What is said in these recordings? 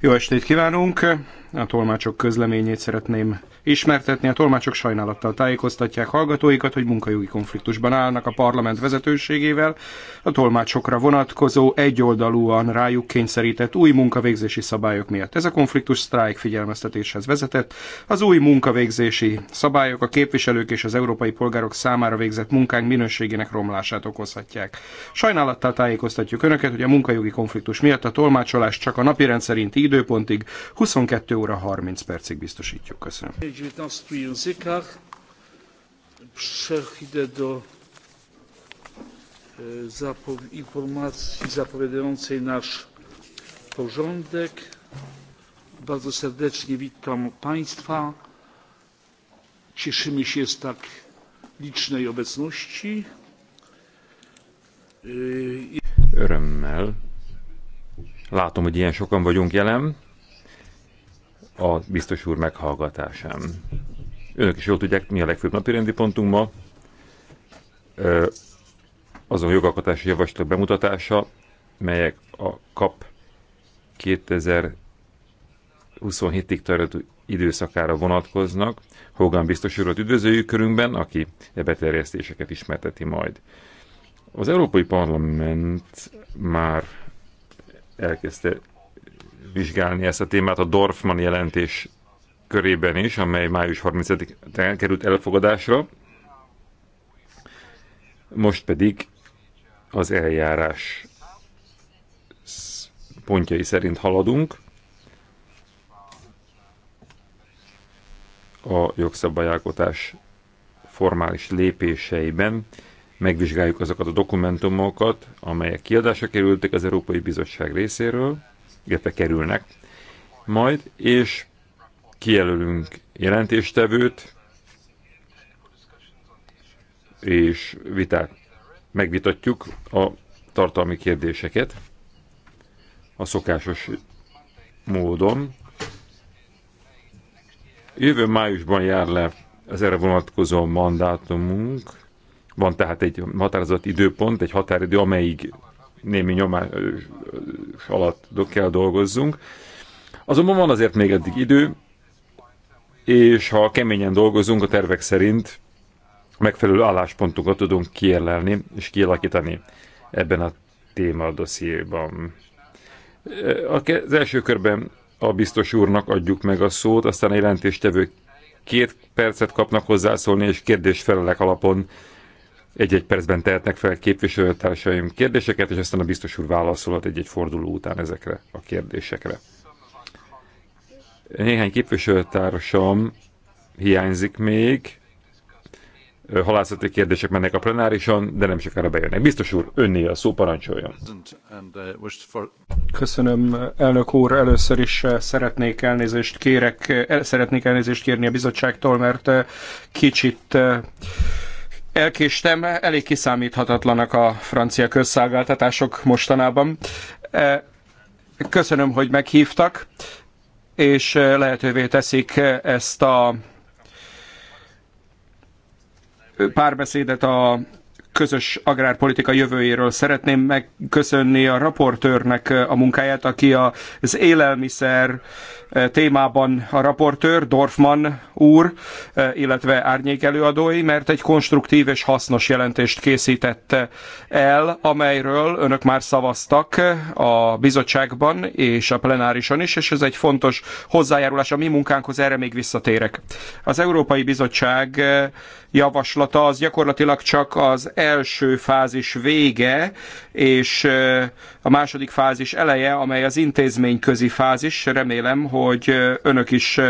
Jó estét kívánunk! a tolmácsok közleményét szeretném ismertetni. A tolmácsok sajnálattal tájékoztatják hallgatóikat, hogy munkajogi konfliktusban állnak a parlament vezetőségével. A tolmácsokra vonatkozó egyoldalúan rájuk kényszerített új munkavégzési szabályok miatt. Ez a konfliktus sztrájk figyelmeztetéshez vezetett. Az új munkavégzési szabályok a képviselők és az európai polgárok számára végzett munkánk minőségének romlását okozhatják. Sajnálattal tájékoztatjuk Önöket, hogy a munkajogi konfliktus miatt a tolmácsolás csak a napi rendszerinti időpontig 22 óra 30 percig biztosítjuk. Köszönöm. E, informacji zapowiadającej nasz porządek. Bardzo serdecznie witam Państwa. Cieszymy się z tak licznej obecności. E, Örömmel látom, hogy ilyen sokan vagyunk jelen a biztos úr meghallgatásán. Önök is jól tudják, mi a legfőbb napirendi pontunk ma. Azon jogalkotási javaslatok bemutatása, melyek a KAP 2027-ig tartó időszakára vonatkoznak. Hogan biztos urat üdvözöljük körünkben, aki e beterjesztéseket ismerteti majd. Az Európai Parlament már elkezdte vizsgálni ezt a témát a Dorfman jelentés körében is, amely május 30-án került elfogadásra. Most pedig az eljárás pontjai szerint haladunk. A jogszabályalkotás formális lépéseiben megvizsgáljuk azokat a dokumentumokat, amelyek kiadásra kerültek az Európai Bizottság részéről, illetve kerülnek majd, és kijelölünk jelentéstevőt, és vitát. Megvitatjuk a tartalmi kérdéseket a szokásos módon. Jövő májusban jár le az erre vonatkozó mandátumunk. Van tehát egy határozott időpont, egy határidő, amelyig némi nyomás alatt kell dolgozzunk. Azonban van azért még eddig idő, és ha keményen dolgozunk a tervek szerint, megfelelő álláspontunkat tudunk kiérlelni és kialakítani ebben a dossziéban. Az első körben a biztos úrnak adjuk meg a szót, aztán a jelentéstevő két percet kapnak hozzászólni, és felelek alapon egy-egy percben tehetnek fel képviselőtársaim kérdéseket, és aztán a biztos úr válaszolhat egy-egy forduló után ezekre a kérdésekre. Néhány képviselőtársam hiányzik még, halászati kérdések mennek a plenárison, de nem sokára bejönnek. Biztos úr, önné a szó, parancsoljon. Köszönöm, elnök úr. Először is eh, szeretnék elnézést kérek, el, eh, szeretnék elnézést kérni a bizottságtól, mert eh, kicsit elkéstem, elég kiszámíthatatlanak a francia közszolgáltatások mostanában. E, köszönöm, hogy meghívtak, és lehetővé teszik ezt a párbeszédet a közös agrárpolitika jövőjéről. Szeretném megköszönni a raportőrnek a munkáját, aki az élelmiszer eh, témában a raportőr, Dorfman úr, eh, illetve árnyék előadói, mert egy konstruktív és hasznos jelentést készítette el, amelyről önök már szavaztak eh, a bizottságban és a plenárison is, és ez egy fontos hozzájárulás a mi munkánkhoz, erre még visszatérek. Az Európai Bizottság javaslata az gyakorlatilag csak az első fázis vége, és a második fázis eleje, amely az intézményközi fázis. Remélem, hogy önök is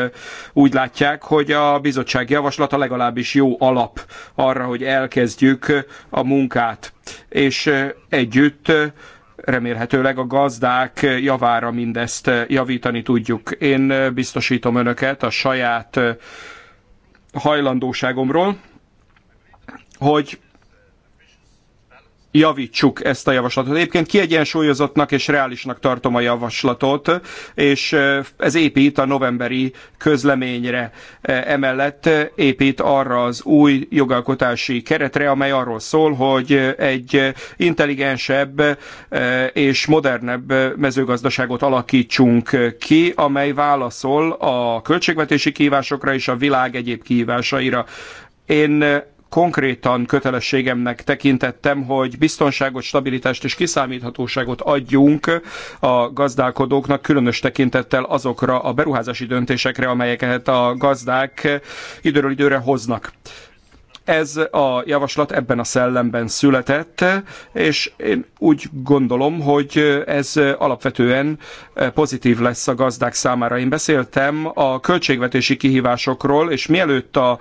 úgy látják, hogy a bizottság javaslata legalábbis jó alap arra, hogy elkezdjük a munkát. És együtt remélhetőleg a gazdák javára mindezt javítani tudjuk. Én biztosítom önöket a saját hajlandóságomról, hogy javítsuk ezt a javaslatot. Egyébként kiegyensúlyozottnak és reálisnak tartom a javaslatot, és ez épít a novemberi közleményre. Emellett épít arra az új jogalkotási keretre, amely arról szól, hogy egy intelligensebb és modernebb mezőgazdaságot alakítsunk ki, amely válaszol a költségvetési kívásokra és a világ egyéb kívásaira. Én konkrétan kötelességemnek tekintettem, hogy biztonságot, stabilitást és kiszámíthatóságot adjunk a gazdálkodóknak, különös tekintettel azokra a beruházási döntésekre, amelyeket a gazdák időről időre hoznak ez a javaslat ebben a szellemben született, és én úgy gondolom, hogy ez alapvetően pozitív lesz a gazdák számára. Én beszéltem a költségvetési kihívásokról, és mielőtt a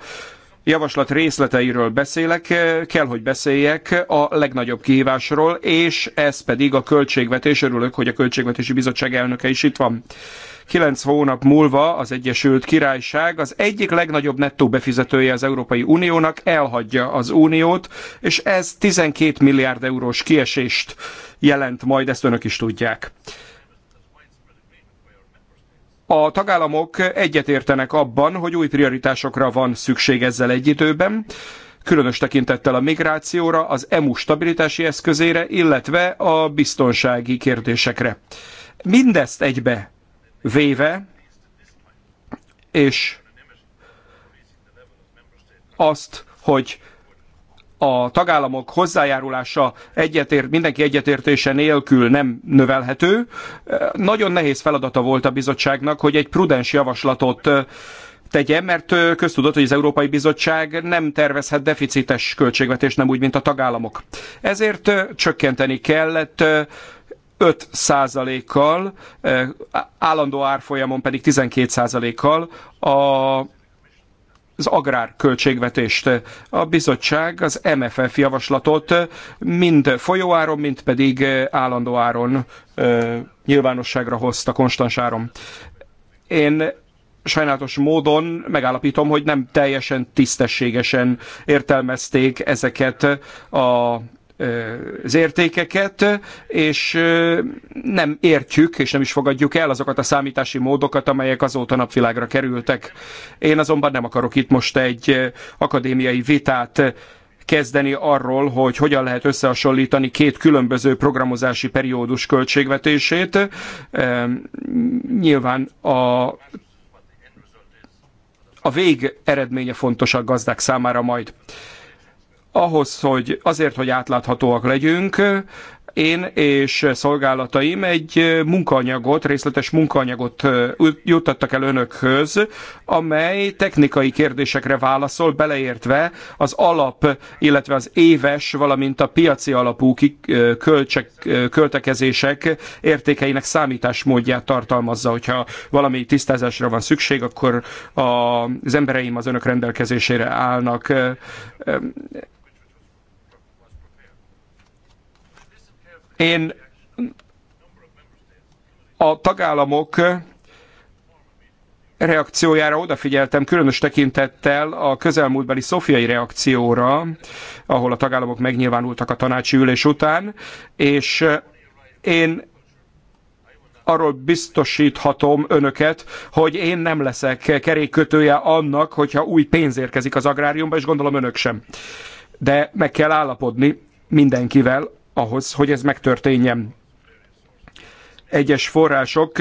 javaslat részleteiről beszélek, eh, kell, hogy beszéljek a legnagyobb kihívásról, és ez pedig a költségvetés. Örülök, hogy a Költségvetési Bizottság elnöke is itt van. Kilenc hónap múlva az Egyesült Királyság az egyik legnagyobb nettó befizetője az Európai Uniónak elhagyja az Uniót, és ez 12 milliárd eurós kiesést jelent majd, ezt önök is tudják. A tagállamok egyetértenek abban, hogy új prioritásokra van szükség ezzel egy időben, különös tekintettel a migrációra, az EMU stabilitási eszközére, illetve a biztonsági kérdésekre. Mindezt egybe véve, és azt, hogy a tagállamok hozzájárulása egyetért, mindenki egyetértése nélkül nem növelhető. Nagyon nehéz feladata volt a bizottságnak, hogy egy prudens javaslatot tegyen, mert köztudott, hogy az Európai Bizottság nem tervezhet deficites költségvetést, nem úgy, mint a tagállamok. Ezért csökkenteni kellett 5%-kal, állandó árfolyamon pedig 12%-kal a az agrárköltségvetést. A bizottság az MFF javaslatot mind folyóáron, mind pedig állandó áron nyilvánosságra hozta Konstansárom. Én sajnálatos módon megállapítom, hogy nem teljesen tisztességesen értelmezték ezeket a az értékeket, és nem értjük, és nem is fogadjuk el azokat a számítási módokat, amelyek azóta napvilágra kerültek. Én azonban nem akarok itt most egy akadémiai vitát kezdeni arról, hogy hogyan lehet összehasonlítani két különböző programozási periódus költségvetését. Nyilván a a vég eredménye fontos a gazdák számára majd ahhoz, hogy azért, hogy átláthatóak legyünk, én és szolgálataim egy munkaanyagot, részletes munkaanyagot juttattak el önökhöz, amely technikai kérdésekre válaszol, beleértve az alap, illetve az éves, valamint a piaci alapú költsek, költekezések értékeinek számításmódját tartalmazza. Hogyha valami tisztázásra van szükség, akkor az embereim az önök rendelkezésére állnak Én a tagállamok reakciójára odafigyeltem, különös tekintettel a közelmúltbeli szofiai reakcióra, ahol a tagállamok megnyilvánultak a tanácsi ülés után, és én arról biztosíthatom önöket, hogy én nem leszek kerékkötője annak, hogyha új pénz érkezik az agráriumba, és gondolom önök sem. De meg kell állapodni mindenkivel ahhoz, hogy ez megtörténjen. Egyes források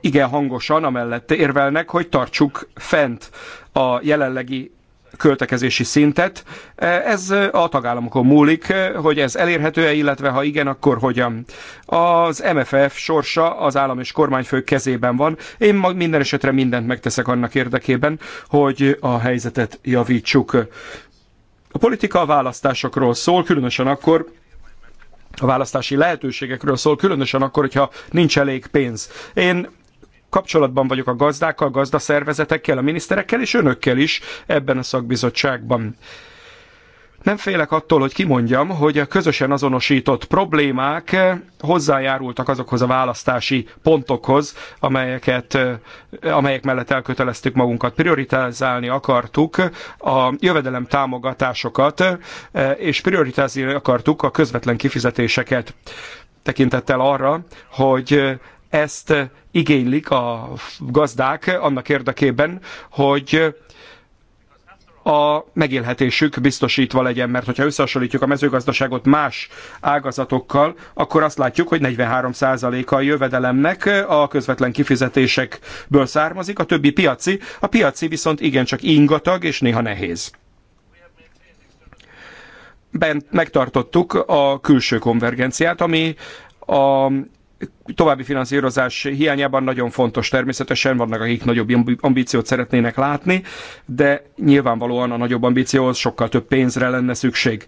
igen hangosan amellett érvelnek, hogy tartsuk fent a jelenlegi költekezési szintet. Ez a tagállamokon múlik, hogy ez elérhető-e, illetve ha igen, akkor hogyan. Az MFF sorsa az állam és kormányfő kezében van. Én mag minden esetre mindent megteszek annak érdekében, hogy a helyzetet javítsuk. A politika a választásokról szól, különösen akkor, a választási lehetőségekről szól, különösen akkor, hogyha nincs elég pénz. Én kapcsolatban vagyok a gazdákkal, gazdaszervezetekkel, a miniszterekkel és önökkel is ebben a szakbizottságban. Nem félek attól, hogy kimondjam, hogy a közösen azonosított problémák eh, hozzájárultak azokhoz a választási pontokhoz, amelyeket, eh, amelyek mellett elköteleztük magunkat. Prioritizálni akartuk a jövedelem támogatásokat, eh, és prioritizálni akartuk a közvetlen kifizetéseket tekintettel arra, hogy ezt igénylik a gazdák annak érdekében, hogy a megélhetésük biztosítva legyen, mert hogyha összehasonlítjuk a mezőgazdaságot más ágazatokkal, akkor azt látjuk, hogy 43%-a a jövedelemnek a közvetlen kifizetésekből származik, a többi piaci, a piaci viszont igencsak ingatag és néha nehéz. Bent megtartottuk a külső konvergenciát, ami a további finanszírozás hiányában nagyon fontos természetesen, vannak akik nagyobb ambíciót szeretnének látni, de nyilvánvalóan a nagyobb ambícióhoz sokkal több pénzre lenne szükség.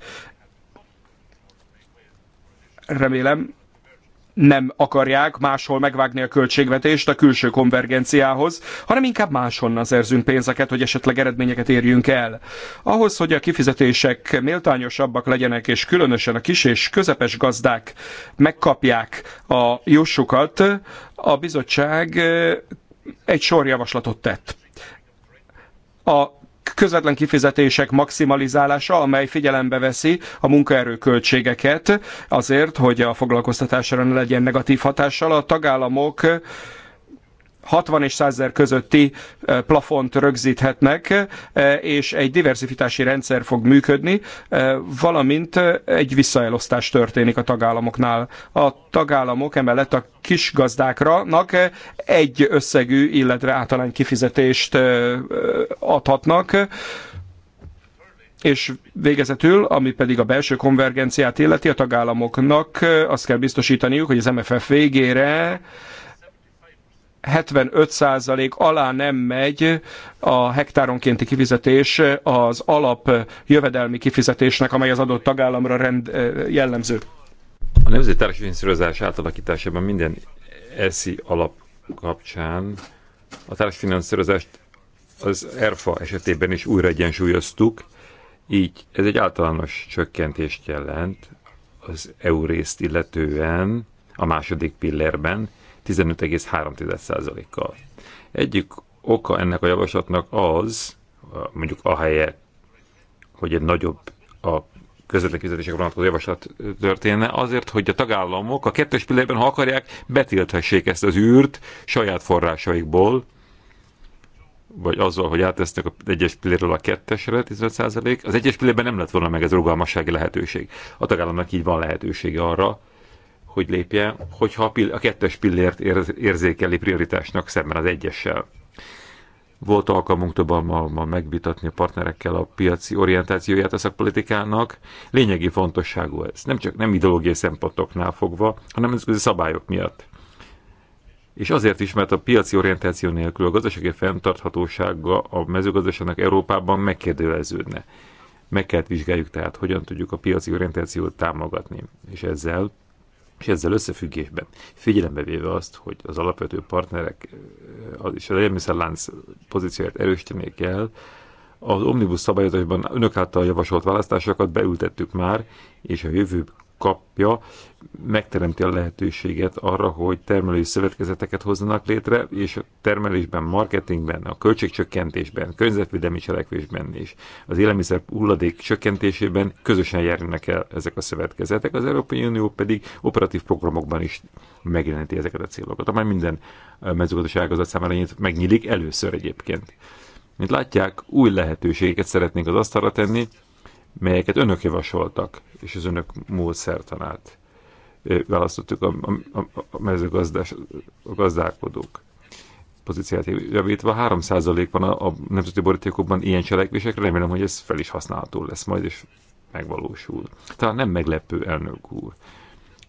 Remélem, nem akarják máshol megvágni a költségvetést a külső konvergenciához, hanem inkább máshonnan szerzünk pénzeket, hogy esetleg eredményeket érjünk el. Ahhoz, hogy a kifizetések méltányosabbak legyenek, és különösen a kis és közepes gazdák megkapják a jussukat, a bizottság eh, egy sor javaslatot tett. A közvetlen kifizetések maximalizálása, amely figyelembe veszi a munkaerő költségeket, azért, hogy a foglalkoztatásra ne legyen negatív hatással. A tagállamok 60 és 100 000 közötti plafont rögzíthetnek, és egy diversifitási rendszer fog működni, valamint egy visszaelosztás történik a tagállamoknál. A tagállamok emellett a kis gazdáknak egy összegű, illetve általány kifizetést adhatnak, és végezetül, ami pedig a belső konvergenciát illeti, a tagállamoknak azt kell biztosítaniuk, hogy az MFF végére 75% alá nem megy a hektáronkénti kifizetés az alap jövedelmi kifizetésnek, amely az adott tagállamra rend, eh, jellemző. A nemzeti társfinanszírozás átalakításában minden eszi alap kapcsán a társfinanszírozást az ERFA esetében is újra egyensúlyoztuk, így ez egy általános csökkentést jelent az EU részt illetően a második pillérben, 15,3%-kal. Egyik oka ennek a javaslatnak az, mondjuk helye, hogy egy nagyobb a közvetlen kizetésekre vonatkozó javaslat történne, azért, hogy a tagállamok a kettős pillérben, ha akarják, betilthessék ezt az űrt saját forrásaikból, vagy azzal, hogy átesznek az egyes pilléről a kettesre, 15 Az egyes pillérben nem lett volna meg ez a rugalmassági lehetőség. A tagállamnak így van lehetősége arra, hogy lépje, hogyha a kettes pillért érzékeli prioritásnak szemben az egyessel. Volt alkalmunk több alkalommal megvitatni a partnerekkel a piaci orientációját a szakpolitikának. Lényegi fontosságú ez, nem csak nem ideológiai szempontoknál fogva, hanem nemzetközi szabályok miatt. És azért is, mert a piaci orientáció nélkül a gazdasági fenntarthatósága a mezőgazdaságnak Európában megkérdőjeleződne. Meg kell vizsgáljuk tehát, hogyan tudjuk a piaci orientációt támogatni, és ezzel és ezzel összefüggésben figyelembe véve azt, hogy az alapvető partnerek az is az élmiszerlánc pozícióját erősítenék kell, az omnibus szabályozásban önök által javasolt választásokat beültettük már, és a jövő kapja, megteremti a lehetőséget arra, hogy termelői szövetkezeteket hozzanak létre, és a termelésben, marketingben, a költségcsökkentésben, környezetvédelmi cselekvésben és az élelmiszer hulladék csökkentésében közösen járnak el ezek a szövetkezetek. Az Európai Unió pedig operatív programokban is megjelenti ezeket a célokat, amely minden mezőgazdaság ágazat számára megnyílik először egyébként. Mint látják, új lehetőségeket szeretnénk az asztalra tenni, melyeket önök javasoltak, és az önök módszertanát választottuk a, a, a mezőgazdás, a gazdálkodók pozíciát javítva. 3% van a, a nemzeti borítékokban ilyen cselekvésekre, remélem, hogy ez fel is használható lesz majd, és megvalósul. Tehát nem meglepő, elnök úr,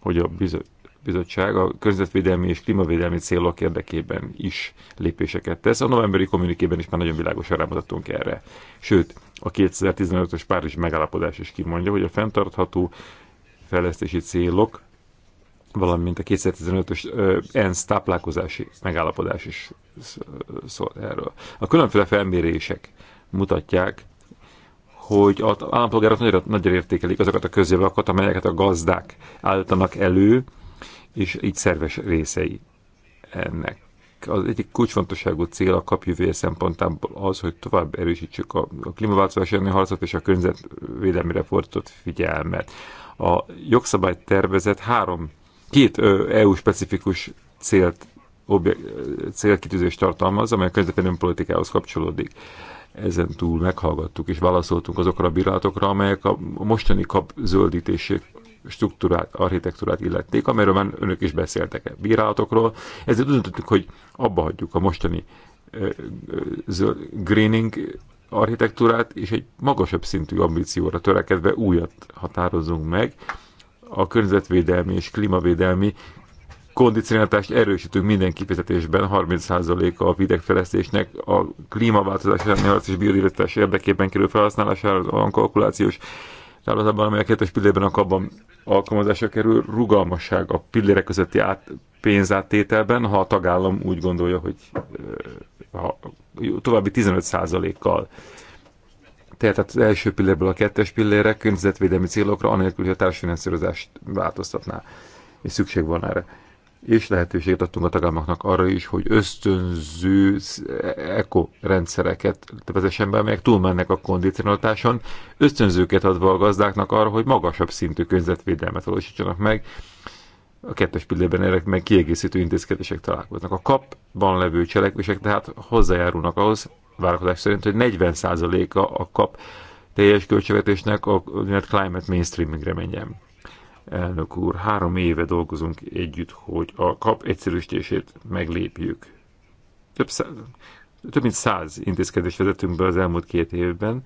hogy a bizony, bizottság a környezetvédelmi és klímavédelmi célok érdekében is lépéseket tesz. A novemberi kommunikében is már nagyon világosan rámutattunk erre. Sőt, a 2015-ös Párizs megállapodás is kimondja, hogy a fenntartható fejlesztési célok, valamint a 2015-ös ENSZ táplálkozási megállapodás is szól erről. A különféle felmérések mutatják, hogy az állampolgárok nagyra, nagyra értékelik azokat a közjavakat, amelyeket a gazdák állítanak elő, és így szerves részei ennek az egyik kulcsfontosságú cél a kapjövője szempontából az, hogy tovább erősítsük a, a klímaváltozás elleni harcot és a környezetvédelmire fordított figyelmet. A jogszabálytervezet három, két EU-specifikus célt célkitűzést tartalmaz, amely a környezetvédelmi politikához kapcsolódik. Ezen túl meghallgattuk és válaszoltunk azokra a bírálatokra, amelyek a mostani kap zöldítését struktúrát, architektúrát illették, amelyről már önök is beszéltek, a bírálatokról. Ezért úgy döntöttük, hogy abba hagyjuk a mostani greening architektúrát, és egy magasabb szintű ambícióra törekedve újat határozzunk meg. A környezetvédelmi és klímavédelmi kondicionáltást erősítünk minden kifizetésben, 30%-a a videgfejlesztésnek a klímaváltozás elleni és biodiversitás érdekében kerül felhasználására, a kalkulációs tárlatában, amely a kettős pillérben a kabban alkalmazásra kerül, rugalmasság a pillérek közötti át, pénzátételben, ha a tagállam úgy gondolja, hogy ha, további 15%-kal tehát az első pillérből a kettes pillérre, környezetvédelmi célokra, anélkül, hogy a társfinanszírozást változtatná, és szükség van erre és lehetőséget adtunk a tagállamoknak arra is, hogy ösztönző ekorendszereket vezessen be, amelyek túlmennek a kondicionalitáson, ösztönzőket adva a gazdáknak arra, hogy magasabb szintű környezetvédelmet valósítsanak meg. A kettes pillében ezek meg kiegészítő intézkedések találkoznak. A kapban levő cselekvések tehát hozzájárulnak ahhoz, várakozás szerint, hogy 40%-a a kap teljes költségvetésnek a Climate Mainstreamingre menjen elnök úr, három éve dolgozunk együtt, hogy a kap egyszerűsítését meglépjük. Több, száz, több mint száz intézkedést vezetünk be az elmúlt két évben,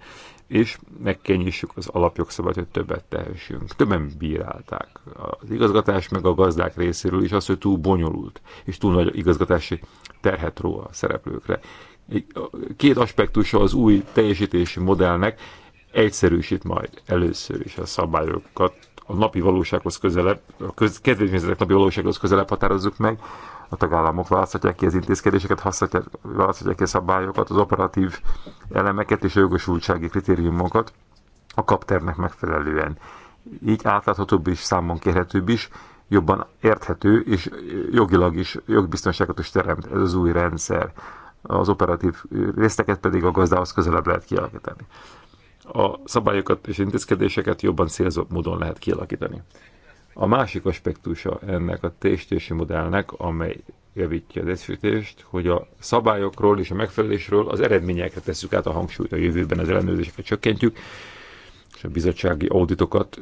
és megkenyítsük az alapjogszabályt, hogy többet tehessünk. Többen bírálták az igazgatás, meg a gazdák részéről is azt, hogy túl bonyolult, és túl nagy igazgatási terhet ró a szereplőkre. Két aspektusa az új teljesítési modellnek egyszerűsít majd először is a szabályokat a napi valósághoz közelebb, a köz, kedvezményezetek napi valósághoz közelebb határozzuk meg, a tagállamok választhatják ki az intézkedéseket, választhatják ki a szabályokat, az operatív elemeket és a jogosultsági kritériumokat a kapternek megfelelően. Így átláthatóbb is, számon kérhetőbb is, jobban érthető és jogilag is jogbiztonságot is teremt ez az új rendszer. Az operatív részteket pedig a gazdához közelebb lehet kialakítani a szabályokat és intézkedéseket jobban célzott módon lehet kialakítani. A másik aspektusa ennek a téstési modellnek, amely javítja az egyszerűsítést, hogy a szabályokról és a megfelelésről az eredményekre tesszük át a hangsúlyt, a jövőben az ellenőrzéseket csökkentjük, és a bizottsági auditokat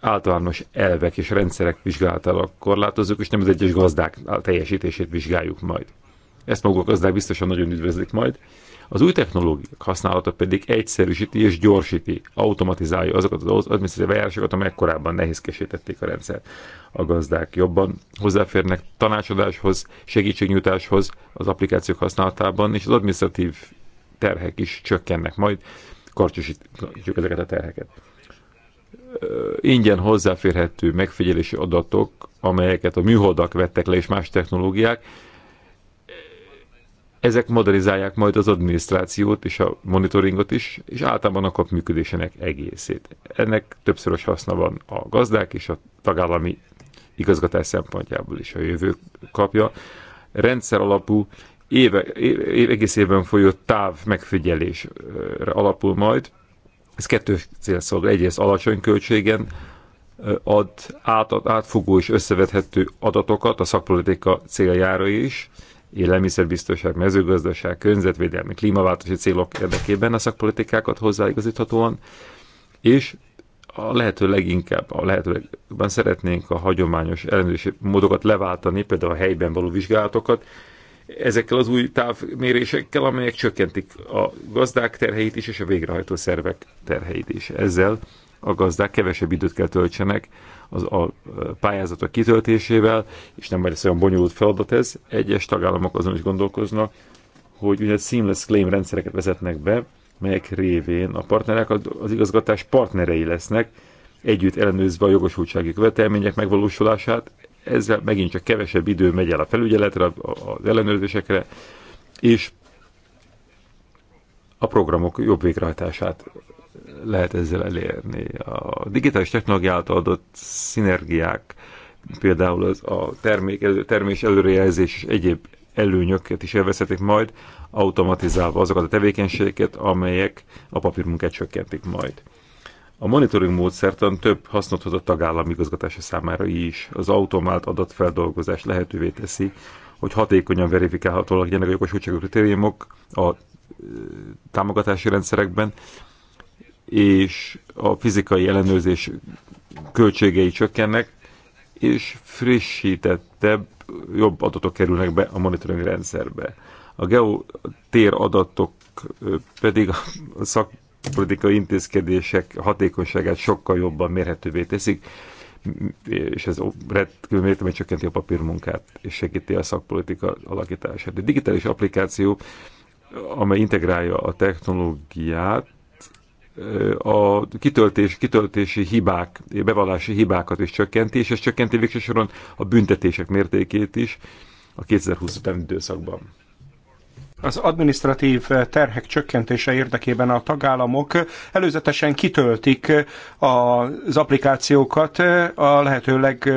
általános elvek és rendszerek vizsgálatára korlátozzuk, és nem az egyes gazdák teljesítését vizsgáljuk majd. Ezt maguk a gazdák biztosan nagyon üdvözlik majd, az új technológiák használata pedig egyszerűsíti és gyorsíti, automatizálja azokat az adminisztratív eljárásokat, amelyek korábban nehézkesítették a rendszert. A gazdák jobban hozzáférnek tanácsadáshoz, segítségnyújtáshoz az applikációk használatában, és az adminisztratív terhek is csökkennek majd, karcsosítjuk ezeket a terheket ingyen hozzáférhető megfigyelési adatok, amelyeket a műholdak vettek le és más technológiák, ezek modernizálják majd az adminisztrációt és a monitoringot is, és általában a kap működésének egészét. Ennek többszörös haszna van a gazdák és a tagállami igazgatás szempontjából is a jövő kapja. Rendszer alapú, éve, éve, egész évben folyó táv megfigyelésre alapul majd. Ez kettő cél szolgál. Egyrészt alacsony költségen ad át, átfogó és összevethető adatokat a szakpolitika céljára is, élelmiszerbiztonság, mezőgazdaság, környezetvédelmi, klímaváltozási célok érdekében a szakpolitikákat hozzáigazíthatóan, és a lehető leginkább, a lehető legjobban szeretnénk a hagyományos ellenőrzési módokat leváltani, például a helyben való vizsgálatokat, ezekkel az új távmérésekkel, amelyek csökkentik a gazdák terheit is, és a végrehajtó szervek terheit is. Ezzel a gazdák kevesebb időt kell töltsenek az, a pályázatok kitöltésével, és nem lesz olyan bonyolult feladat ez. Egyes tagállamok azon is gondolkoznak, hogy ugye seamless claim rendszereket vezetnek be, melyek révén a partnerek az igazgatás partnerei lesznek, együtt ellenőrzve a jogosultsági követelmények megvalósulását, ezzel megint csak kevesebb idő megy el a felügyeletre, az ellenőrzésekre, és a programok jobb végrehajtását lehet ezzel elérni. A digitális technológia által adott szinergiák, például az, a termék, elő, termés előrejelzés és egyéb előnyöket is elveszhetik majd, automatizálva azokat a tevékenységeket, amelyek a papírmunkát csökkentik majd. A monitoring módszertan több hasznot hoz a tagállam igazgatása számára is. Az automált adatfeldolgozás lehetővé teszi, hogy hatékonyan verifikálhatóak legyenek a jogosultságú kritériumok a támogatási rendszerekben, és a fizikai ellenőrzés költségei csökkennek, és frissítettebb, jobb adatok kerülnek be a monitoring rendszerbe. A geotér adatok pedig a szakpolitikai intézkedések hatékonyságát sokkal jobban mérhetővé teszik, és ez rendkívül mértékben csökkenti a papírmunkát, és segíti a szakpolitika alakítását. A digitális applikáció, amely integrálja a technológiát, a kitöltés, kitöltési hibák, bevallási hibákat is csökkenti, és ez csökkenti végsősoron a büntetések mértékét is a 2020 után időszakban. Az administratív terhek csökkentése érdekében a tagállamok előzetesen kitöltik az applikációkat a lehető leg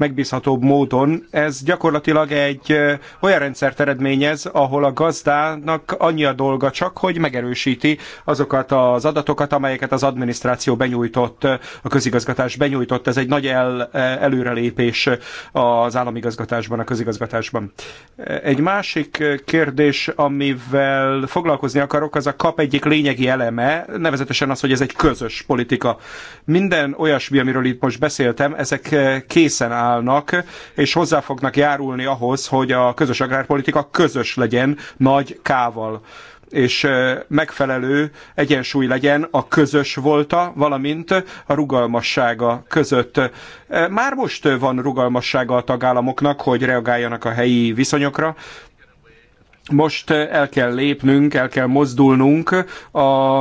megbízhatóbb módon. Ez gyakorlatilag egy olyan rendszert eredményez, ahol a gazdának annyi a dolga csak, hogy megerősíti azokat az adatokat, amelyeket az adminisztráció benyújtott, a közigazgatás benyújtott. Ez egy nagy el, előrelépés az államigazgatásban, a közigazgatásban. Egy másik kérdés, amivel foglalkozni akarok, az a kap egyik lényegi eleme, nevezetesen az, hogy ez egy közös politika. Minden olyasmi, amiről itt most beszéltem, ezek készen áll állnak, és hozzá fognak járulni ahhoz, hogy a közös agrárpolitika közös legyen nagy kával és megfelelő egyensúly legyen a közös volta, valamint a rugalmassága között. Már most van rugalmassága a tagállamoknak, hogy reagáljanak a helyi viszonyokra, most el kell lépnünk, el kell mozdulnunk a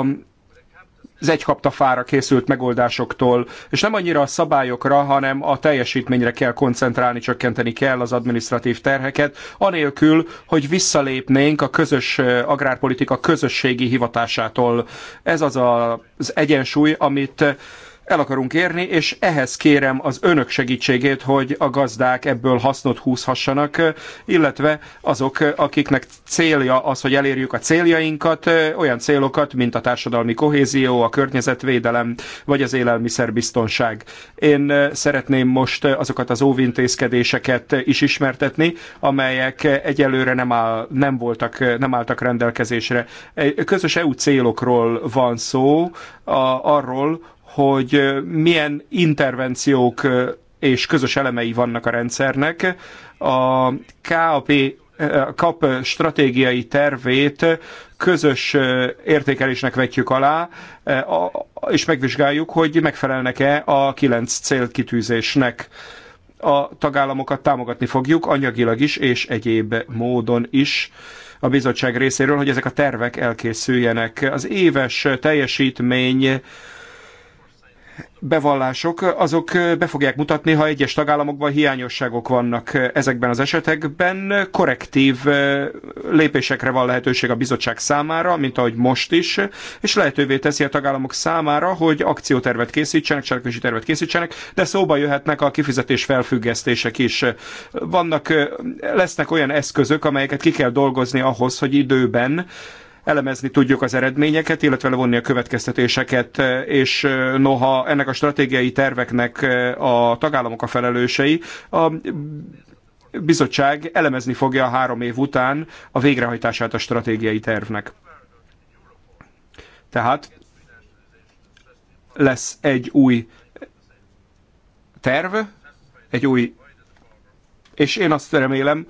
az fára készült megoldásoktól, és nem annyira a szabályokra, hanem a teljesítményre kell koncentrálni, csökkenteni kell az administratív terheket, anélkül, hogy visszalépnénk a közös agrárpolitika közösségi hivatásától. Ez az a, az egyensúly, amit el akarunk érni, és ehhez kérem az önök segítségét, hogy a gazdák ebből hasznot húzhassanak, illetve azok, akiknek célja az, hogy elérjük a céljainkat, olyan célokat, mint a társadalmi kohézió, a környezetvédelem, vagy az élelmiszerbiztonság. Én szeretném most azokat az óvintézkedéseket is ismertetni, amelyek egyelőre nem, áll, nem, voltak, nem álltak rendelkezésre. Közös EU célokról van szó, a, arról, hogy milyen intervenciók és közös elemei vannak a rendszernek. A KAP kap stratégiai tervét közös értékelésnek vetjük alá, és megvizsgáljuk, hogy megfelelnek-e a kilenc célkitűzésnek. A tagállamokat támogatni fogjuk anyagilag is és egyéb módon is a bizottság részéről, hogy ezek a tervek elkészüljenek. Az éves teljesítmény bevallások, azok be fogják mutatni, ha egyes tagállamokban hiányosságok vannak ezekben az esetekben. Korrektív lépésekre van lehetőség a bizottság számára, mint ahogy most is, és lehetővé teszi a tagállamok számára, hogy akciótervet készítsenek, cselekvési tervet készítsenek, de szóba jöhetnek a kifizetés felfüggesztések is. Vannak, lesznek olyan eszközök, amelyeket ki kell dolgozni ahhoz, hogy időben elemezni tudjuk az eredményeket, illetve levonni a következtetéseket, e, és e, noha ennek a stratégiai terveknek e, a tagállamok a felelősei, a bizottság elemezni fogja a három év után a végrehajtását a stratégiai tervnek. Tehát lesz egy új terv, egy új, és én azt remélem,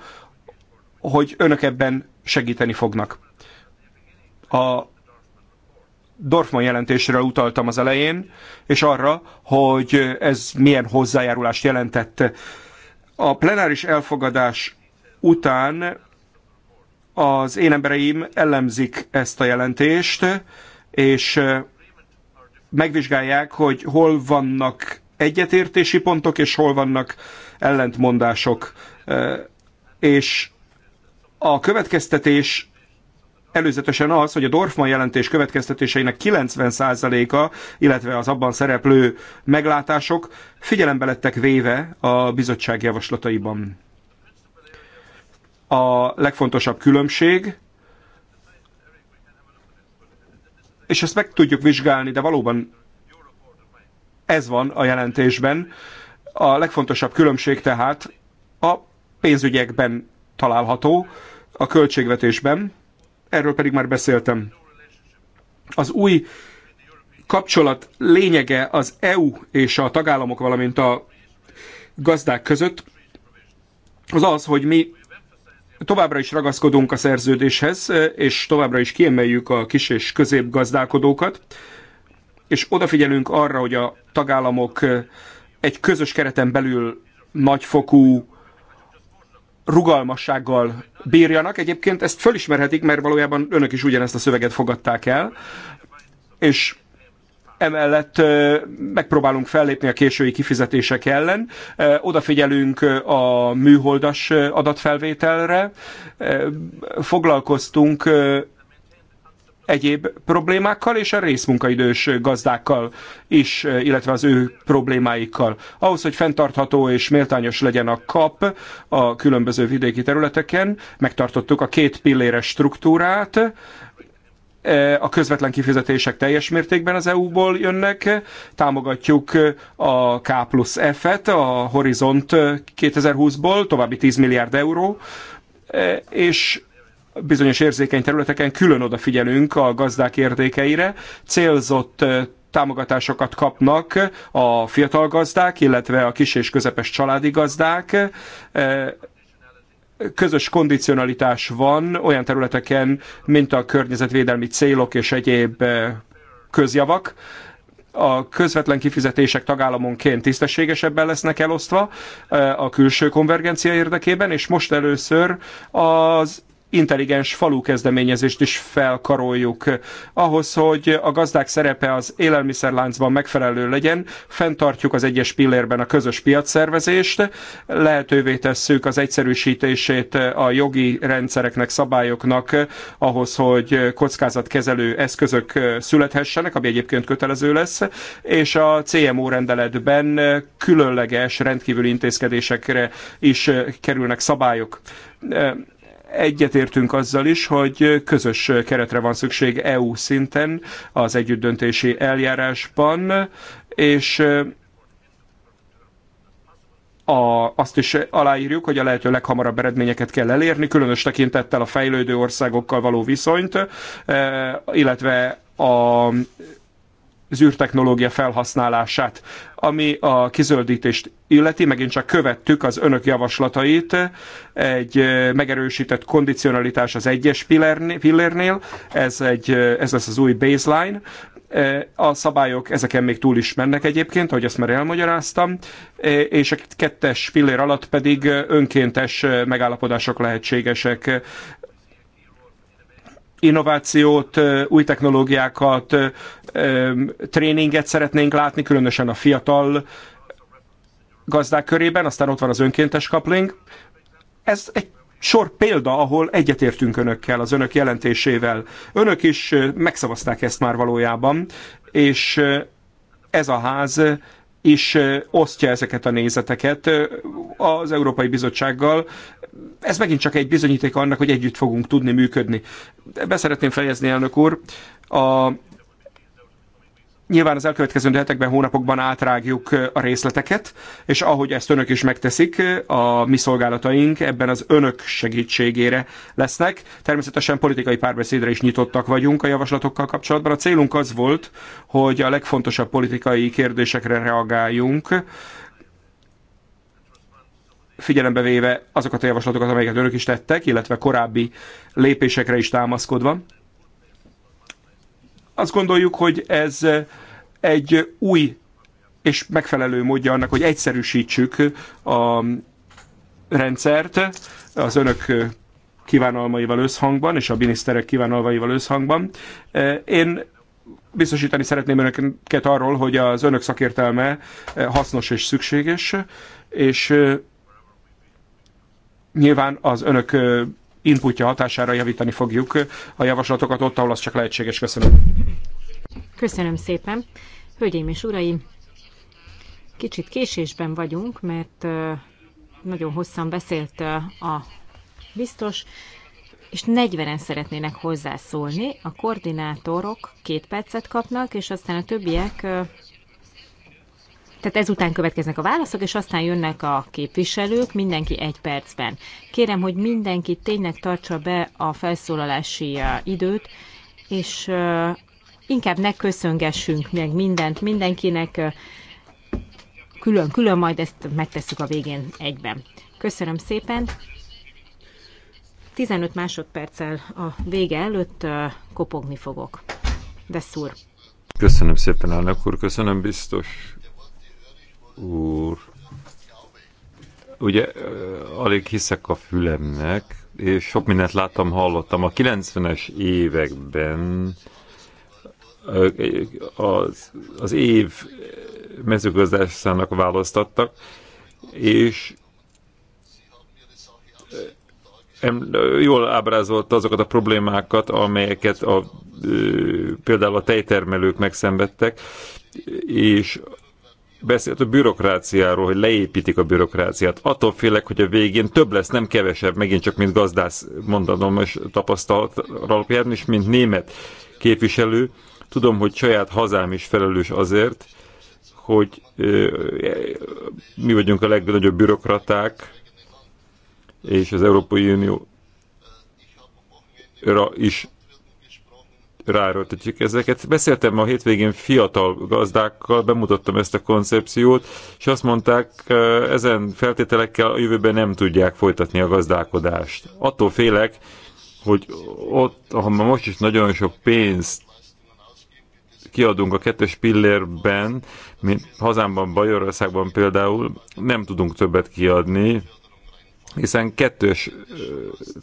hogy önök ebben segíteni fognak. A Dorfman jelentésről utaltam az elején, és arra, hogy ez milyen hozzájárulást jelentett. A plenáris elfogadás után az én embereim ellenzik ezt a jelentést, és megvizsgálják, hogy hol vannak egyetértési pontok, és hol vannak ellentmondások. És a következtetés előzetesen az, hogy a Dorfman jelentés következtetéseinek 90%-a, illetve az abban szereplő meglátások figyelembe lettek véve a bizottság javaslataiban. A legfontosabb különbség, és ezt meg tudjuk vizsgálni, de valóban ez van a jelentésben. A legfontosabb különbség tehát a pénzügyekben található, a költségvetésben, erről pedig már beszéltem. Az új kapcsolat lényege az EU és a tagállamok, valamint a gazdák között az az, hogy mi továbbra is ragaszkodunk a szerződéshez, és továbbra is kiemeljük a kis és gazdálkodókat, és odafigyelünk arra, hogy a tagállamok egy közös kereten belül nagyfokú rugalmassággal bírjanak. Egyébként ezt fölismerhetik, mert valójában önök is ugyanezt a szöveget fogadták el, és emellett megpróbálunk fellépni a késői kifizetések ellen, odafigyelünk a műholdas adatfelvételre, foglalkoztunk egyéb problémákkal és a részmunkaidős gazdákkal is, eh, illetve az ő problémáikkal. Ahhoz, hogy fenntartható és méltányos legyen a kap a különböző vidéki területeken, megtartottuk a két pilléres struktúrát, eh, a közvetlen kifizetések teljes mértékben az EU-ból jönnek, támogatjuk eh, a K plusz F-et, a Horizont 2020-ból, további 10 milliárd euró, és bizonyos érzékeny területeken külön odafigyelünk a gazdák érdekeire, célzott támogatásokat kapnak a fiatal gazdák, illetve a kis és közepes családi gazdák. Közös kondicionalitás van olyan területeken, mint a környezetvédelmi célok és egyéb közjavak, a közvetlen kifizetések tagállamonként tisztességesebben lesznek elosztva a külső konvergencia érdekében, és most először az intelligens falu kezdeményezést is felkaroljuk. Ahhoz, hogy a gazdák szerepe az élelmiszerláncban megfelelő legyen, fenntartjuk az egyes pillérben a közös piacszervezést, lehetővé tesszük az egyszerűsítését a jogi rendszereknek, szabályoknak, ahhoz, hogy kockázatkezelő eszközök születhessenek, ami egyébként kötelező lesz, és a CMO rendeletben különleges rendkívüli intézkedésekre is kerülnek szabályok Egyetértünk azzal is, hogy közös keretre van szükség EU szinten az együttdöntési eljárásban, és a, azt is aláírjuk, hogy a lehető leghamarabb eredményeket kell elérni, különös tekintettel a fejlődő országokkal való viszonyt, illetve a az űrtechnológia felhasználását. Ami a kizöldítést illeti, megint csak követtük az önök javaslatait, egy megerősített kondicionalitás az egyes pillérnél, ez, egy, ez lesz az új baseline, a szabályok ezeken még túl is mennek egyébként, ahogy azt már elmagyaráztam, és a kettes pillér alatt pedig önkéntes megállapodások lehetségesek innovációt, új technológiákat, tréninget szeretnénk látni, különösen a fiatal gazdák körében, aztán ott van az önkéntes kapling. Ez egy sor példa, ahol egyetértünk önökkel, az önök jelentésével. Önök is megszavazták ezt már valójában, és ez a ház is osztja ezeket a nézeteket az Európai Bizottsággal, ez megint csak egy bizonyíték annak, hogy együtt fogunk tudni működni. Be beszeretném fejezni, elnök úr. A, Nyilván az elkövetkező hetekben, hónapokban átrágjuk a részleteket, és ahogy ezt önök is megteszik, a mi szolgálataink ebben az önök segítségére lesznek. Természetesen politikai párbeszédre is nyitottak vagyunk a javaslatokkal kapcsolatban. A célunk az volt, hogy a legfontosabb politikai kérdésekre reagáljunk, figyelembe véve azokat a javaslatokat, amelyeket önök is tettek, illetve korábbi lépésekre is támaszkodva. Azt gondoljuk, hogy ez egy új és megfelelő módja annak, hogy egyszerűsítsük a rendszert az önök kívánalmaival összhangban, és a miniszterek kívánalmaival összhangban. Én biztosítani szeretném önöket arról, hogy az önök szakértelme hasznos és szükséges, és Nyilván az önök inputja hatására javítani fogjuk a javaslatokat ott, ahol az csak lehetséges. Köszönöm. Köszönöm szépen. Hölgyeim és uraim, kicsit késésben vagyunk, mert nagyon hosszan beszélt a biztos, és 40-en szeretnének hozzászólni. A koordinátorok két percet kapnak, és aztán a többiek tehát ezután következnek a válaszok, és aztán jönnek a képviselők, mindenki egy percben. Kérem, hogy mindenki tényleg tartsa be a felszólalási időt, és inkább ne köszöngessünk meg mindent mindenkinek, külön-külön, majd ezt megtesszük a végén egyben. Köszönöm szépen! 15 másodperccel a vége előtt kopogni fogok. De szúr! Köszönöm szépen, elnök úr, köszönöm biztos úr. Ugye alig hiszek a fülemnek, és sok mindent láttam, hallottam. A 90-es években az, az év mezőgazdaságának választattak, és jól ábrázolta azokat a problémákat, amelyeket a, például a tejtermelők megszenvedtek, és beszélt a bürokráciáról, hogy leépítik a bürokráciát. Attól félek, hogy a végén több lesz, nem kevesebb, megint csak mint gazdász mondanom és tapasztalat alapján, is mint német képviselő, tudom, hogy saját hazám is felelős azért, hogy mi vagyunk a legnagyobb bürokraták, és az Európai Unió is ráerőltetjük ezeket. Beszéltem a hétvégén fiatal gazdákkal, bemutattam ezt a koncepciót, és azt mondták, eh, ezen feltételekkel a jövőben nem tudják folytatni a gazdálkodást. Attól félek, hogy ott, ahol most is nagyon sok pénzt kiadunk a kettős pillérben, mint hazámban, Bajorországban például nem tudunk többet kiadni, hiszen kettős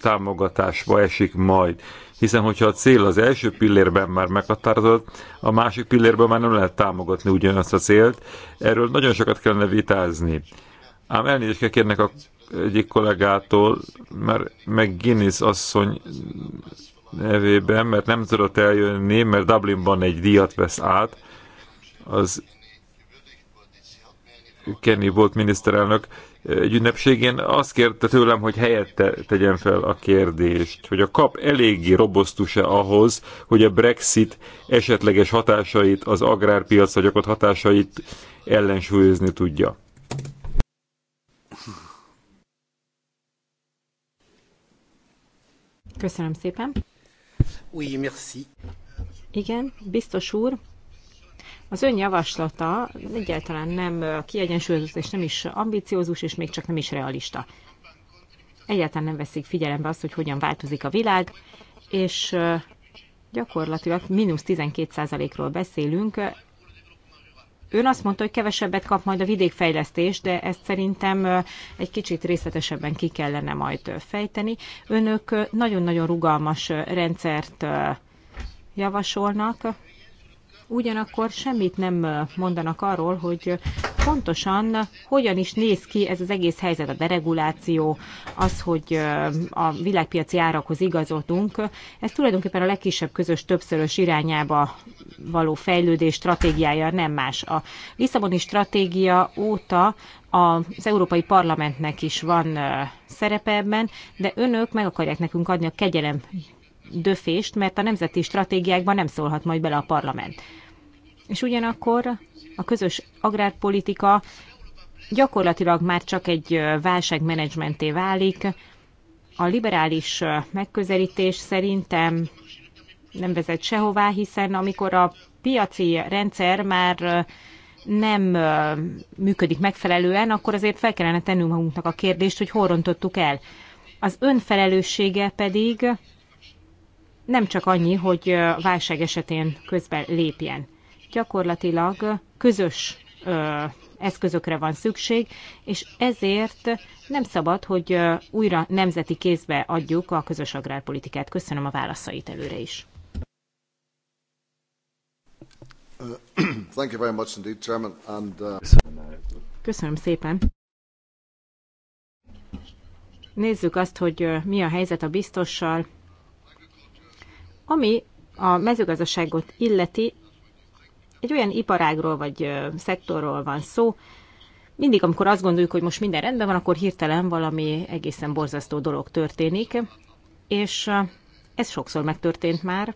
támogatásba esik majd. Hiszen, hogyha a cél az első pillérben már meghatározott, a másik pillérben már nem lehet támogatni ugyanazt a célt. Erről nagyon sokat kellene vitázni. Ám elnézést kell kérnek a egyik kollégától, mert meg Guinness asszony nevében, mert nem tudott eljönni, mert Dublinban egy díjat vesz át. Az Kenny volt miniszterelnök, egy ünnepségén azt kérte tőlem, hogy helyette tegyem fel a kérdést, hogy a kap eléggé robosztus-e ahhoz, hogy a Brexit esetleges hatásait, az agrárpiacra gyakott hatásait ellensúlyozni tudja. Köszönöm szépen. Oui, merci. Igen, biztos úr, az ön javaslata egyáltalán nem kiegyensúlyozott, és nem is ambiciózus, és még csak nem is realista. Egyáltalán nem veszik figyelembe azt, hogy hogyan változik a világ, és gyakorlatilag mínusz 12%-ról beszélünk. Ön azt mondta, hogy kevesebbet kap majd a vidékfejlesztés, de ezt szerintem egy kicsit részletesebben ki kellene majd fejteni. Önök nagyon-nagyon rugalmas rendszert javasolnak, ugyanakkor semmit nem mondanak arról, hogy pontosan hogyan is néz ki ez az egész helyzet, a dereguláció, az, hogy a világpiaci árakhoz igazodunk. Ez tulajdonképpen a legkisebb közös többszörös irányába való fejlődés stratégiája nem más. A Lisszaboni stratégia óta az Európai Parlamentnek is van szerepe ebben, de önök meg akarják nekünk adni a kegyelem döfést, mert a nemzeti stratégiákban nem szólhat majd bele a parlament. És ugyanakkor a közös agrárpolitika gyakorlatilag már csak egy válságmenedzsmenté válik. A liberális megközelítés szerintem nem vezet sehová, hiszen amikor a piaci rendszer már nem működik megfelelően, akkor azért fel kellene tennünk magunknak a kérdést, hogy hol rontottuk el. Az önfelelőssége pedig nem csak annyi, hogy válság esetén közben lépjen. Gyakorlatilag közös eszközökre van szükség, és ezért nem szabad, hogy újra nemzeti kézbe adjuk a közös agrárpolitikát. Köszönöm a válaszait előre is. Uh, thank you very much indeed, Chairman. And, uh... Köszönöm szépen. Nézzük azt, hogy mi a helyzet a biztossal. Ami a mezőgazdaságot illeti, egy olyan iparágról vagy szektorról van szó, mindig, amikor azt gondoljuk, hogy most minden rendben van, akkor hirtelen valami egészen borzasztó dolog történik, és ez sokszor megtörtént már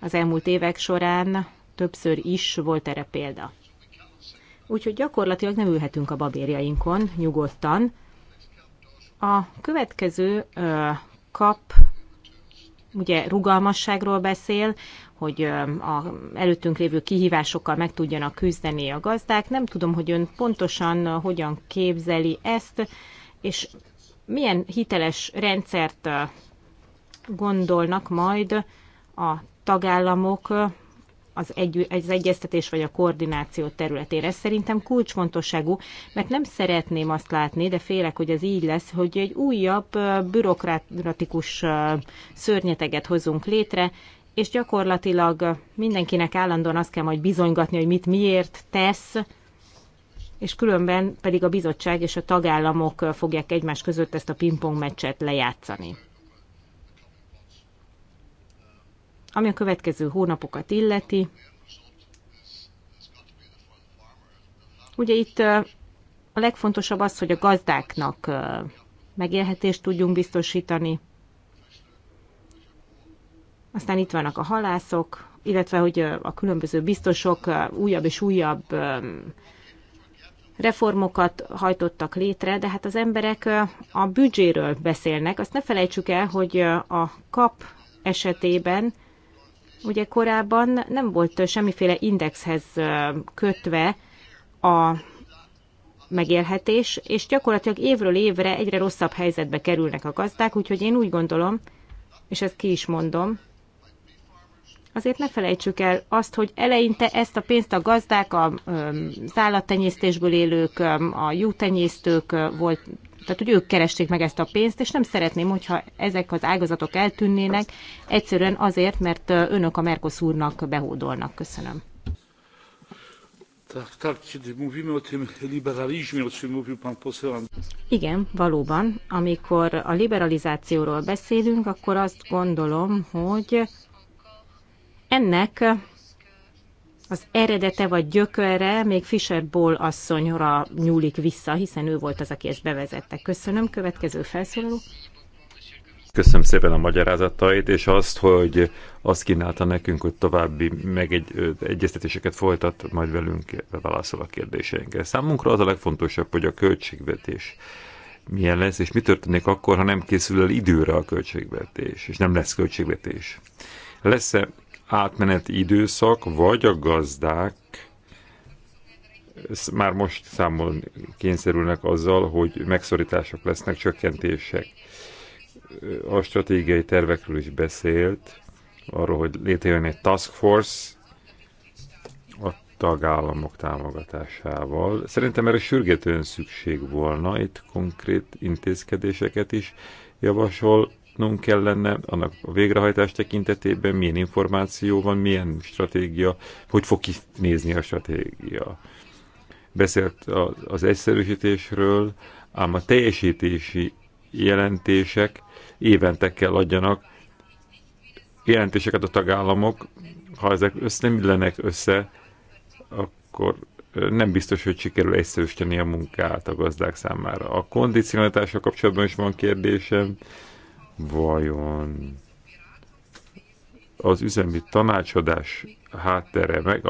az elmúlt évek során, többször is volt erre példa. Úgyhogy gyakorlatilag nem ülhetünk a babérjainkon nyugodtan. A következő kap ugye rugalmasságról beszél, hogy a előttünk lévő kihívásokkal meg tudjanak küzdeni a gazdák. Nem tudom, hogy ön pontosan hogyan képzeli ezt, és milyen hiteles rendszert gondolnak majd a tagállamok az, egy, az egyeztetés vagy a koordináció területére. Ez szerintem kulcsfontosságú, mert nem szeretném azt látni, de félek, hogy ez így lesz, hogy egy újabb bürokratikus szörnyeteget hozunk létre, és gyakorlatilag mindenkinek állandóan azt kell majd bizonygatni, hogy mit miért tesz, és különben pedig a bizottság és a tagállamok fogják egymás között ezt a pingpong meccset lejátszani. Ami a következő hónapokat illeti, ugye itt a legfontosabb az, hogy a gazdáknak megélhetést tudjunk biztosítani. Aztán itt vannak a halászok, illetve hogy a különböző biztosok újabb és újabb reformokat hajtottak létre, de hát az emberek a büdzséről beszélnek. Azt ne felejtsük el, hogy a kap esetében Ugye korábban nem volt semmiféle indexhez kötve a megélhetés, és gyakorlatilag évről évre egyre rosszabb helyzetbe kerülnek a gazdák, úgyhogy én úgy gondolom, és ezt ki is mondom, azért ne felejtsük el azt, hogy eleinte ezt a pénzt a gazdák, a, az állattenyésztésből élők, a jútenyésztők volt, tehát hogy ők keresték meg ezt a pénzt, és nem szeretném, hogyha ezek az ágazatok eltűnnének, egyszerűen azért, mert önök a Mercosurnak behódolnak. Köszönöm. Igen, valóban. Amikor a liberalizációról beszélünk, akkor azt gondolom, hogy ennek az eredete vagy gyökölre még Fischer Bowl asszonyra nyúlik vissza, hiszen ő volt az, aki ezt bevezette. Köszönöm. Következő felszólaló. Köszönöm szépen a magyarázatait, és azt, hogy azt kínálta nekünk, hogy további meg egy, egyeztetéseket folytat, majd velünk válaszol a kérdéseinkre. Számunkra az a legfontosabb, hogy a költségvetés milyen lesz, és mi történik akkor, ha nem készül el időre a költségvetés, és nem lesz költségvetés. Lesz-e átmeneti időszak, vagy a gazdák már most számon kényszerülnek azzal, hogy megszorítások lesznek, csökkentések. A stratégiai tervekről is beszélt, arról, hogy létrejön egy task force a tagállamok támogatásával. Szerintem erre sürgetően szükség volna, itt konkrét intézkedéseket is javasol, látnunk kellene, annak a végrehajtás tekintetében milyen információ van, milyen stratégia, hogy fog kinézni a stratégia. Beszélt az egyszerűsítésről, ám a teljesítési jelentések évente kell adjanak jelentéseket a tagállamok, ha ezek össze, nem illenek össze, akkor nem biztos, hogy sikerül egyszerűsíteni a munkát a gazdák számára. A kondicionálatással kapcsolatban is van kérdésem, vajon az üzemi tanácsadás háttere meg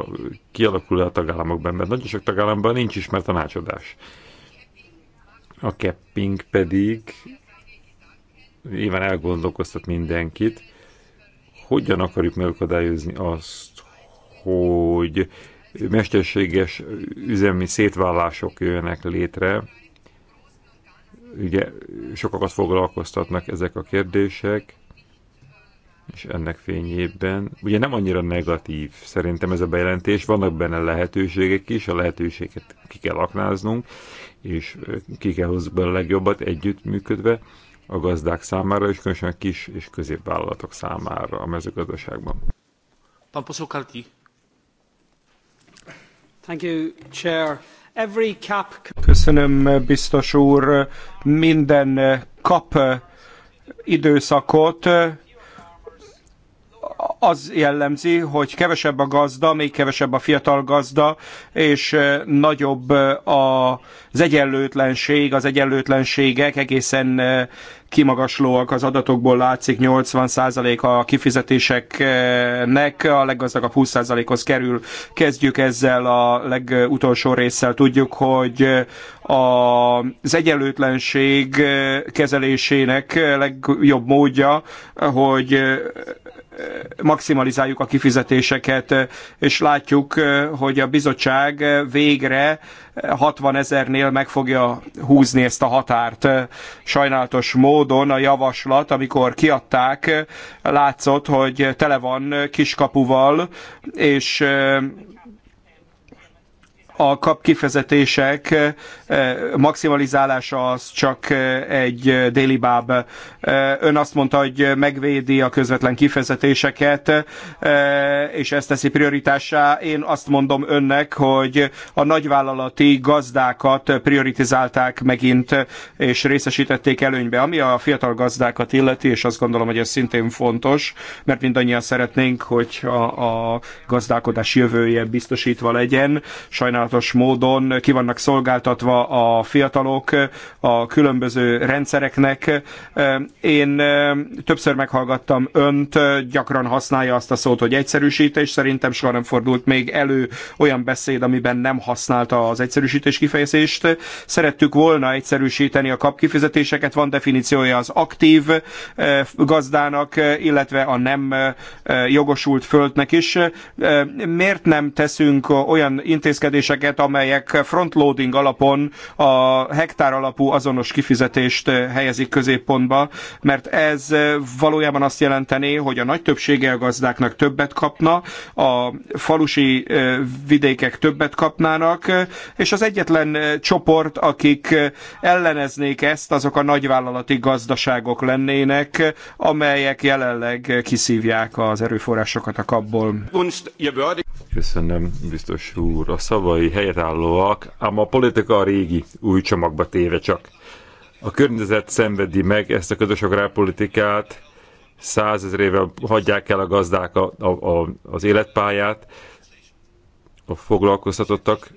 kialakul a tagállamokban, mert nagyon sok tagállamban nincs is már tanácsadás. A capping pedig nyilván elgondolkoztat mindenkit, hogyan akarjuk megakadályozni azt, hogy mesterséges üzemi szétvállások jöjjenek létre, ugye sokakat foglalkoztatnak ezek a kérdések, és ennek fényében, ugye nem annyira negatív szerintem ez a bejelentés, vannak benne lehetőségek is, a lehetőséget ki kell aknáznunk, és ki kell hozzuk be a legjobbat együttműködve a gazdák számára, és különösen a kis és középvállalatok számára a mezőgazdaságban. Thank you, Chair. Every cap... Köszönöm, biztos úr. Minden kap időszakot az jellemzi, hogy kevesebb a gazda, még kevesebb a fiatal gazda, és nagyobb az egyenlőtlenség, az egyenlőtlenségek egészen kimagaslóak, az adatokból látszik 80% a kifizetéseknek, a leggazdagabb 20%-hoz kerül. Kezdjük ezzel a legutolsó résszel. Tudjuk, hogy az egyenlőtlenség kezelésének legjobb módja, hogy maximalizáljuk a kifizetéseket, és látjuk, eh, hogy a bizottság eh, végre 60 eh, ezernél meg fogja húzni ezt a határt. Sajnálatos módon a javaslat, amikor kiadták, látszott, hogy tele van kiskapuval, és a kapkifezetések eh, maximalizálása az csak eh, egy eh, déli báb. Ön azt mondta, hogy megvédi a közvetlen kifezetéseket, és ezt teszi prioritássá. Én azt mondom önnek, hogy a nagyvállalati gazdákat prioritizálták megint, és részesítették előnybe. Ami a fiatal gazdákat illeti, és azt gondolom, hogy ez szintén fontos, mert mindannyian szeretnénk, hogy a, a gazdálkodás jövője biztosítva legyen. Sajnál sajnálatos módon ki vannak szolgáltatva a fiatalok a különböző rendszereknek. Én eh, többször meghallgattam önt, gyakran használja azt a szót, hogy egyszerűsítés. Szerintem soha nem fordult még elő olyan beszéd, amiben nem használta az egyszerűsítés kifejezést. Szerettük volna egyszerűsíteni a kapkifizetéseket, van definíciója az aktív eh, gazdának, illetve a nem eh, jogosult földnek is. Miért nem teszünk olyan intézkedéseket, összeget, amelyek frontloading alapon a hektár alapú azonos kifizetést eh, helyezik középpontba, mert ez eh, valójában azt jelentené, hogy a nagy többsége a gazdáknak többet kapna, a falusi eh, vidékek többet kapnának, és az egyetlen csoport, akik elleneznék ezt, azok a nagyvállalati gazdaságok lennének, amelyek jelenleg kiszívják az erőforrásokat a kapból. Köszönöm, biztos úr. A szavai helyetállóak, ám a politika a régi új csomagba téve csak. A környezet szenvedi meg ezt a közös agrárpolitikát, százezrével hagyják el a gazdák a, a, a, az életpályát, a foglalkoztatottak,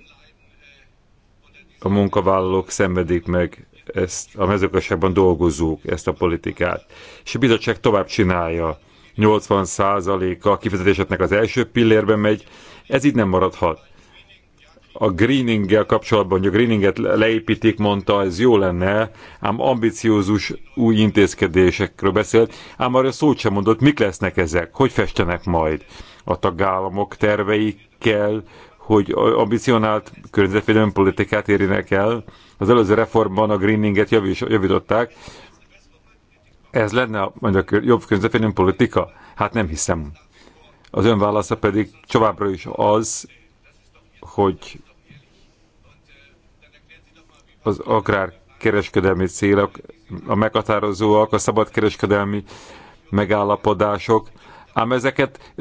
a munkavállalók szenvedik meg ezt a mezőgazdaságban dolgozók, ezt a politikát. És a bizottság tovább csinálja. 80%-a a kifizetéseknek az első pillérben megy, ez így nem maradhat a greeninggel kapcsolatban, hogy a greeninget leépítik, mondta, ez jó lenne, ám ambiciózus új intézkedésekről beszélt, ám arra szót sem mondott, mik lesznek ezek, hogy festenek majd a tagállamok terveikkel, hogy ambicionált környezetvédelmi politikát érjenek el. Az előző reformban a greeninget javították. Ez lenne majd a jobb környezetvédelmi politika? Hát nem hiszem. Az ön válasza pedig továbbra is az, hogy az agrárkereskedelmi célok, a meghatározóak, a szabadkereskedelmi megállapodások, ám ezeket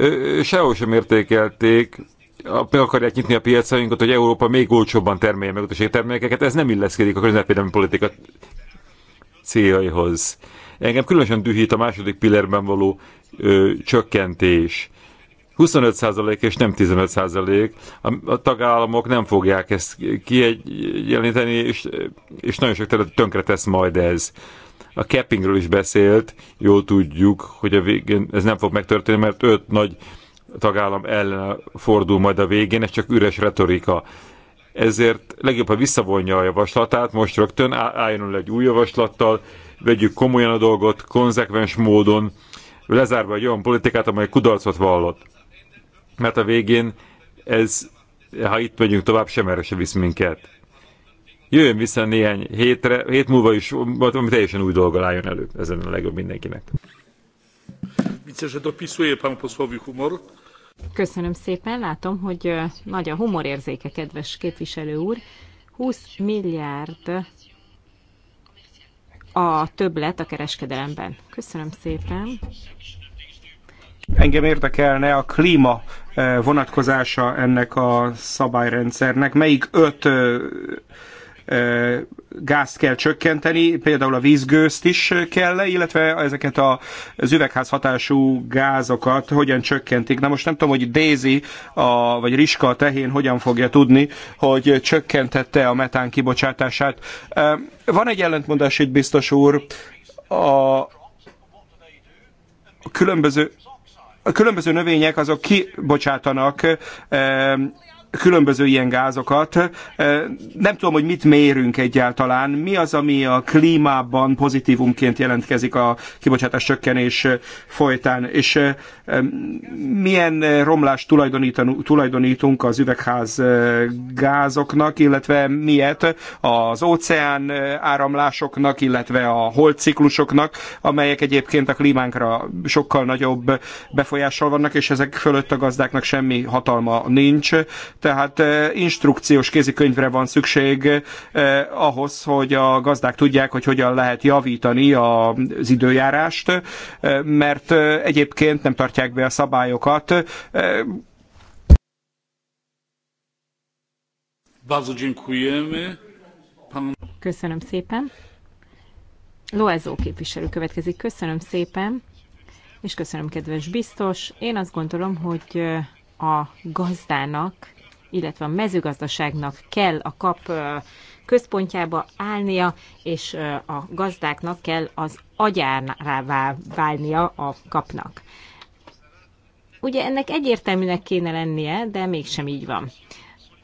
sehol sem értékelték, meg akarják nyitni a piacainkat, hogy Európa még olcsóbban termelje meg a termékeket, ez nem illeszkedik a környezetvédelmi politika céljaihoz. Engem különösen dühít a második pillérben való ö, csökkentés. 25% és nem 15%. A, a tagállamok nem fogják ezt kiegyenlíteni, és, és nagyon sok terület tönkre tesz majd ez. A cappingről is beszélt, jól tudjuk, hogy a végén ez nem fog megtörténni, mert öt nagy tagállam ellen fordul majd a végén, ez csak üres retorika. Ezért legjobb, ha visszavonja a javaslatát, most rögtön álljon egy új javaslattal, vegyük komolyan a dolgot, konzekvens módon, lezárva egy olyan politikát, amely kudarcot vallott mert a végén ez, ha itt megyünk tovább, sem erre se visz minket. Jöjjön vissza néhány hétre, hét múlva is, ami teljesen új dolga álljon elő. Ez a legjobb mindenkinek. Vice, hogy dopisuje pan posłowi humor. Köszönöm szépen, látom, hogy nagy a humorérzéke, kedves képviselő úr. 20 milliárd a többlet a kereskedelemben. Köszönöm szépen. Engem érdekelne a klíma Eh, vonatkozása ennek a szabályrendszernek, melyik öt eh, eh, gázt kell csökkenteni, például a vízgőzt is kell, illetve ezeket a, az üvegházhatású gázokat hogyan csökkentik. Na most nem tudom, hogy Daisy a, vagy Riska a tehén hogyan fogja tudni, hogy csökkentette a metán kibocsátását. Van egy ellentmondás itt, biztos úr, a különböző a különböző növények azok kibocsátanak eh, különböző ilyen gázokat. Nem tudom, hogy mit mérünk egyáltalán. Mi az, ami a klímában pozitívumként jelentkezik a kibocsátás csökkenés folytán, és milyen romlást tulajdonítunk az üvegház gázoknak, illetve miért az óceán áramlásoknak, illetve a holdciklusoknak, amelyek egyébként a klímánkra sokkal nagyobb befolyással vannak, és ezek fölött a gazdáknak semmi hatalma nincs tehát instrukciós kézikönyvre van szükség ahhoz, hogy a gazdák tudják, hogy hogyan lehet javítani az időjárást, mert egyébként nem tartják be a szabályokat. Köszönöm szépen. Loezó képviselő következik. Köszönöm szépen, és köszönöm, kedves biztos. Én azt gondolom, hogy a gazdának illetve a mezőgazdaságnak kell a kap központjába állnia, és a gazdáknak kell az agyárává válnia a kapnak. Ugye ennek egyértelműnek kéne lennie, de mégsem így van.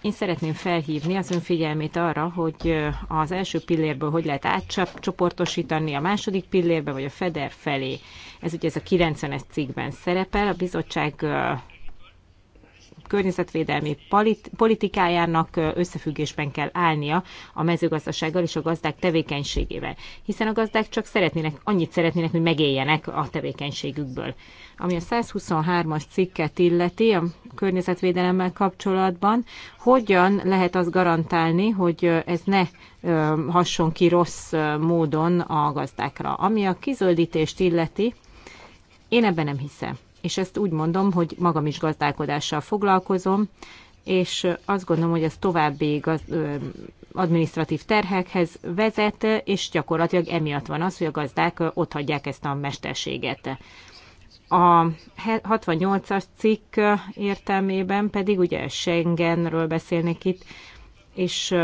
Én szeretném felhívni az ön figyelmét arra, hogy az első pillérből hogy lehet átcsoportosítani a második pillérbe, vagy a FEDER felé. Ez ugye ez a 90-es cikkben szerepel. A bizottság környezetvédelmi politikájának összefüggésben kell állnia a mezőgazdasággal és a gazdák tevékenységével, hiszen a gazdák csak szeretnének, annyit szeretnének, hogy megéljenek a tevékenységükből. Ami a 123-as cikket illeti a környezetvédelemmel kapcsolatban, hogyan lehet az garantálni, hogy ez ne hasson ki rossz módon a gazdákra. Ami a kizöldítést illeti, én ebben nem hiszem és ezt úgy mondom, hogy magam is gazdálkodással foglalkozom, és azt gondolom, hogy ez további gaz, ö, administratív terhekhez vezet, és gyakorlatilag emiatt van az, hogy a gazdák ott hagyják ezt a mesterséget. A 68-as cikk értelmében pedig ugye Schengenről beszélnek itt, és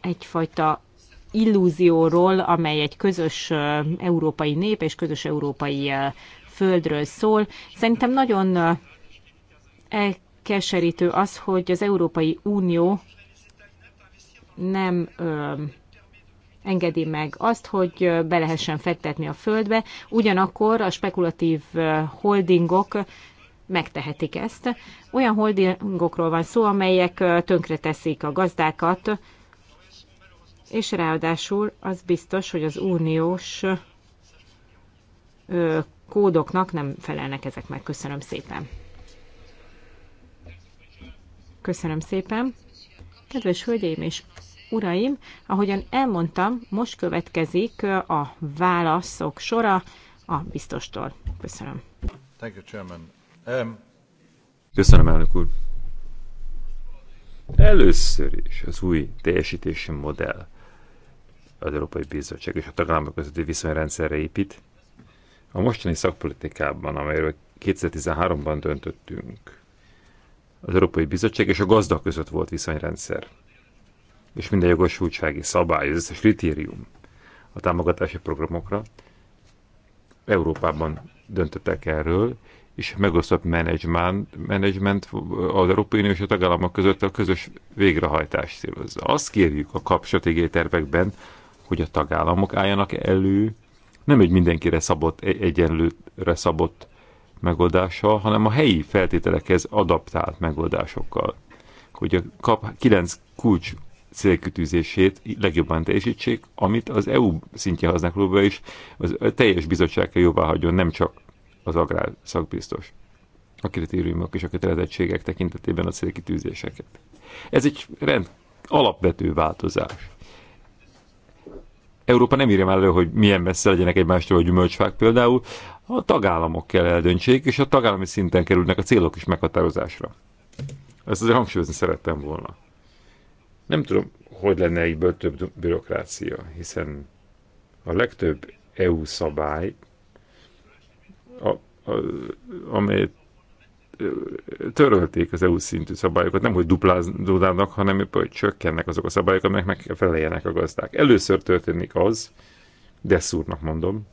egyfajta illúzióról, amely egy közös európai nép és közös európai földről szól. Szerintem nagyon elkeserítő az, hogy az Európai Unió nem ö, engedi meg azt, hogy be lehessen fektetni a földbe, ugyanakkor a spekulatív holdingok megtehetik ezt. Olyan holdingokról van szó, amelyek tönkreteszik a gazdákat, és ráadásul az biztos, hogy az uniós kódoknak nem felelnek ezek meg. Köszönöm szépen. Köszönöm szépen. Kedves hölgyeim és uraim, ahogyan elmondtam, most következik a válaszok sora a biztostól. Köszönöm. Thank you, Chairman. Um... Köszönöm, elnök úr. Először is az új teljesítési modell az Európai Bizottság és a tagállamok közötti viszonyrendszerre épít, a mostani szakpolitikában, amelyről 2013-ban döntöttünk, az Európai Bizottság és a gazda között volt viszonyrendszer. És minden jogosultsági szabály, az összes kritérium a támogatási programokra Európában döntöttek erről, és megosztott menedzsment, menedzsment az Európai Unió és a tagállamok között a közös végrehajtást célozza. Azt kérjük a kapstratégiai tervekben, hogy a tagállamok álljanak elő nem egy mindenkire szabott, e- egyenlőre szabott megoldással, hanem a helyi feltételekhez adaptált megoldásokkal. Hogy a kap 9 kulcs célkütűzését legjobban teljesítsék, amit az EU szintje használóba is az a teljes bizottság kell jóvá hagyjon, nem csak az agrár szakbiztos a kritériumok és a kötelezettségek tekintetében a célkitűzéseket. Ez egy rend alapvető változás. Európa nem írja már elő, hogy milyen messze legyenek egymástól a gyümölcsfák például, a tagállamok kell eldöntsék, és a tagállami szinten kerülnek a célok is meghatározásra. Ezt azért hangsúlyozni szerettem volna. Nem tudom, hogy lenne egyből több bürokrácia, hiszen a legtöbb EU szabály, a, a, amelyet törölték az EU szintű szabályokat, nem hogy dupláznak, hanem hogy csökkennek azok a szabályok, amelyek meg feleljenek a gazdák. Először történik az, de szúrnak mondom,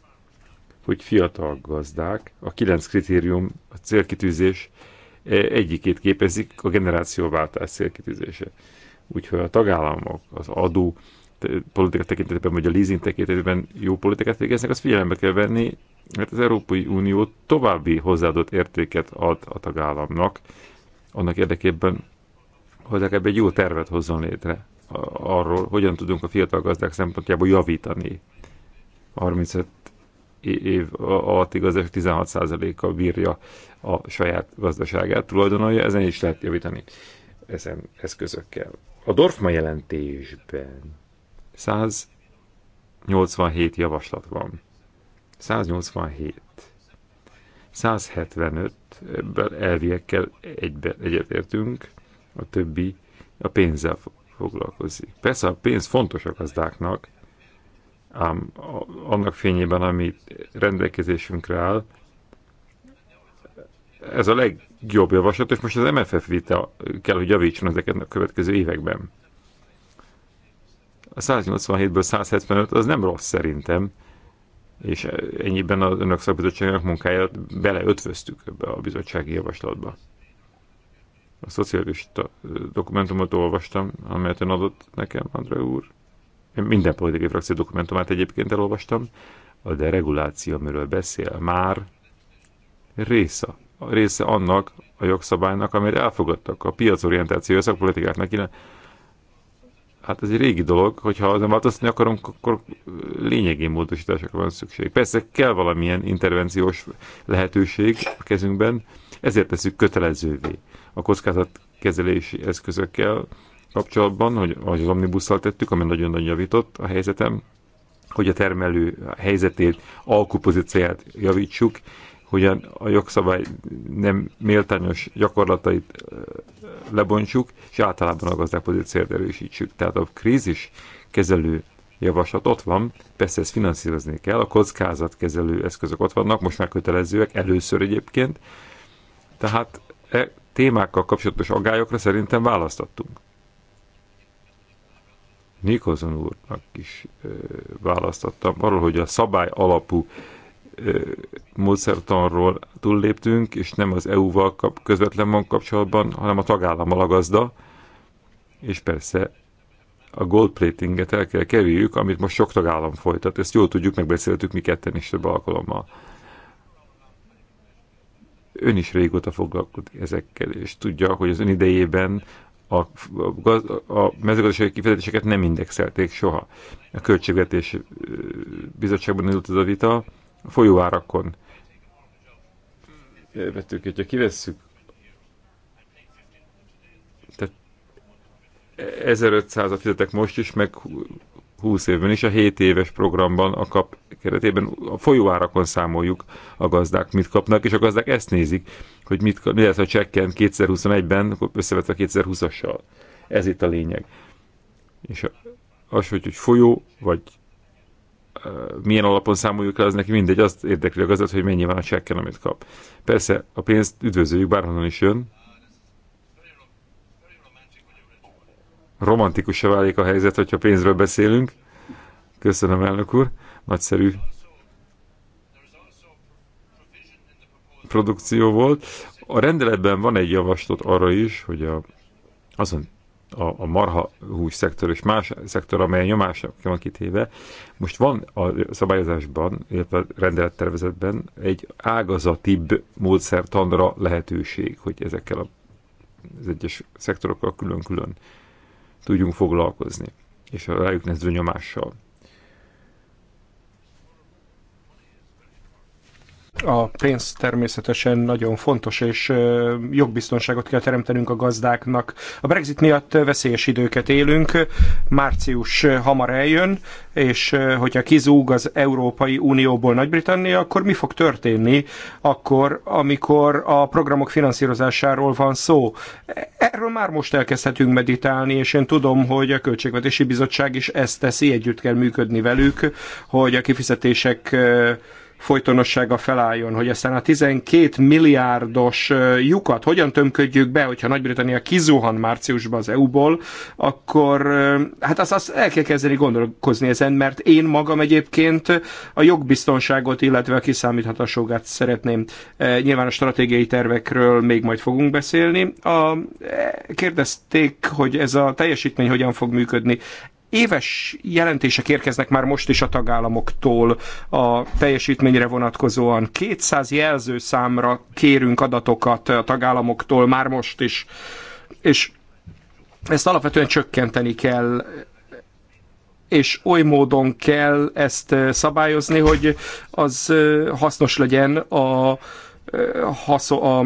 hogy fiatal gazdák, a kilenc kritérium, a célkitűzés e, egyikét képezik a generációváltás célkitűzése. Úgyhogy a tagállamok az adó Hát, eh, politika tekintetében, vagy a leasing tekintetében jó politikát végeznek, azt figyelembe kell venni, mert az Európai Unió további hozzáadott értéket ad a tagállamnak, annak érdekében, hogy legalább egy jó tervet hozzon létre arról, hogyan tudunk a fiatal gazdák szempontjából javítani. 35 év alatt gazdaság 16 a bírja a saját gazdaságát, tulajdonolja, ezen is lehet javítani ezen eszközökkel. A Dorfma jelentésben 187 javaslat van. 187. 175 ebből elviekkel egybe, egyetértünk, a többi a pénzzel foglalkozik. Persze a pénz fontos a gazdáknak, ám annak fényében, amit rendelkezésünkre áll, ez a legjobb javaslat, és most az MFF vita kell, hogy javítson ezeket a következő években a 187-ből 175 az nem rossz szerintem, és ennyiben az önök szakbizottságának munkáját beleötvöztük ebbe a bizottsági javaslatba. A szocialista dokumentumot olvastam, amelyet ön adott nekem, André úr. Én minden politikai frakció dokumentumát egyébként elolvastam. A dereguláció, amiről beszél, már része, része annak a jogszabálynak, amit elfogadtak a piacorientáció a szakpolitikáknak, Hát ez egy régi dolog, hogyha nem változtatni akarunk, akkor lényegi módosításokra van szükség. Persze kell valamilyen intervenciós lehetőség a kezünkben, ezért teszük kötelezővé a kockázatkezelési eszközökkel kapcsolatban, hogy az omnibusszal tettük, ami nagyon nagy javított a helyzetem, hogy a termelő helyzetét, alkupozícióját javítsuk, hogy a, a jogszabály nem méltányos gyakorlatait lebontsuk, és általában a gazdák pozíciót erősítsük. Tehát a krízis kezelő javaslat ott van, persze ezt finanszírozni kell, a kockázatkezelő eszközök ott vannak, most már kötelezőek, először egyébként. Tehát e témákkal kapcsolatos agályokra szerintem választottunk. Nikozon úrnak is ö, arról, hogy a szabály alapú ö, módszertanról túlléptünk, és nem az EU-val közvetlen van kapcsolatban, hanem a tagállammal a gazda, és persze a gold platinget el kell kerüljük, amit most sok tagállam folytat. Ezt jól tudjuk, megbeszéltük mi ketten is több alkalommal. Ön is régóta foglalkozik ezekkel, és tudja, hogy az ön idejében a, a, a mezőgazdasági kifizetéseket nem indexelték soha. A költségvetés bizottságban indult ez a vita, a folyóárakon vettük, hogyha kivesszük, tehát 1500-at fizetek most is, meg 20 évben is, a 7 éves programban a kap keretében a folyóárakon számoljuk a gazdák mit kapnak, és a gazdák ezt nézik, hogy mit, mi lesz a csekken 2021-ben, összevetve 2020-assal. Ez itt a lényeg. És az, hogy, hogy folyó, vagy milyen alapon számoljuk le, az neki mindegy, azt érdekli a gazdát, hogy mennyi van a csekken, amit kap. Persze a pénzt üdvözöljük, bárhonnan is jön. se válik a helyzet, hogyha pénzről beszélünk. Köszönöm, elnök úr. Nagyszerű produkció volt. A rendeletben van egy javaslat arra is, hogy a, azon a, a marha hús szektor és más szektor, amely nyomásra van kitéve. Most van a szabályozásban, illetve a rendelettervezetben egy ágazatibb módszertanra lehetőség, hogy ezekkel a, az egyes szektorokkal külön-külön tudjunk foglalkozni, és a rájuk nehező nyomással. A pénz természetesen nagyon fontos, és jogbiztonságot kell teremtenünk a gazdáknak. A Brexit miatt veszélyes időket élünk, március hamar eljön, és hogyha kizúg az Európai Unióból Nagy-Britannia, akkor mi fog történni akkor, amikor a programok finanszírozásáról van szó? Erről már most elkezdhetünk meditálni, és én tudom, hogy a Költségvetési Bizottság is ezt teszi, együtt kell működni velük, hogy a kifizetések folytonossága felálljon, hogy aztán a 12 milliárdos lyukat hogyan tömködjük be, hogyha Nagy-Britannia kizuhan márciusban az EU-ból, akkor hát azt, azt el kell kezdeni gondolkozni ezen, mert én magam egyébként a jogbiztonságot, illetve a kiszámíthatóságát szeretném. Nyilván a stratégiai tervekről még majd fogunk beszélni. A, e, kérdezték, hogy ez a teljesítmény hogyan fog működni. Éves jelentések érkeznek már most is a tagállamoktól a teljesítményre vonatkozóan. 200 számra kérünk adatokat a tagállamoktól már most is, és ezt alapvetően csökkenteni kell és oly módon kell ezt eh, szabályozni, hogy az eh, hasznos legyen a, eh, a, a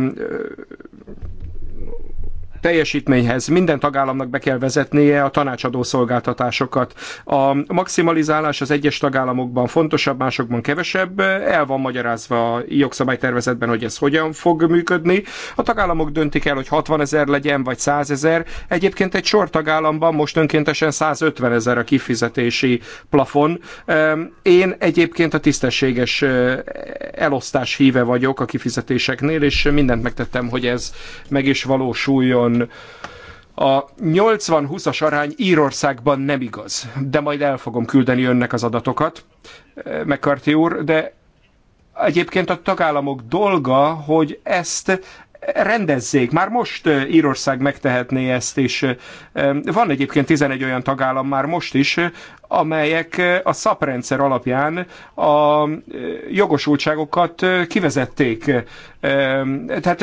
teljesítményhez minden tagállamnak be kell vezetnie a tanácsadó szolgáltatásokat. A maximalizálás az egyes tagállamokban fontosabb, másokban kevesebb. El van magyarázva a jogszabálytervezetben, hogy ez hogyan fog működni. A tagállamok döntik el, hogy 60 ezer legyen, vagy 100 ezer. Egyébként egy sor tagállamban most önkéntesen 150 ezer a kifizetési plafon. Én egyébként a tisztességes elosztás híve vagyok a kifizetéseknél, és mindent megtettem, hogy ez meg is valósuljon nagyon A 80-20-as arány Írországban nem igaz, de majd el fogom küldeni önnek az adatokat, eh, McCarthy úr, de egyébként a tagállamok dolga, hogy ezt rendezzék. Már most eh, Írország megtehetné ezt, és eh, van egyébként 11 olyan tagállam már most is, amelyek a szaprendszer alapján a jogosultságokat kivezették. Tehát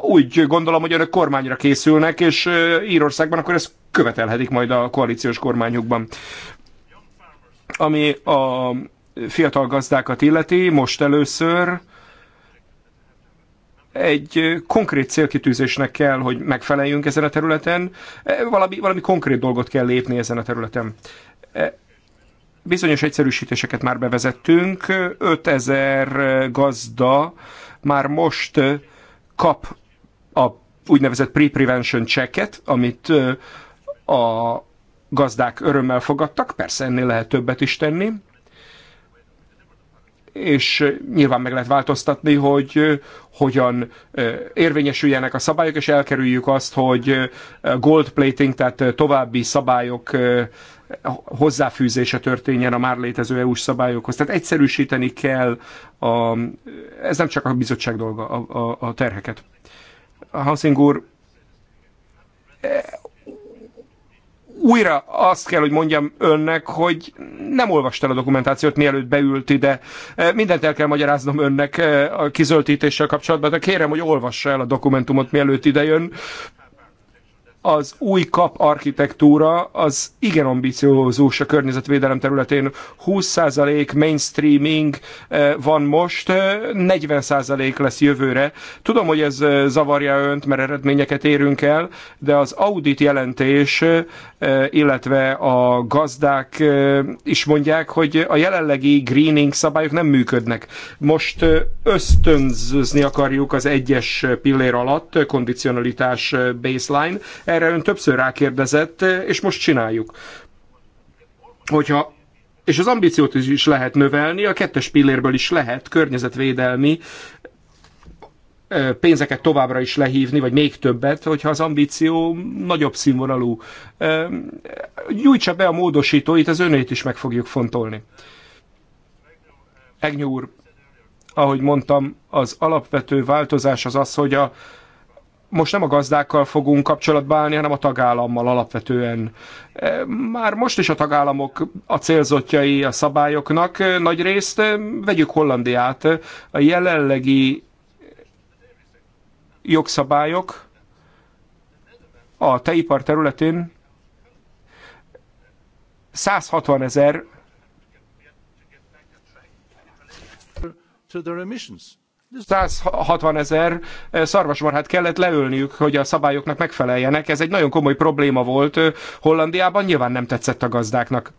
úgy gondolom, hogy önök kormányra készülnek, és Írországban akkor ezt követelhetik majd a koalíciós kormányukban. Ami a fiatal gazdákat illeti, most először egy konkrét célkitűzésnek kell, hogy megfeleljünk ezen a területen, e, valami, valami konkrét dolgot kell lépni ezen a területen. E, bizonyos egyszerűsítéseket már bevezettünk, 5000 gazda már most kap úgynevezett pre-prevention checket, amit a gazdák örömmel fogadtak, persze ennél lehet többet is tenni, és nyilván meg lehet változtatni, hogy hogyan érvényesüljenek a szabályok, és elkerüljük azt, hogy gold plating, tehát további szabályok hozzáfűzése történjen a már létező EU-s szabályokhoz. Tehát egyszerűsíteni kell, a, ez nem csak a bizottság dolga, a, a, a terheket. Hansing úr, újra azt kell, hogy mondjam önnek, hogy nem olvasta el a dokumentációt, mielőtt beült ide. E, mindent el kell magyaráznom önnek e, a kizöltítéssel kapcsolatban, de kérem, hogy olvassa el a dokumentumot, mielőtt idejön az új kap architektúra az igen ambiciózus a környezetvédelem területén. 20% mainstreaming eh, van most, 40% eh, lesz jövőre. Tudom, hogy ez eh, zavarja önt, mert eredményeket érünk el, de az audit jelentés, illetve a gazdák is mondják, hogy a jelenlegi greening szabályok nem működnek. Most ösztönzni akarjuk az egyes pillér alatt, kondicionalitás baseline, erre ön többször rákérdezett, és most csináljuk. Hogyha és az ambíciót is lehet növelni, a kettes pillérből is lehet környezetvédelmi pénzeket továbbra is lehívni, vagy még többet, hogyha az ambíció nagyobb színvonalú. Gyújtsa be a módosítóit, az önét is meg fogjuk fontolni. Egnyúr, ahogy mondtam, az alapvető változás az az, hogy a most nem a gazdákkal fogunk kapcsolatba állni, hanem a tagállammal alapvetően. E, már most is a tagállamok a célzottjai a szabályoknak e, nagy részt, e, vegyük Hollandiát, a jelenlegi jogszabályok a teipar területén 160 ezer 160 ezer eh, szarvasmarhát kellett leölniük, hogy a szabályoknak megfeleljenek. Ez egy nagyon komoly probléma volt eh, Hollandiában, nyilván nem tetszett a gazdáknak.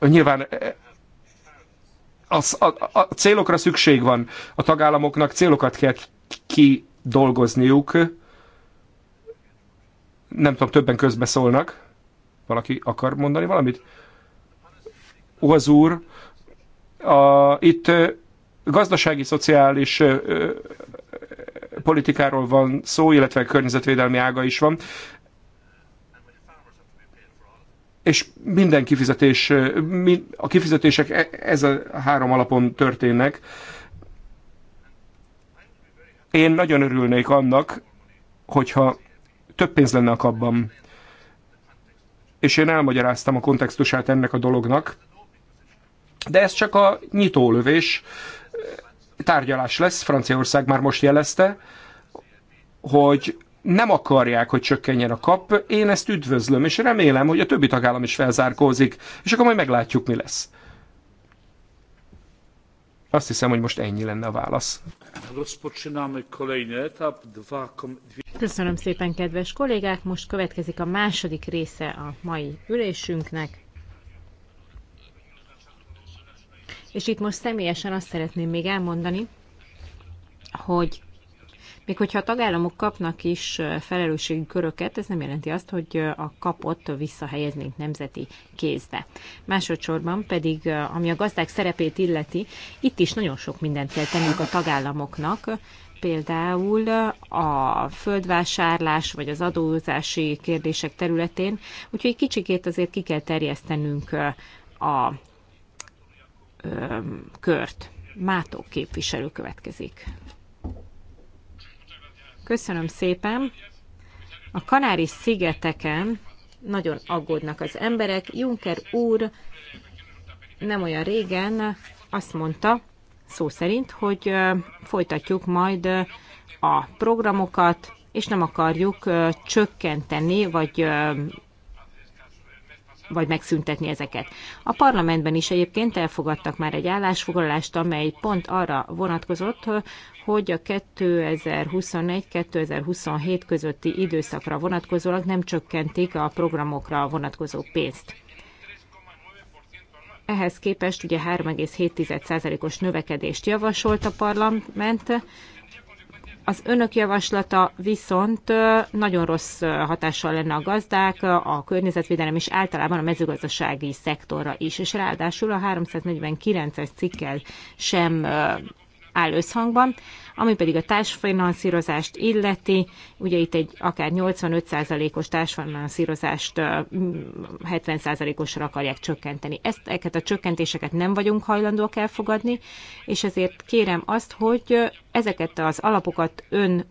Nyilván eh, a, a, a célokra szükség van. A tagállamoknak célokat kell kidolgozniuk. Nem tudom, többen közbeszólnak. Valaki akar mondani valamit? Az úr, a, itt gazdasági, szociális politikáról van szó, illetve környezetvédelmi ága is van. És minden kifizetés, a kifizetések e, ez a három alapon történnek. Én nagyon örülnék annak, hogyha több pénz lenne a kabban. És én elmagyaráztam a kontextusát ennek a dolognak, de ez csak a nyitólövés eh, tárgyalás lesz, Franciaország már most jelezte, hogy nem akarják, hogy csökkenjen a kap, én ezt üdvözlöm, és remélem, hogy a többi tagállam is felzárkózik, és akkor majd meglátjuk, mi lesz. Azt hiszem, hogy most ennyi lenne a válasz. Köszönöm szépen, kedves kollégák! Most következik a második része a mai ülésünknek. És itt most személyesen azt szeretném még elmondani, hogy még hogyha a tagállamok kapnak is felelősségi köröket, ez nem jelenti azt, hogy a kapott visszahelyeznénk nemzeti kézbe. Másodszorban pedig, ami a gazdák szerepét illeti, itt is nagyon sok mindent kell tennünk a tagállamoknak, például a földvásárlás vagy az adózási kérdések területén, úgyhogy kicsikét azért ki kell terjesztenünk a öm, kört. Mátó képviselő következik. Köszönöm szépen. A Kanári-szigeteken nagyon aggódnak az emberek. Juncker úr nem olyan régen azt mondta, szó szerint, hogy folytatjuk majd a programokat, és nem akarjuk csökkenteni, vagy vagy megszüntetni ezeket. A parlamentben is egyébként elfogadtak már egy állásfoglalást, amely pont arra vonatkozott, hogy a 2021-2027 közötti időszakra vonatkozólag nem csökkentik a programokra vonatkozó pénzt. Ehhez képest ugye 3,7%-os növekedést javasolt a parlament, az önök javaslata viszont nagyon rossz hatással lenne a gazdák, a környezetvédelem és általában a mezőgazdasági szektorra is, és ráadásul a 349-es cikkel sem áll összhangban. Ami pedig a társfinanszírozást illeti, ugye itt egy akár 85%-os társfinanszírozást 70%-osra akarják csökkenteni. Ezt a csökkentéseket nem vagyunk hajlandóak elfogadni, és ezért kérem azt, hogy ezeket az alapokat ön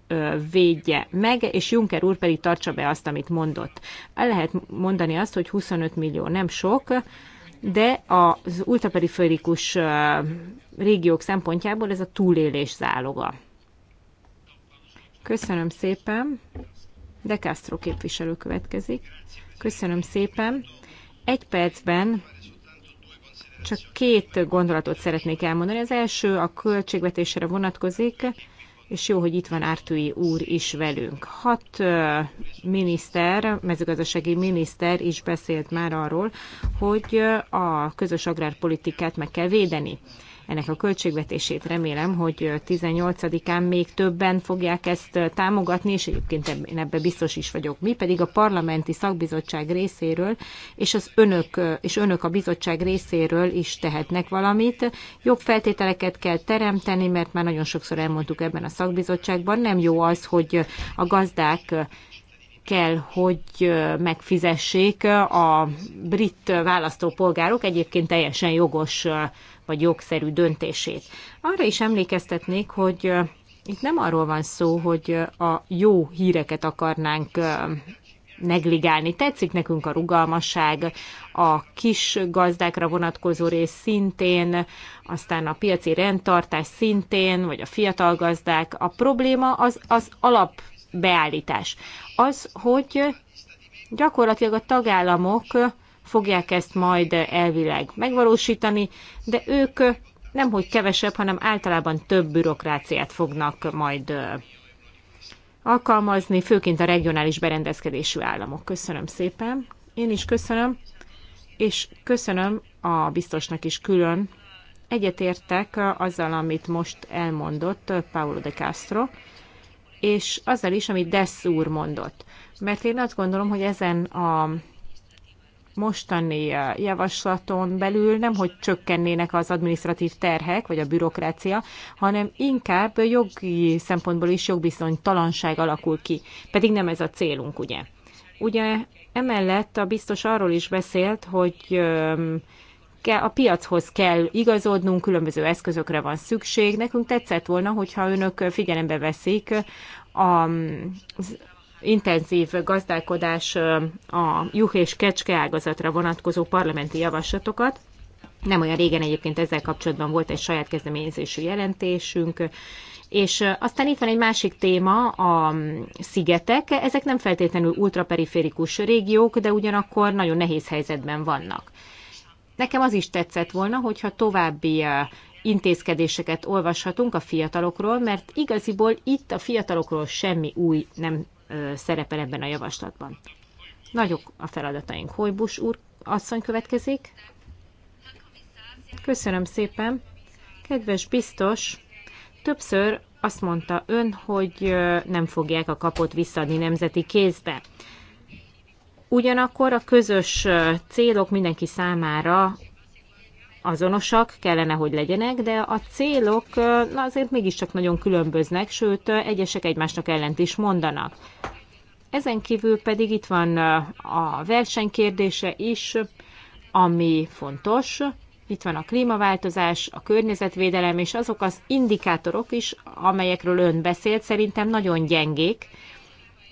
védje meg, és Juncker úr pedig tartsa be azt, amit mondott. El lehet mondani azt, hogy 25 millió nem sok, de az ultraperiférikus régiók szempontjából ez a túlélés záloga. Köszönöm szépen. De Castro képviselő következik. Köszönöm szépen. Egy percben csak két gondolatot szeretnék elmondani. Az első a költségvetésre vonatkozik és jó, hogy itt van Ártői úr is velünk. Hat miniszter, mezőgazdasági miniszter is beszélt már arról, hogy a közös agrárpolitikát meg kell védeni ennek a költségvetését. Remélem, hogy 18-án még többen fogják ezt támogatni, és egyébként én ebbe biztos is vagyok. Mi pedig a parlamenti szakbizottság részéről, és az önök, és önök a bizottság részéről is tehetnek valamit. Jobb feltételeket kell teremteni, mert már nagyon sokszor elmondtuk ebben a szakbizottságban, nem jó az, hogy a gazdák kell, hogy megfizessék a brit választópolgárok egyébként teljesen jogos vagy jogszerű döntését. Arra is emlékeztetnék, hogy itt nem arról van szó, hogy a jó híreket akarnánk negligálni. Tetszik nekünk a rugalmasság, a kis gazdákra vonatkozó rész szintén, aztán a piaci rendtartás szintén, vagy a fiatal gazdák. A probléma az, az alapbeállítás. Az, hogy gyakorlatilag a tagállamok fogják ezt majd elvileg megvalósítani, de ők nem hogy kevesebb, hanem általában több bürokráciát fognak majd alkalmazni, főként a regionális berendezkedésű államok. Köszönöm szépen. Én is köszönöm, és köszönöm a biztosnak is külön. Egyetértek azzal, amit most elmondott Paulo de Castro, és azzal is, amit Dess úr mondott. Mert én azt gondolom, hogy ezen a mostani eh, javaslaton belül nem, hogy csökkennének az administratív terhek, vagy a bürokrácia, hanem inkább jogi szempontból is jogbiztonytalanság alakul ki. Pedig nem ez a célunk, ugye? Ugye emellett a biztos arról is beszélt, hogy a piachoz kell igazodnunk, különböző eszközökre van szükség. Nekünk tetszett volna, hogyha önök figyelembe veszik a intenzív gazdálkodás a juh és kecske ágazatra vonatkozó parlamenti javaslatokat. Nem olyan régen egyébként ezzel kapcsolatban volt egy saját kezdeményezésű jelentésünk, és aztán itt van egy másik téma, a mm, szigetek. Ezek nem feltétlenül ultraperiférikus régiók, de ugyanakkor nagyon nehéz helyzetben vannak. Nekem az is tetszett volna, hogyha további intézkedéseket olvashatunk a fiatalokról, mert igaziból itt a fiatalokról semmi új nem szerepel ebben a javaslatban. Nagyok a feladataink. Hojbus úr asszony következik. Köszönöm szépen. Kedves biztos, többször azt mondta ön, hogy nem fogják a kapot visszadni nemzeti kézbe. Ugyanakkor a közös célok mindenki számára azonosak kellene, hogy legyenek, de a célok na azért mégiscsak nagyon különböznek, sőt, egyesek egymásnak ellent is mondanak. Ezen kívül pedig itt van a versenykérdése is, ami fontos. Itt van a klímaváltozás, a környezetvédelem és azok az indikátorok is, amelyekről ön beszélt, szerintem nagyon gyengék,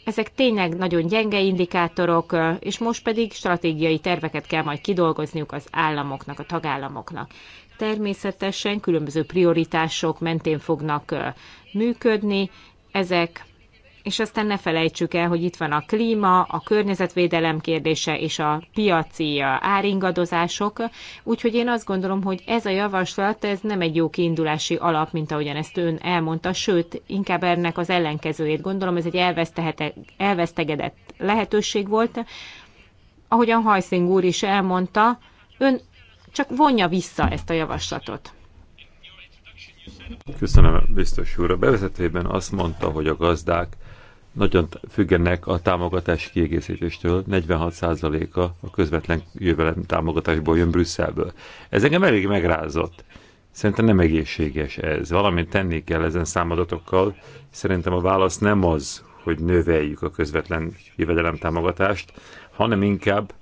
ezek tényleg nagyon gyenge indikátorok, és most pedig stratégiai terveket kell majd kidolgozniuk az államoknak, a tagállamoknak. Természetesen különböző prioritások mentén fognak működni, ezek és aztán ne felejtsük el, hogy itt van a klíma, a környezetvédelem kérdése és a piaci áringadozások, úgyhogy én azt gondolom, hogy ez a javaslat ez nem egy jó kiindulási alap, mint ahogyan ezt ön elmondta, sőt, inkább ennek az ellenkezőjét gondolom, ez egy elvesztegedett lehetőség volt. Ahogyan Hajszing úr is elmondta, ön csak vonja vissza ezt a javaslatot. Köszönöm biztos úr. A bevezetőben azt mondta, hogy a gazdák nagyon függenek a támogatás kiegészítéstől, 46%-a a közvetlen jövelem támogatásból jön Brüsszelből. Ez engem elég megrázott. Szerintem nem egészséges ez. Valamint tenni kell ezen számadatokkal. Szerintem a válasz nem az, hogy növeljük a közvetlen jövedelem támogatást, hanem inkább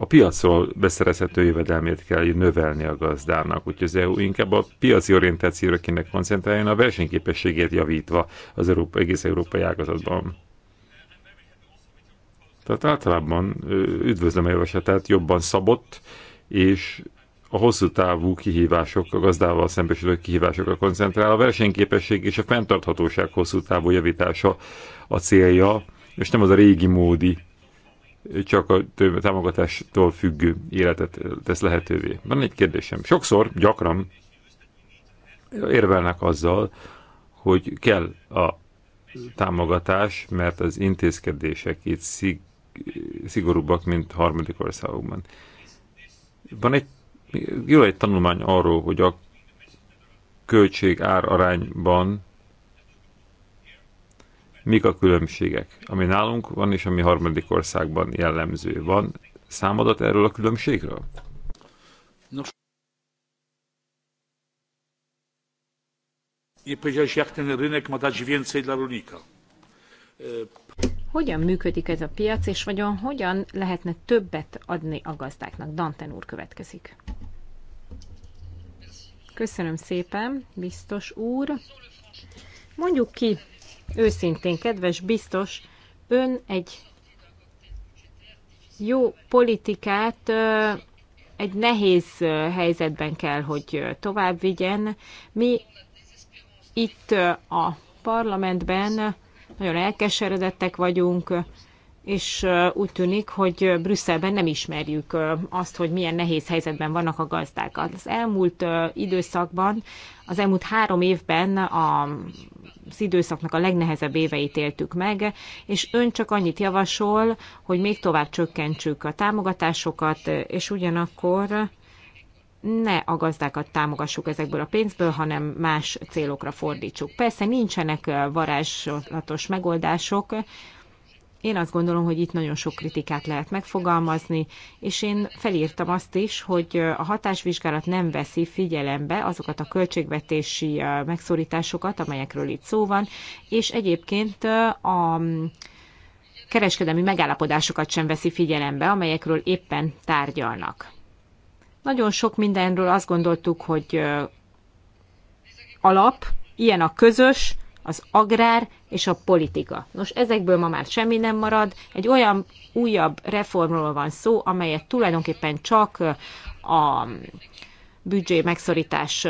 a piacról beszerezhető jövedelmét kell növelni a gazdának, úgyhogy az EU inkább a piaci orientációra kéne koncentráljon, a versenyképességét javítva az Európa, egész európai ágazatban. Tehát általában üdvözlöm a javaslatát, jobban szabott, és a hosszú távú kihívások, a gazdával szembesülő kihívásokra koncentrál. A versenyképesség és a fenntarthatóság hosszú távú javítása a célja, és nem az a régi módi csak a támogatástól függő életet tesz lehetővé. Van egy kérdésem. Sokszor, gyakran érvelnek azzal, hogy kell a támogatás, mert az intézkedések itt szig, szigorúbbak, mint harmadik országokban. Van egy, jó egy tanulmány arról, hogy a költség-ár arányban mik a különbségek, ami nálunk van és ami harmadik országban jellemző. Van számadat erről a különbségről? Nos. rynek więcej dla Hogyan működik ez a piac, és vagyon hogyan lehetne többet adni a gazdáknak? Danten úr következik. Köszönöm szépen, biztos úr. Mondjuk ki, Őszintén, kedves biztos, ön egy jó politikát egy nehéz helyzetben kell, hogy tovább vigyen. Mi itt a parlamentben nagyon elkeseredettek vagyunk, és úgy tűnik, hogy Brüsszelben nem ismerjük azt, hogy milyen nehéz helyzetben vannak a gazdák. Az elmúlt időszakban, az elmúlt három évben a az időszaknak a legnehezebb éveit éltük meg, és ön csak annyit javasol, hogy még tovább csökkentsük a támogatásokat, és ugyanakkor ne a gazdákat támogassuk ezekből a pénzből, hanem más célokra fordítsuk. Persze nincsenek varázslatos megoldások, én azt gondolom, hogy itt nagyon sok kritikát lehet megfogalmazni, és én felírtam azt is, hogy a hatásvizsgálat nem veszi figyelembe azokat a költségvetési megszorításokat, amelyekről itt szó van, és egyébként a kereskedelmi megállapodásokat sem veszi figyelembe, amelyekről éppen tárgyalnak. Nagyon sok mindenről azt gondoltuk, hogy alap, ilyen a közös, az agrár és a politika. Nos, ezekből ma már semmi nem marad. Egy olyan újabb reformról van szó, amelyet tulajdonképpen csak a büdzsé megszorítás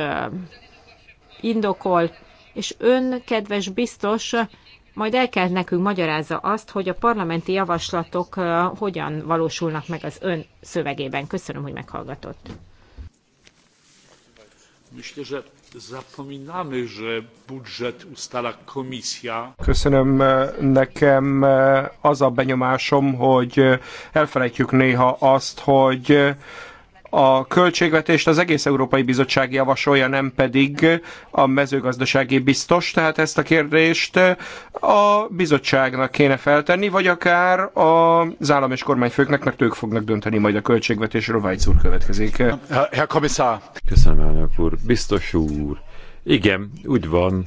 indokol, és ön, kedves biztos, majd el kell nekünk magyarázza azt, hogy a parlamenti javaslatok hogyan valósulnak meg az ön szövegében. Köszönöm, hogy meghallgatott. Myślę, Zapominamy, że budżet ustala komisja. Köszönöm e, nekem e, az a benyomásom, hogy e, elfelejtjük néha azt, hogy a költségvetést az egész Európai Bizottság javasolja, nem pedig a mezőgazdasági biztos. Tehát ezt a kérdést a bizottságnak kéne feltenni, vagy akár az állam és kormányfőknek, mert ők fognak dönteni majd a költségvetésről. Vájc úr következik. Herr Kommissar. Köszönöm, elnök úr. Biztos úr. Igen, úgy van,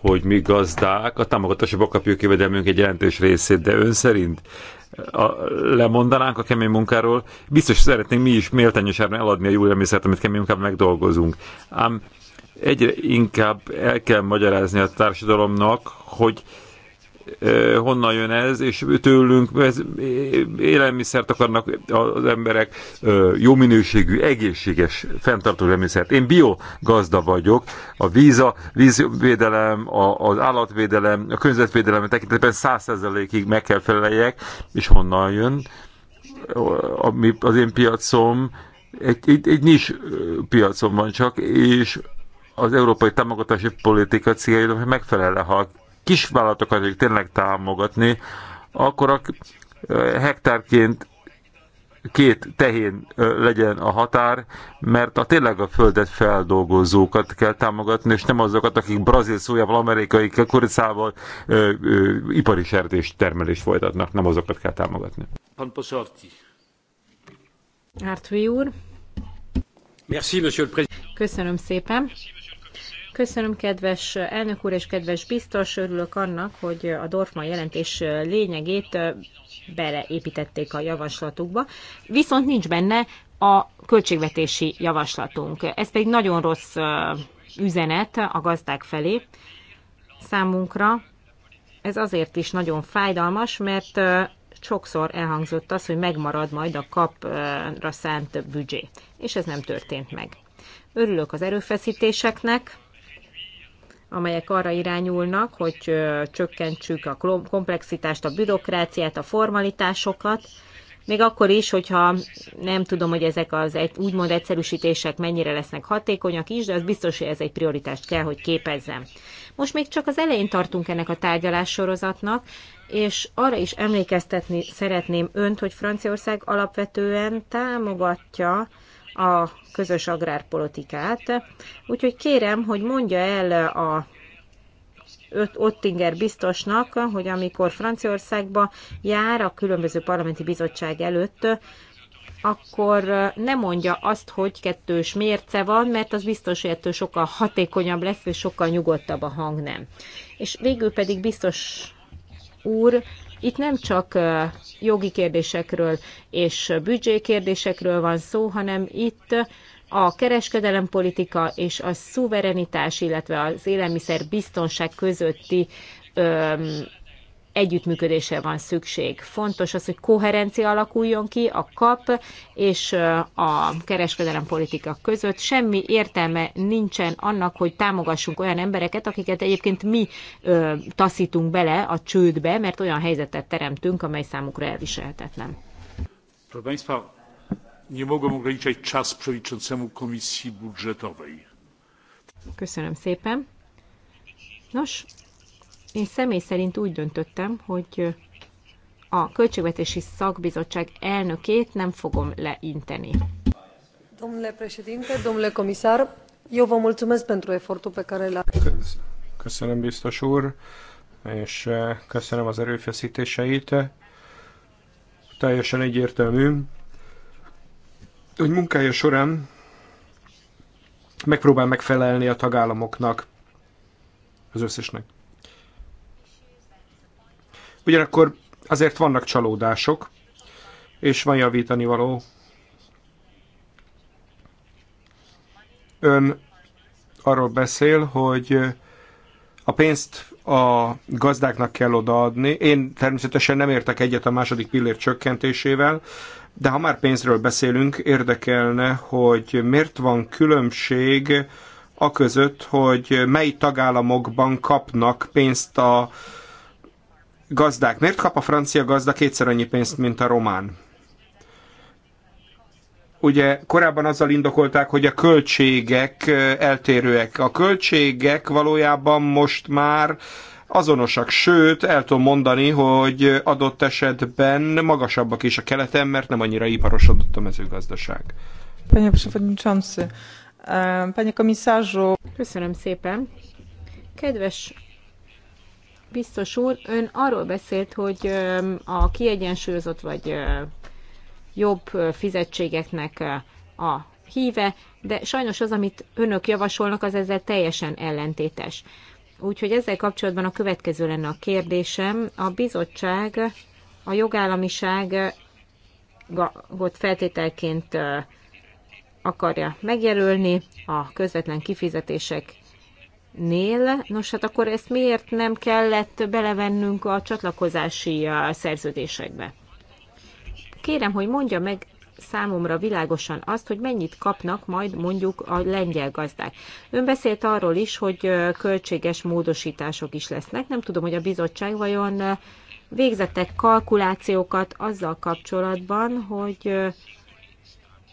hogy mi gazdák, a támogatásokból kapjuk jövedelmünk egy jelentős részét, de ön szerint a, lemondanánk a kemény munkáról, biztos szeretnénk mi is méltányosan eladni a jó remészet, amit kemény munkában megdolgozunk. Ám egyre inkább el kell magyarázni a társadalomnak, hogy honnan jön ez, és tőlünk ez, élelmiszert akarnak az emberek, jó minőségű, egészséges, fenntartó élelmiszert. Én biogazda vagyok, a víz, a vízvédelem, a, az állatvédelem, a környezetvédelem tekintetben százszerzelékig meg kell feleljek, és honnan jön az én piacom, egy, egy, egy nis piacom van csak, és az európai támogatási politika céljának megfelele, ha a kisvállalatokat akik tényleg támogatni, akkor a eh, hektárként két tehén eh, legyen a határ, mert a tényleg a földet feldolgozókat kell támogatni, és nem azokat, akik brazil szójával, amerikai kuricával ö, eh, ö, ipari sertés termelést folytatnak, nem azokat kell támogatni. Pan Posorti. Ártvi úr. Merci, monsieur le président. Köszönöm szépen. Köszönöm, kedves elnök úr és kedves biztos, örülök annak, hogy a Dorfman jelentés lényegét beleépítették a javaslatukba, viszont nincs benne a költségvetési javaslatunk. Ez pedig nagyon rossz üzenet a gazdák felé számunkra. Ez azért is nagyon fájdalmas, mert sokszor elhangzott az, hogy megmarad majd a kapra szánt büdzsé, és ez nem történt meg. Örülök az erőfeszítéseknek, amelyek arra irányulnak, hogy csökkentsük a komplexitást, a bürokráciát, a formalitásokat, még akkor is, hogyha nem tudom, hogy ezek az egy, úgymond egyszerűsítések mennyire lesznek hatékonyak is, de az biztos, hogy ez egy prioritást kell, hogy képezzem. Most még csak az elején tartunk ennek a tárgyalás sorozatnak, és arra is emlékeztetni szeretném önt, hogy Franciaország alapvetően támogatja a közös agrárpolitikát. Úgyhogy kérem, hogy mondja el a Ottinger biztosnak, hogy amikor Franciaországba jár a különböző parlamenti bizottság előtt, akkor ne mondja azt, hogy kettős mérce van, mert az biztos, hogy ettől sokkal hatékonyabb lesz, és sokkal nyugodtabb a hang nem. És végül pedig biztos úr, itt nem csak jogi kérdésekről és kérdésekről van szó, hanem itt a kereskedelempolitika és a szuverenitás, illetve az élelmiszer biztonság közötti öm, együttműködésre van szükség. Fontos az, hogy koherencia alakuljon ki a kap és a kereskedelem politika között. Semmi értelme nincsen annak, hogy támogassunk olyan embereket, akiket egyébként mi ö, taszítunk bele a csődbe, mert olyan helyzetet teremtünk, amely számukra elviselhetetlen. nie mogłem ograniczać czas przewodniczącemu Komisji Budżetowej. Köszönöm szépen. Nos, én személy szerint úgy döntöttem, hogy a Költségvetési Szakbizottság elnökét nem fogom leinteni. Domnule președinte, domnule comisar, eu vă mulțumesc pentru efortul pe care l-a... Köszönöm, biztos úr, és eh, köszönöm az erőfeszítéseit. Teljesen egyértelmű, hogy munkája során megpróbál megfelelni a tagállamoknak, az összesnek. Ugyanakkor azért vannak csalódások, és van javítani való. Ön arról beszél, hogy a pénzt a gazdáknak kell odaadni. Én természetesen nem értek egyet a második pillér csökkentésével, de ha már pénzről beszélünk, érdekelne, hogy miért van különbség a között, hogy mely tagállamokban kapnak pénzt a gazdák. Miért kap a francia gazda kétszer annyi pénzt, mint a román? Ugye korábban azzal indokolták, hogy a költségek eltérőek. A költségek valójában most már azonosak, sőt, el tudom mondani, hogy adott esetben magasabbak is a keleten, mert nem annyira iparosodott a mezőgazdaság. Panie Przewodniczący, e, Panie Komisarzu. Köszönöm szépen. Kedves Biztos úr, ön arról beszélt, hogy a kiegyensúlyozott vagy jobb fizetségeknek a híve, de sajnos az, amit önök javasolnak, az ezzel teljesen ellentétes. Úgyhogy ezzel kapcsolatban a következő lenne a kérdésem. A bizottság a jogállamiságot feltételként akarja megjelölni a közvetlen kifizetések nél, nos hát akkor ezt miért nem kellett belevennünk a csatlakozási szerződésekbe? Kérem, hogy mondja meg számomra világosan azt, hogy mennyit kapnak majd mondjuk a lengyel gazdák. Ön beszélt arról is, hogy költséges módosítások is lesznek. Nem tudom, hogy a bizottság vajon végzettek kalkulációkat azzal kapcsolatban, hogy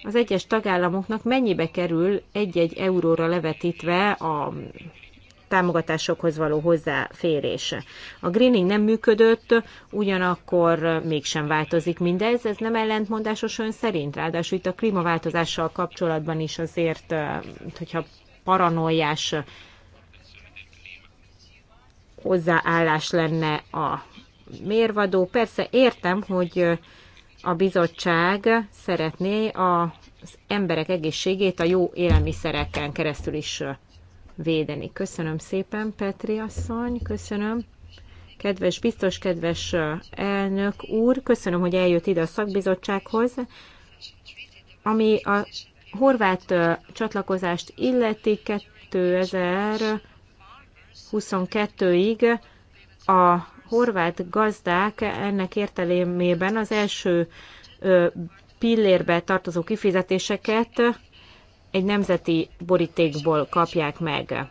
az egyes tagállamoknak mennyibe kerül egy-egy euróra levetítve a támogatásokhoz való hozzáférése. A greening nem működött, ugyanakkor mégsem változik mindez, ez nem ellentmondásos ön szerint, ráadásul itt a klímaváltozással kapcsolatban is azért, hogyha paranoiás hozzáállás lenne a mérvadó. Persze értem, hogy a bizottság szeretné az emberek egészségét a jó élelmiszereken keresztül is védeni. Köszönöm szépen, Petri asszony, köszönöm. Kedves biztos, kedves elnök úr, köszönöm, hogy eljött ide a szakbizottsághoz. Ami a horvát csatlakozást illeti 2022-ig a horvát gazdák ennek értelemében az első pillérbe tartozó kifizetéseket egy nemzeti borítékból kapják meg.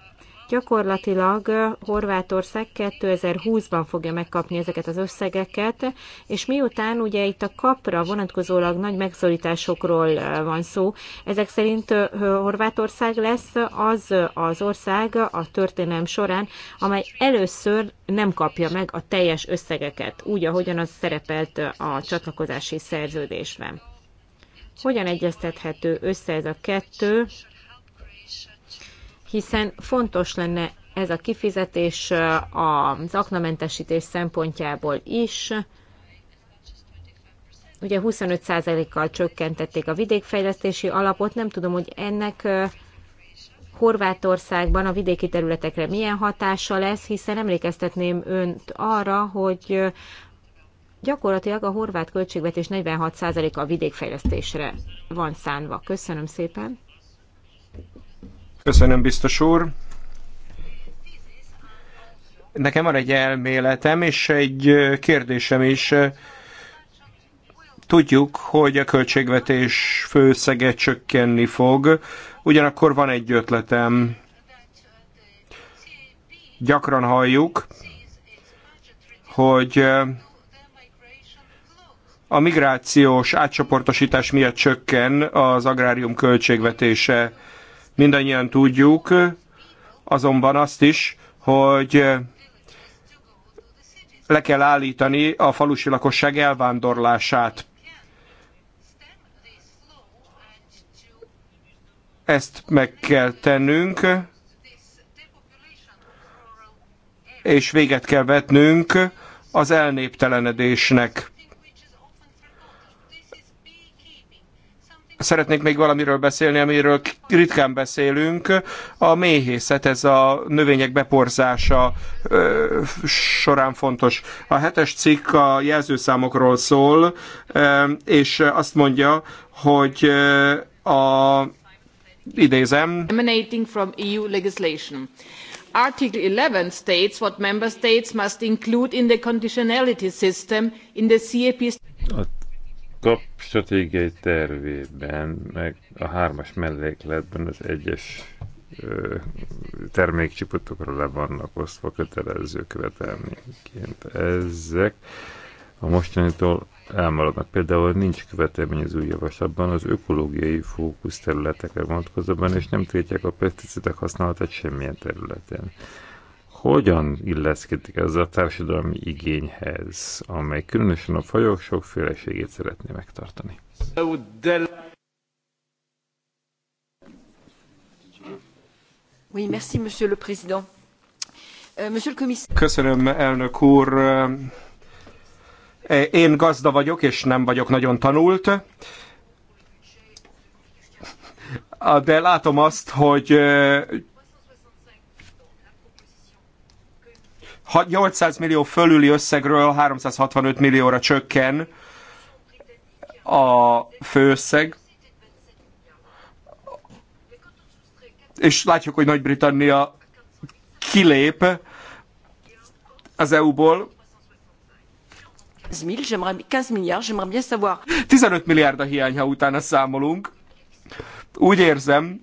Gyakorlatilag Horvátország 2020-ban fogja megkapni ezeket az összegeket, és miután ugye itt a kapra vonatkozólag nagy megszorításokról van szó, ezek szerint Horvátország lesz az az ország a történelem során, amely először nem kapja meg a teljes összegeket, úgy, ahogyan az szerepelt a csatlakozási szerződésben. Hogyan egyeztethető össze ez a kettő, hiszen fontos lenne ez a kifizetés az aknamentesítés szempontjából is. Ugye 25%-kal csökkentették a vidékfejlesztési alapot, nem tudom, hogy ennek Horvátországban a vidéki területekre milyen hatása lesz, hiszen emlékeztetném önt arra, hogy Gyakorlatilag a horvát költségvetés 46%-a a vidékfejlesztésre van szánva. Köszönöm szépen. Köszönöm, biztos úr. Nekem van egy elméletem és egy kérdésem is. Tudjuk, hogy a költségvetés főszege csökkenni fog, ugyanakkor van egy ötletem. Gyakran halljuk, hogy a migrációs átcsoportosítás miatt csökken az agrárium költségvetése, mindannyian tudjuk, azonban azt is, hogy le kell állítani a falusi lakosság elvándorlását. Ezt meg kell tennünk, és véget kell vetnünk az elnéptelenedésnek szeretnék még valamiről beszélni, amiről ritkán beszélünk. A méhészet, ez a növények beporzása ö, során fontos. A hetes cikk a jelzőszámokról szól, ö, és azt mondja, hogy a idézem. Emanating from EU legislation. Article 11 states what member states must include in the conditionality system in the CAP a kap stratégiai tervében, meg a hármas mellékletben az egyes termékcsipotokra le vannak osztva kötelező követelményként. Ezek a mostanitól elmaradnak. Például nincs követelmény az új javaslatban az ökológiai fókusz területekre vonatkozóban, és nem tiltják a pesticidek használatát semmilyen területen hogyan illeszkedik ez a társadalmi igényhez, amely különösen a fajok sokféleségét szeretné megtartani. Oui, merci, monsieur le président. Euh, monsieur le commissaire. Köszönöm, elnök úr. Én gazda vagyok, és nem vagyok nagyon tanult de látom azt, hogy 800 millió fölüli összegről 365 millióra csökken a főösszeg. És látjuk, hogy Nagy-Britannia kilép az EU-ból. 15 milliárd a hiány, ha utána számolunk. Úgy érzem,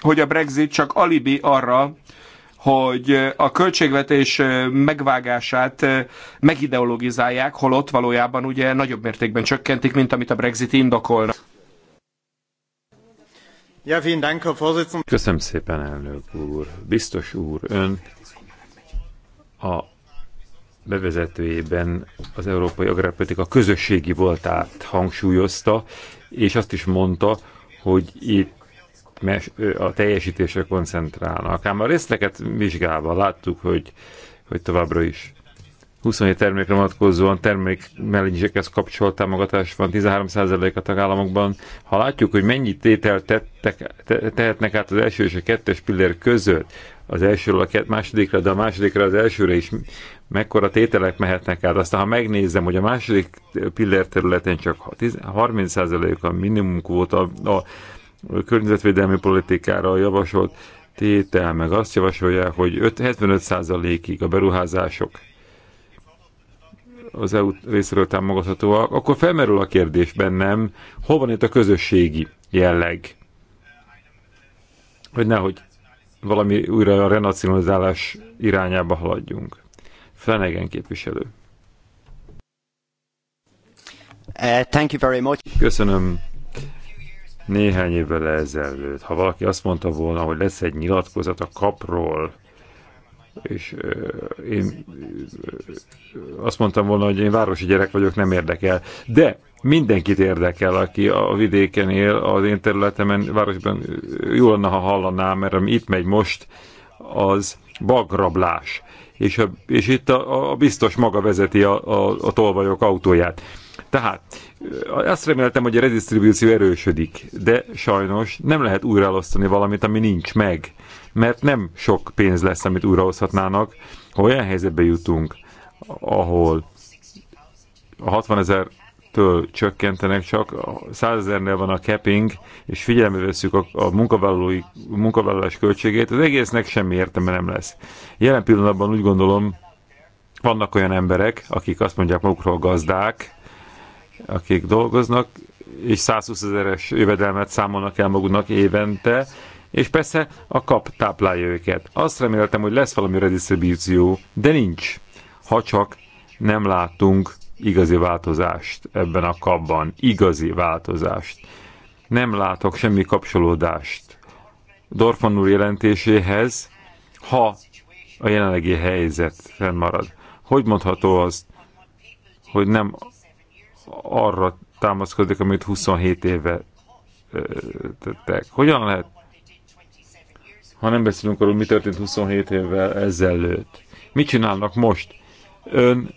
hogy a Brexit csak alibi arra, hogy a költségvetés megvágását megideologizálják, holott valójában ugye nagyobb mértékben csökkentik, mint amit a Brexit indokolna. Köszönöm szépen, elnök úr. Biztos úr, ön a bevezetőjében az európai agrárpolitika közösségi voltát hangsúlyozta, és azt is mondta, hogy itt a teljesítésre koncentrálnak. Ám a részleket vizsgálva láttuk, hogy, hogy továbbra is 27 termékre vonatkozóan termék mellényisekhez kapcsolt támogatás van 13% a tagállamokban. Ha látjuk, hogy mennyi tétel tettek, te, tehetnek át az első és a kettes pillér között, az elsőről a két, másodikra, de a másodikra az elsőre is mekkora tételek mehetnek át. Aztán ha megnézem, hogy a második pillér területen csak 30% a minimum kvóta a környezetvédelmi politikára javasolt tétel, meg azt javasolja, hogy 75%-ig a beruházások az EU részéről támogathatóak, akkor felmerül a kérdés bennem, hol van itt a közösségi jelleg? Hogy nehogy valami újra a renacionalizálás irányába haladjunk. Flanagan képviselő. Uh, thank you very much. Köszönöm néhány évvel ezelőtt, ha valaki azt mondta volna, hogy lesz egy nyilatkozat a kapról, és euh, én euh, azt mondtam volna, hogy én városi gyerek vagyok, nem érdekel. De mindenkit érdekel, aki a vidéken él, az én területemen, városban jó lenne, ha hallanám, mert ami itt megy most, az bagrablás. És, a, és itt a, a biztos maga vezeti a, a, a tolvajok autóját. Tehát azt reméltem, hogy a redistribúció erősödik, de sajnos nem lehet újraelosztani valamit, ami nincs meg, mert nem sok pénz lesz, amit újraoszthatnának, ha olyan helyzetbe jutunk, ahol a 60 ezer től csökkentenek, csak 100 ezernél van a capping, és figyelembe veszük a, a munkavállalói, munkavállalás költségét, az egésznek semmi értelme nem lesz. Jelen pillanatban úgy gondolom, vannak olyan emberek, akik azt mondják magukról gazdák, akik dolgoznak, és 120 ezeres jövedelmet számolnak el maguknak évente, és persze a kap táplálja őket. Azt reméltem, hogy lesz valami redistribúció, de nincs, ha csak nem látunk igazi változást ebben a kapban, igazi változást. Nem látok semmi kapcsolódást Dorfman úr jelentéséhez, ha a jelenlegi helyzet fennmarad. Hogy mondható az, hogy nem arra támaszkodik, amit 27 éve tettek. Hogyan lehet? Ha nem beszélünk arról, mi történt 27 évvel ezelőtt. Mit csinálnak most? Ön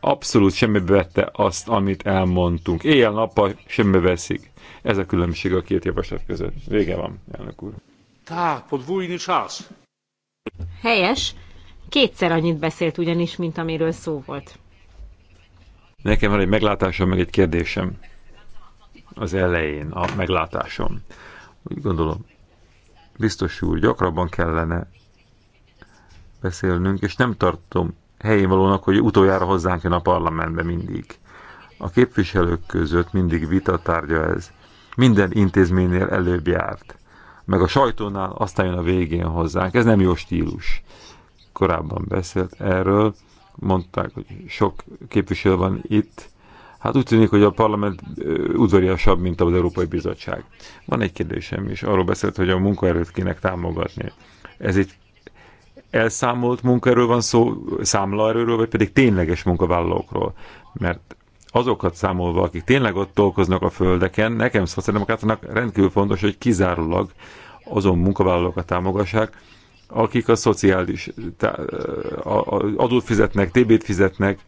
abszolút semmibe vette azt, amit elmondtunk. Éjjel-nappal semmibe veszik. Ez a különbség a két javaslat között. Vége van, elnök úr. Tá, podvújni csász. Helyes. Kétszer annyit beszélt ugyanis, mint amiről szó volt. Nekem van egy meglátásom, meg egy kérdésem az elején, a meglátásom. Úgy gondolom, biztos úr, gyakrabban kellene beszélnünk, és nem tartom helyén valónak, hogy utoljára hozzánk jön a parlamentbe mindig. A képviselők között mindig vita tárgya ez. Minden intézménynél előbb járt. Meg a sajtónál aztán jön a végén hozzánk. Ez nem jó stílus. Korábban beszélt erről mondták, hogy sok képviselő van itt. Hát úgy tűnik, hogy a parlament udvariasabb, mint az Európai Bizottság. Van egy kérdésem is, arról beszélt, hogy a munkaerőt kének támogatni. Ez itt elszámolt munkaerőről van szó, számlaerőről, vagy pedig tényleges munkavállalókról? Mert azokat számolva, akik tényleg ott dolgoznak a földeken, nekem szociáldemokratának rendkívül fontos, hogy kizárólag azon munkavállalókat támogassák, akik a szociális adót fizetnek, TB-t fizetnek,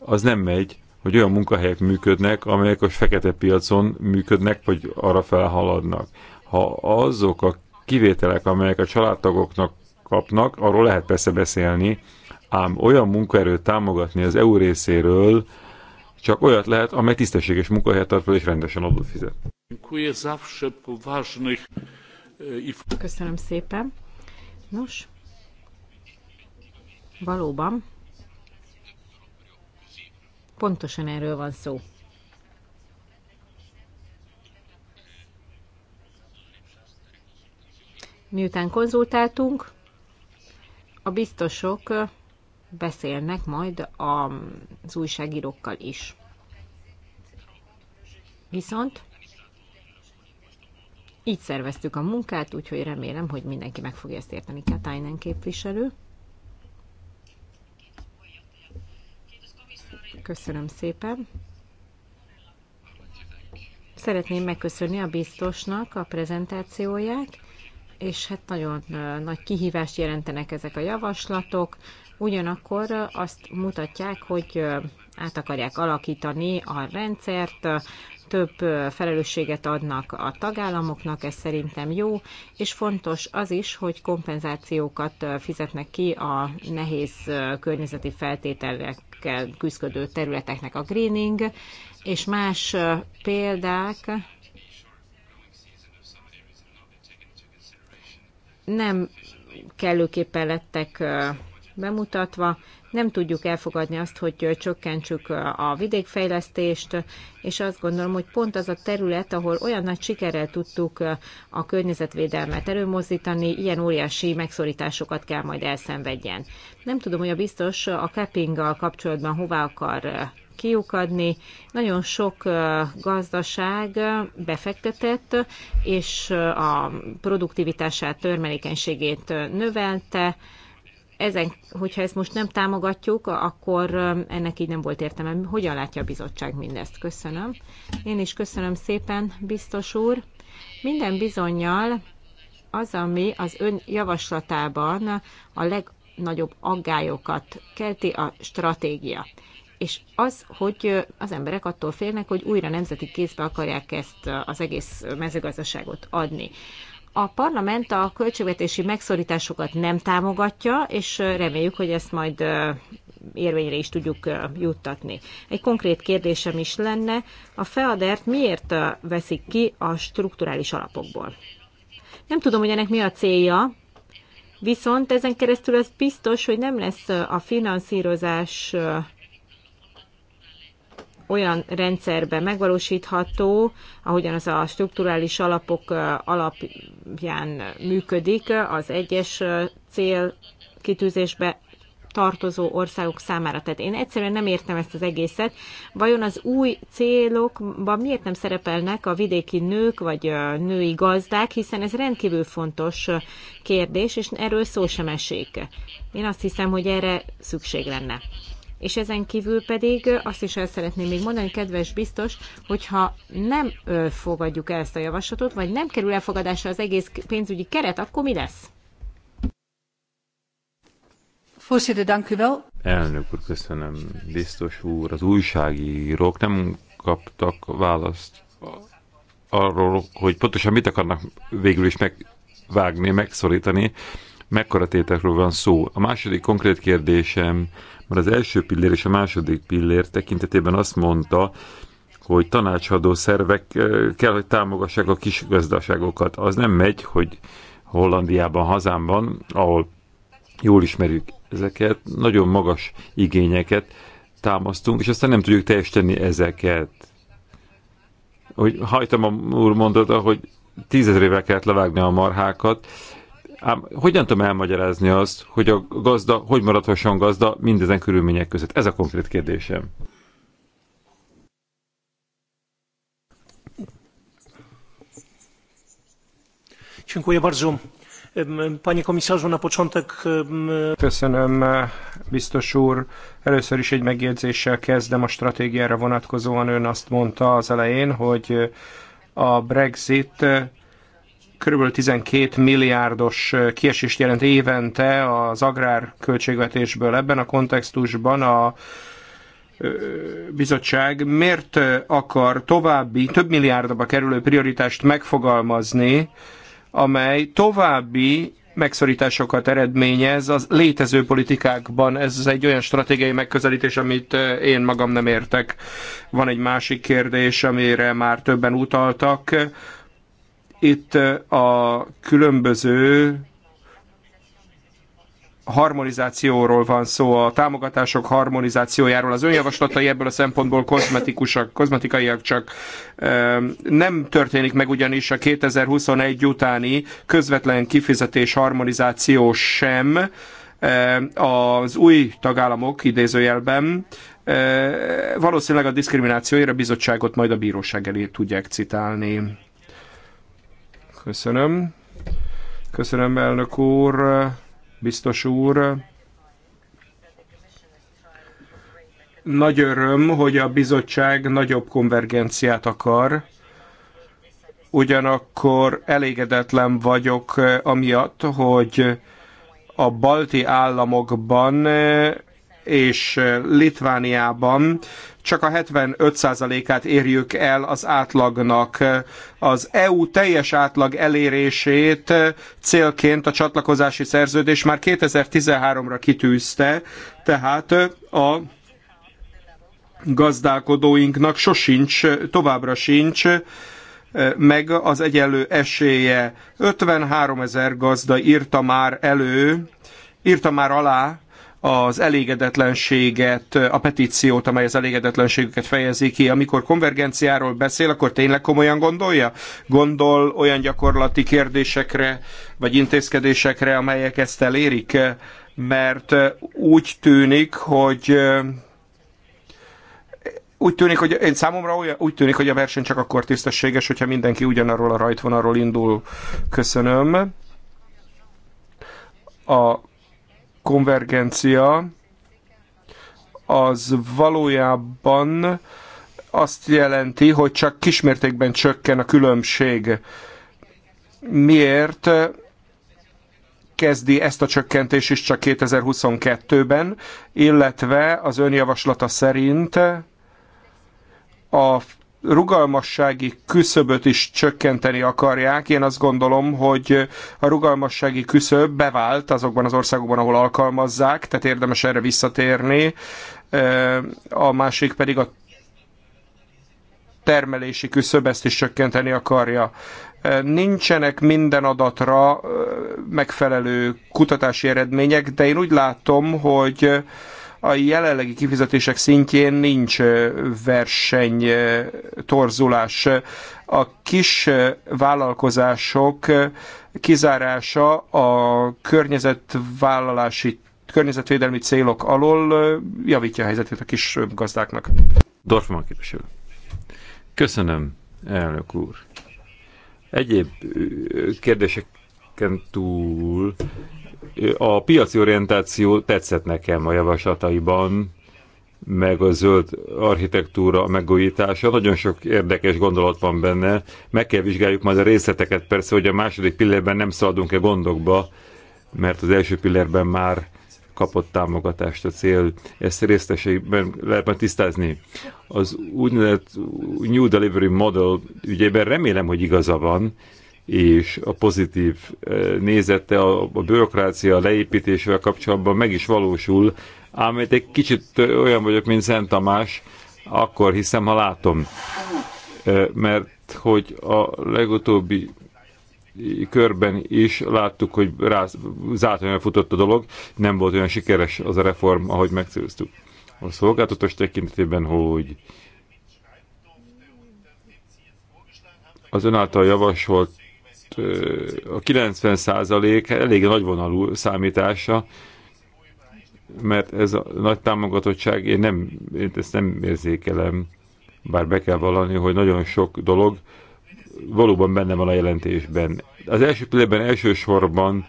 az nem megy, hogy olyan munkahelyek működnek, amelyek a fekete piacon működnek, vagy arra felhaladnak. Ha azok a kivételek, amelyek a családtagoknak kapnak, arról lehet persze beszélni, ám olyan munkaerőt támogatni az EU részéről, csak olyat lehet, amely tisztességes munkahelyet tart és rendesen adót fizet. E, Köszönöm szépen. Nos, valóban pontosan erről van szó. Miután konzultáltunk, a biztosok beszélnek majd az újságírókkal is. Viszont így szerveztük a munkát, úgyhogy remélem, hogy mindenki meg fogja ezt érteni Katainen képviselő. Köszönöm szépen. Szeretném megköszönni a biztosnak a prezentációját, és hát nagyon nagy kihívást jelentenek ezek a javaslatok. Ugyanakkor azt mutatják, hogy át akarják alakítani a rendszert, több felelősséget adnak a tagállamoknak, ez szerintem jó, és fontos az is, hogy kompenzációkat fizetnek ki a nehéz környezeti feltételekkel küzdködő területeknek a greening, és más példák nem kellőképpen lettek bemutatva, nem tudjuk elfogadni azt, hogy csökkentsük a vidékfejlesztést, és azt gondolom, hogy pont az a terület, ahol olyan nagy sikerrel tudtuk a környezetvédelmet erőmozdítani, ilyen óriási megszorításokat kell majd elszenvedjen. Nem tudom, hogy a biztos a cappinggal kapcsolatban hová akar kiukadni. Nagyon sok gazdaság befektetett, és a produktivitását, törmelékenységét növelte, ezen, hogyha ezt most nem támogatjuk, akkor ennek így nem volt értelme. Hogyan látja a bizottság mindezt? Köszönöm. Én is köszönöm szépen, biztos úr. Minden bizonyal az, ami az ön javaslatában a legnagyobb aggályokat kelti a stratégia. És az, hogy az emberek attól félnek, hogy újra nemzeti kézbe akarják ezt az egész mezőgazdaságot adni. A parlament a költségvetési megszorításokat nem támogatja, és reméljük, hogy ezt majd érvényre is tudjuk juttatni. Egy konkrét kérdésem is lenne, a FEADERT miért veszik ki a strukturális alapokból? Nem tudom, hogy ennek mi a célja, viszont ezen keresztül az biztos, hogy nem lesz a finanszírozás olyan rendszerben megvalósítható, ahogyan az a strukturális alapok alapján működik, az egyes cél kitűzésbe tartozó országok számára. Tehát én egyszerűen nem értem ezt az egészet. Vajon az új célokban miért nem szerepelnek a vidéki nők vagy női gazdák, hiszen ez rendkívül fontos kérdés, és erről szó sem esik. Én azt hiszem, hogy erre szükség lenne. És ezen kívül pedig azt is el szeretném még mondani, kedves biztos, hogyha nem fogadjuk el ezt a javaslatot, vagy nem kerül elfogadásra az egész pénzügyi keret, akkor mi lesz? Voorzitter, dank u wel. Elnök úr, köszönöm. Biztos úr, az újságírók nem kaptak választ arról, hogy pontosan mit akarnak végül is megvágni, megszorítani, mekkora tételről van szó. A második konkrét kérdésem mert az első pillér és a második pillér tekintetében azt mondta, hogy tanácsadó szervek kell, hogy támogassák a kis gazdaságokat. Az nem megy, hogy Hollandiában, hazámban, ahol jól ismerjük ezeket, nagyon magas igényeket támasztunk, és aztán nem tudjuk teljesíteni ezeket. Hogy hajtam a úr mondata, hogy tízezrével kellett levágni a marhákat, Ám hogyan tudom elmagyarázni azt, hogy a gazda hogy maradhasson gazda mindezen körülmények között? Ez a konkrét kérdésem. Dziękuję bardzo. Panie komisarzu, na początek... Köszönöm, biztos úr. Először is egy megjegyzéssel kezdem a stratégiára vonatkozóan. Ön azt mondta az elején, hogy a Brexit körülbelül 12 milliárdos kiesést jelent évente az költségvetésből. Ebben a kontextusban a bizottság miért akar további, több milliárdba kerülő prioritást megfogalmazni, amely további megszorításokat eredményez az létező politikákban. Ez egy olyan stratégiai megközelítés, amit én magam nem értek. Van egy másik kérdés, amire már többen utaltak, itt a különböző harmonizációról van szó, a támogatások harmonizációjáról. Az önjavaslatai ebből a szempontból kozmetikusak, kozmetikaiak csak nem történik meg ugyanis a 2021 utáni közvetlen kifizetés harmonizáció sem. Az új tagállamok idézőjelben valószínűleg a diszkriminációért a bizottságot majd a bíróság elé tudják citálni. Köszönöm. Köszönöm, elnök úr, biztos úr. Nagy öröm, hogy a bizottság nagyobb konvergenciát akar, ugyanakkor elégedetlen vagyok eh, amiatt, hogy a balti államokban eh, és eh, Litvániában csak a 75%-át érjük el az átlagnak. Az EU teljes átlag elérését eh, célként a csatlakozási szerződés már 2013-ra kitűzte, tehát eh, a gazdálkodóinknak sosincs, továbbra sincs meg az egyenlő esélye. 53 ezer gazda írta már elő, írta már alá az elégedetlenséget, a petíciót, amely az elégedetlenségüket fejezi ki. Amikor konvergenciáról beszél, akkor tényleg komolyan gondolja? Gondol olyan gyakorlati kérdésekre, vagy intézkedésekre, amelyek ezt elérik? Mert úgy tűnik, hogy úgy tűnik, hogy én számomra olyan, úgy tűnik, hogy a verseny csak akkor tisztességes, hogyha mindenki ugyanarról a rajtvonalról indul. Köszönöm. A konvergencia az valójában azt jelenti, hogy csak kismértékben csökken a különbség. Miért kezdi ezt a csökkentés is csak 2022-ben, illetve az önjavaslata szerint a rugalmassági küszöböt is csökkenteni akarják. Én azt gondolom, hogy a rugalmassági küszöb bevált azokban az országokban, ahol alkalmazzák, tehát érdemes erre visszatérni. A másik pedig a termelési küszöb, ezt is csökkenteni akarja. Nincsenek minden adatra megfelelő kutatási eredmények, de én úgy látom, hogy a jelenlegi kifizetések szintjén nincs verseny torzulás. A kis vállalkozások kizárása a környezetvállalási környezetvédelmi célok alól javítja a helyzetét a kis gazdáknak. Dorfman képviselő. Köszönöm, elnök úr. Egyéb kérdéseken túl a piaci orientáció tetszett nekem a javaslataiban, meg a zöld architektúra megújítása. Nagyon sok érdekes gondolat van benne. Meg kell vizsgáljuk majd a részleteket, persze, hogy a második pillérben nem szaladunk-e gondokba, mert az első pillérben már kapott támogatást a cél. Ezt részteségben lehet majd tisztázni. Az úgynevezett New Delivery Model ügyében remélem, hogy igaza van, és a pozitív eh, nézete a, a bürokrácia leépítésével kapcsolatban meg is valósul, ám egy kicsit eh, olyan vagyok, mint Szent Tamás, akkor hiszem, ha látom. Eh, mert hogy a legutóbbi körben is láttuk, hogy rá, zátonyra futott a dolog, nem volt olyan sikeres az a reform, ahogy megcélztük. A szolgáltatás tekintetében, hogy az ön által javasolt a 90 százalék elég vonalú számítása, mert ez a nagy támogatottság, én, nem, én ezt nem érzékelem, bár be kell vallani, hogy nagyon sok dolog valóban benne van a jelentésben. Az első pillérben elsősorban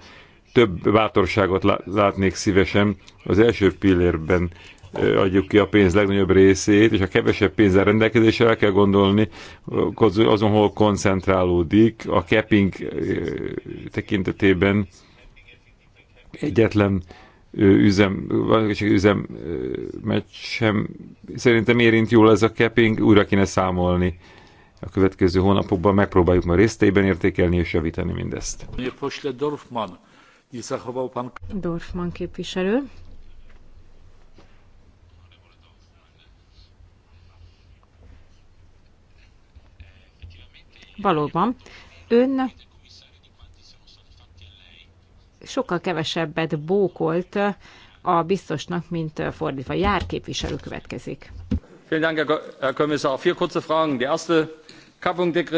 több bátorságot látnék szívesen az első pillérben adjuk ki a pénz legnagyobb részét, és a kevesebb pénzzel rendelkezésre el kell gondolni, azon, hol koncentrálódik. A capping tekintetében egyetlen üzem, üzem mert sem, szerintem érint jól ez a capping, újra kéne számolni a következő hónapokban megpróbáljuk már részteiben értékelni és javítani mindezt. Dorfman képviselő. Valóban, ön sokkal kevesebbet bókolt a biztosnak, mint fordítva. Járképviselő következik. Vielen Dank, Herr Kommissar. Vier kurze Fragen. Die erste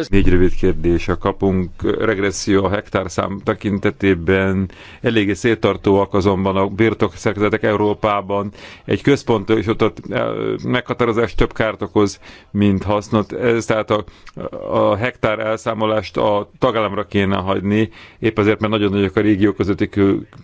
Négy rövid kérdés. A kapunk regresszió a hektárszám tekintetében eléggé széttartóak azonban a birtok szerkezetek Európában. Egy központ és ott a eh, meghatározás több kárt okoz, mint hasznot. Ez tehát a, a hektár elszámolást a tagállamra kéne hagyni, épp azért, mert nagyon nagyok a régió közötti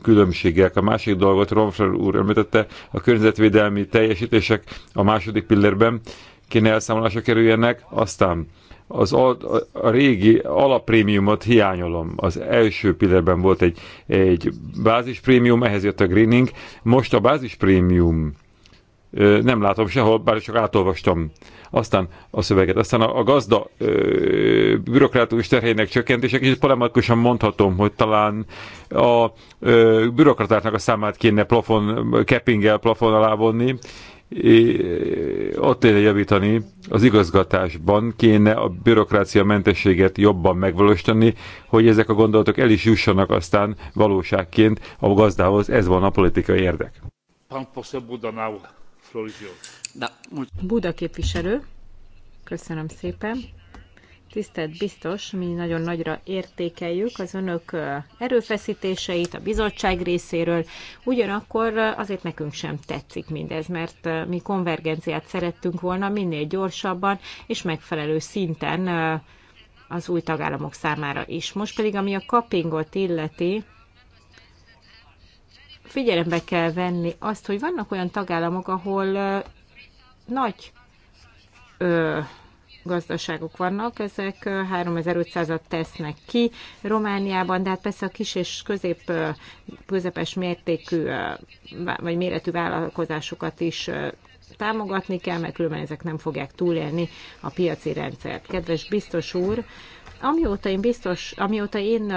különbségek. A másik dolgot Romfer úr említette, a környezetvédelmi teljesítések a második pillérben kéne elszámolásra kerüljenek, aztán az a, a, régi alaprémiumot hiányolom. Az első pillérben volt egy, egy bázisprémium, ehhez jött a greening. Most a bázisprémium nem látom sehol, bár csak átolvastam aztán a szöveget. Aztán a, a gazda ö, bürokratikus terhének csökkentése, kicsit polematikusan mondhatom, hogy talán a bürokratáknak a számát kéne plafon, keppinggel plafon alá vonni, ott kéne javítani, az igazgatásban kéne a bürokrácia mentességet jobban megvalósítani, hogy ezek a gondolatok el is jussanak aztán valóságként a gazdához, ez van a politikai érdek. Buda képviselő, köszönöm szépen. Tisztelt biztos, mi nagyon nagyra értékeljük az önök erőfeszítéseit a bizottság részéről, ugyanakkor azért nekünk sem tetszik mindez, mert mi konvergenciát szerettünk volna minél gyorsabban és megfelelő szinten az új tagállamok számára is. Most pedig, ami a kapingot illeti, figyelembe kell venni azt, hogy vannak olyan tagállamok, ahol nagy gazdaságok vannak, ezek 3500-at tesznek ki Romániában, de hát persze a kis és közép, közepes mértékű vagy méretű vállalkozásokat is támogatni kell, mert különben ezek nem fogják túlélni a piaci rendszert. Kedves biztos úr, amióta én, biztos, amióta én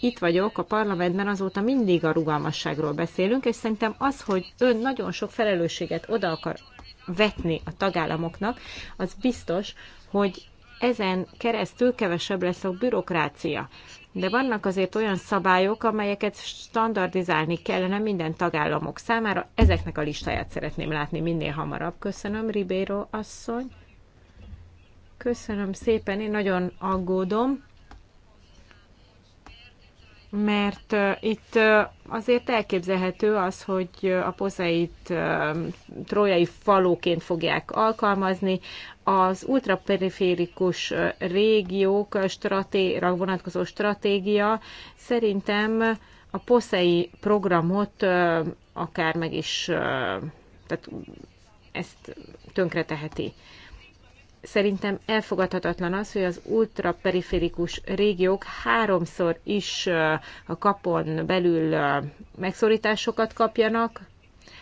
itt vagyok a parlamentben, azóta mindig a rugalmasságról beszélünk, és szerintem az, hogy ön nagyon sok felelősséget oda akar vetni a tagállamoknak, az biztos, hogy ezen keresztül kevesebb lesz a bürokrácia. De vannak azért olyan szabályok, amelyeket standardizálni kellene minden tagállamok számára. Ezeknek a listáját szeretném látni minél hamarabb. Köszönöm, Ribeiro asszony. Köszönöm szépen, én nagyon aggódom mert itt azért elképzelhető az, hogy a pozait trójai falóként fogják alkalmazni. Az ultraperiférikus régiók stratéra vonatkozó stratégia szerintem a poszei programot akár meg is, tehát ezt tönkreteheti. teheti szerintem elfogadhatatlan az, hogy az ultraperiférikus régiók háromszor is a kapon belül megszorításokat kapjanak,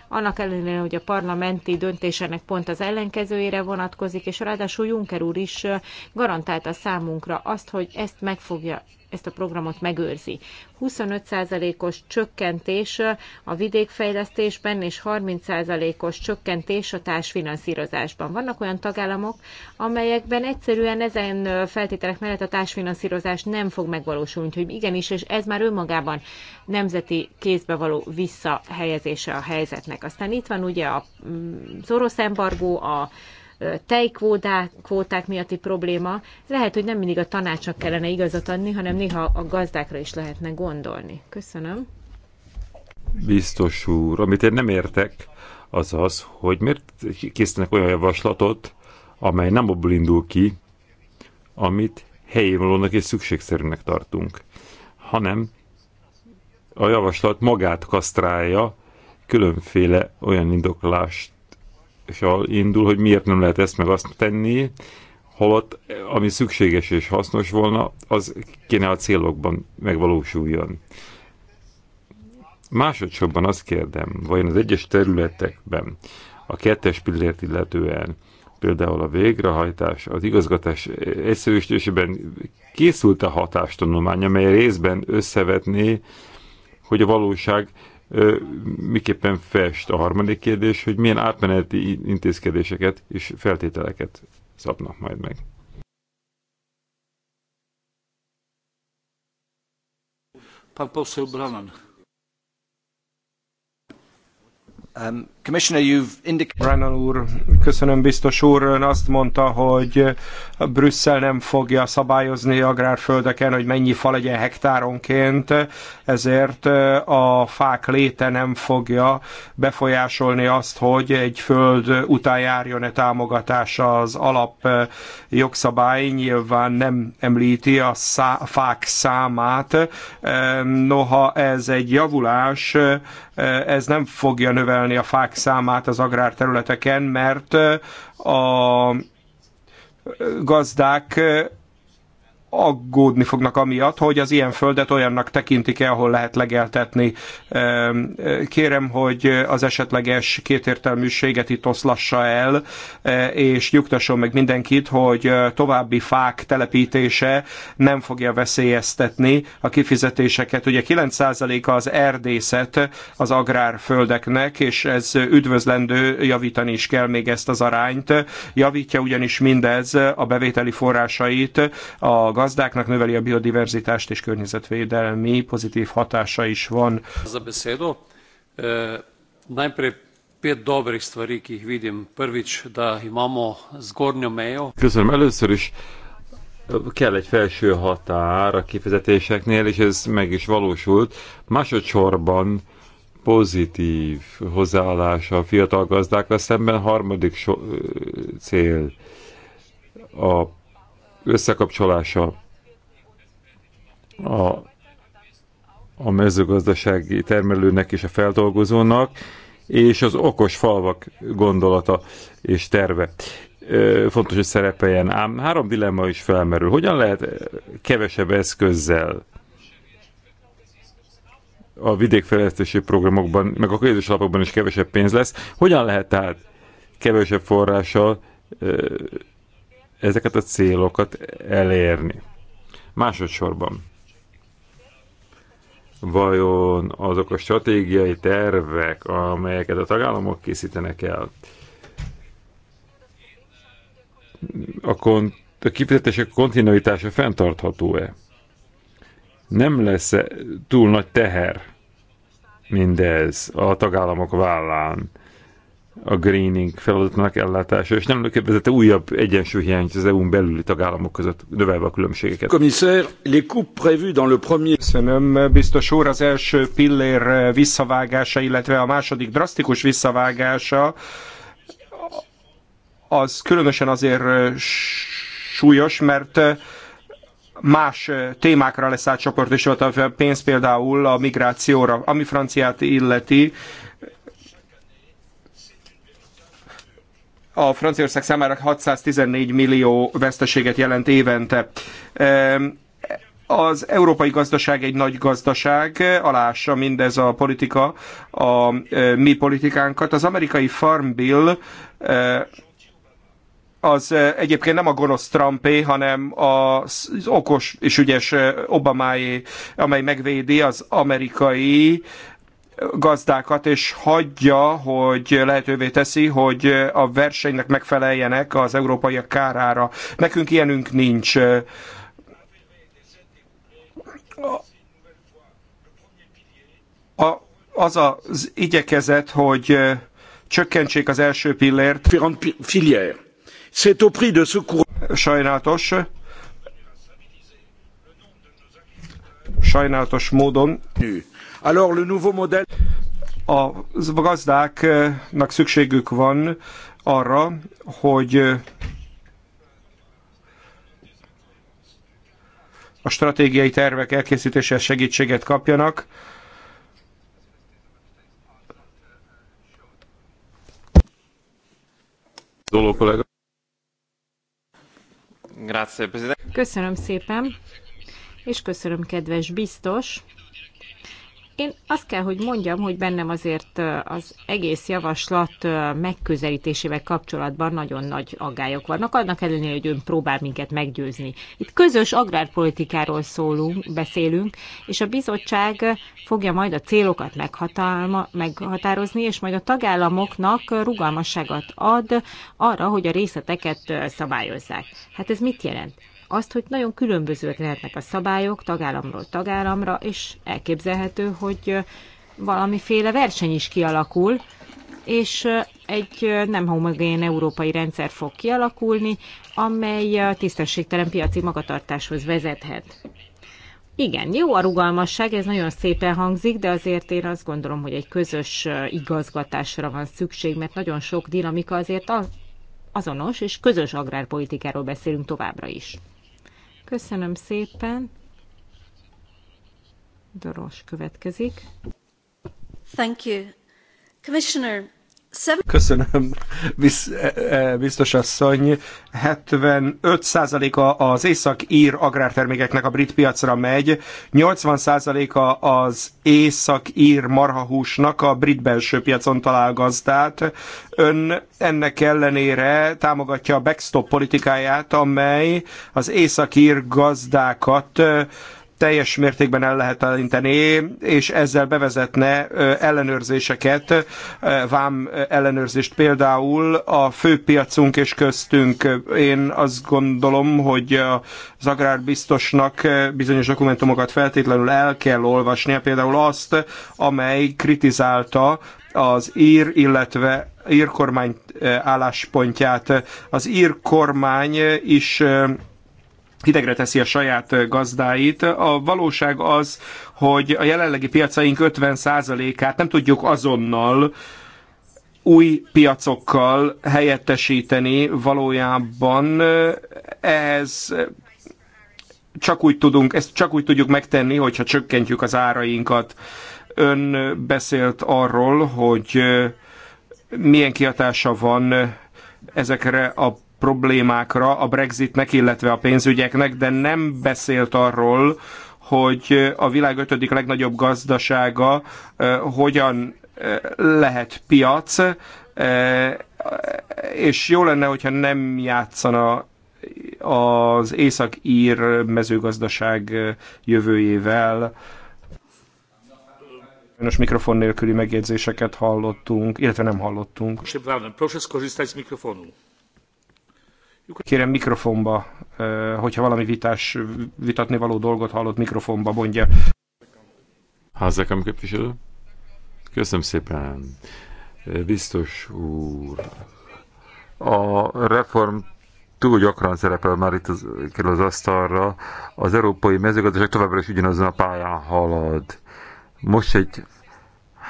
annak ellenére, hogy a parlamenti döntésének pont az ellenkezőjére vonatkozik, és ráadásul Juncker úr is garantálta számunkra azt, hogy ezt meg fogja ezt a programot megőrzi. 25%-os csökkentés a vidékfejlesztésben és 30%-os csökkentés a társfinanszírozásban. Vannak olyan tagállamok, amelyekben egyszerűen ezen feltételek mellett a társfinanszírozás nem fog megvalósulni, hogy igenis, és ez már önmagában nemzeti kézbe való visszahelyezése a helyzetnek. Aztán itt van ugye a mm, orosz embargó, a tejkvóták miatti probléma. Lehet, hogy nem mindig a tanácsnak kellene igazat adni, hanem néha a gazdákra is lehetne gondolni. Köszönöm. Biztos úr, amit én nem értek, az az, hogy miért készítenek olyan javaslatot, amely nem abból indul ki, amit helyi valónak és szükségszerűnek tartunk, hanem a javaslat magát kasztrálja, különféle olyan indoklást indul, hogy miért nem lehet ezt meg azt tenni, holott ami szükséges és hasznos volna, az kéne a célokban megvalósuljon. Másodszorban azt kérdem, vajon az egyes területekben a kettes pillért illetően, például a végrehajtás, az igazgatás egyszerűsítésében készült a hatástanulmány, amely részben összevetné, hogy a valóság miképpen fest a harmadik kérdés, hogy milyen átmeneti intézkedéseket és feltételeket szabnak majd meg. Pan poseł Um, Commissioner, you've indicated... úr, köszönöm biztos úr, ön azt mondta, hogy Brüsszel nem fogja szabályozni agrárföldeken, hogy mennyi fa legyen hektáronként, ezért a fák léte nem fogja befolyásolni azt, hogy egy föld után járjon-e támogatása az alap jogszabály, nyilván nem említi a szá- fák számát. Noha ez egy javulás, ez nem fogja növelni a fák számát az agrárterületeken, mert a gazdák aggódni fognak amiatt, hogy az ilyen földet olyannak tekintik el, ahol lehet legeltetni. Kérem, hogy az esetleges kétértelműséget itt oszlassa el, és nyugtasson meg mindenkit, hogy további fák telepítése nem fogja veszélyeztetni a kifizetéseket. Ugye 9%-a az erdészet az agrárföldeknek, és ez üdvözlendő, javítani is kell még ezt az arányt. Javítja ugyanis mindez a bevételi forrásait a gazdáknak, növeli a biodiverzitást és környezetvédelmi pozitív hatása is van. Za a e, Najprej Köszönöm először is. E, kell egy felső határ a kifizetéseknél, és ez meg is valósult. Másodszorban pozitív hozzáállása a fiatal gazdákkal szemben harmadik so- e, cél a összekapcsolása a, a mezőgazdasági termelőnek és a feldolgozónak, és az okos falvak gondolata és terve fontos, hogy szerepeljen. Ám három dilemma is felmerül. Hogyan lehet kevesebb eszközzel a vidékfejlesztési programokban, meg a közös alapokban is kevesebb pénz lesz. Hogyan lehet tehát kevesebb forrással ezeket a célokat elérni. Másodszorban, vajon azok a stratégiai tervek, amelyeket a tagállamok készítenek el, a, kont- a kifizetések kontinuitása fenntartható-e? Nem lesz -e túl nagy teher mindez a tagállamok vállán? a greening feladatnak ellátása, és nem vezette újabb egyensúlyhiányt az EU-n belüli tagállamok között, növelve a különbségeket. Commissaire, les coupes prévues dans le premier... Köszönöm, biztos úr, az első pillér visszavágása, illetve a második drasztikus visszavágása, az különösen azért súlyos, mert más témákra lesz átcsoportosítva a pénz, például a migrációra, ami franciát illeti, a Franciaország számára 614 millió veszteséget jelent évente. Az európai gazdaság egy nagy gazdaság, alássa mindez a politika, a mi politikánkat. Az amerikai Farm Bill az egyébként nem a gonosz Trumpé, hanem az okos és ügyes Obamáé, amely megvédi az amerikai gazdákat, és hagyja, hogy lehetővé teszi, hogy a versenynek megfeleljenek az európaiak kárára. Nekünk ilyenünk nincs. A, az az igyekezet, hogy csökkentsék az első pillért. C'est au prix de Sajnálatos. Sajnálatos módon. Alors, le nouveau modèle... A gazdáknak szükségük van arra, hogy a stratégiai tervek elkészítése segítséget kapjanak. Zoló kollega. Köszönöm szépen, és köszönöm kedves biztos, én azt kell, hogy mondjam, hogy bennem azért az egész javaslat megközelítésével kapcsolatban nagyon nagy aggályok vannak, annak ellenére, hogy ön próbál minket meggyőzni. Itt közös agrárpolitikáról szólunk, beszélünk, és a bizottság fogja majd a célokat meghatározni, és majd a tagállamoknak rugalmasságot ad arra, hogy a részleteket szabályozzák. Hát ez mit jelent? azt, hogy nagyon különbözőek lehetnek a szabályok tagállamról tagállamra, és elképzelhető, hogy valamiféle verseny is kialakul, és egy nem homogén európai rendszer fog kialakulni, amely tisztességtelen piaci magatartáshoz vezethet. Igen, jó a rugalmasság, ez nagyon szépen hangzik, de azért én azt gondolom, hogy egy közös igazgatásra van szükség, mert nagyon sok dinamika azért azonos és közös agrárpolitikáról beszélünk továbbra is. Köszönöm szépen. Doros következik. Thank you. Commissioner, Köszönöm, biz, e, e, biztos asszony. 75%-a az észak-ír agrártermékeknek a brit piacra megy, 80%-a az észak-ír marhahúsnak a brit belső piacon talál gazdát. Ön ennek ellenére támogatja a backstop politikáját, amely az észak-ír gazdákat teljes mértékben el lehet elinteni, és ezzel bevezetne ellenőrzéseket, vám ellenőrzést például a főpiacunk és köztünk. Én azt gondolom, hogy az agrárbiztosnak bizonyos dokumentumokat feltétlenül el kell olvasnia, például azt, amely kritizálta az ír, illetve ír kormány álláspontját. Az ír kormány is hidegre teszi a saját gazdáit. A valóság az, hogy a jelenlegi piacaink 50%-át nem tudjuk azonnal új piacokkal helyettesíteni valójában. ez csak úgy tudunk, ezt csak úgy tudjuk megtenni, hogyha csökkentjük az árainkat. Ön beszélt arról, hogy milyen kihatása van ezekre a problémákra a Brexitnek, illetve a pénzügyeknek, de nem beszélt arról, hogy a világ ötödik legnagyobb gazdasága hogyan lehet piac, és jó lenne, hogyha nem játszana az észak-ír mezőgazdaság jövőjével. Sajnos mikrofon nélküli megjegyzéseket hallottunk, illetve nem hallottunk. Proszę skorzystać z mikrofonu. Kérem mikrofonba, hogyha valami vitás, vitatni való dolgot hallott, mikrofonba mondja. Házzakám képviselő? Köszönöm szépen. Biztos úr. A reform túl gyakran szerepel már itt az, kerül az asztalra. Az európai mezőgazdaság továbbra is ugyanazon a pályán halad. Most egy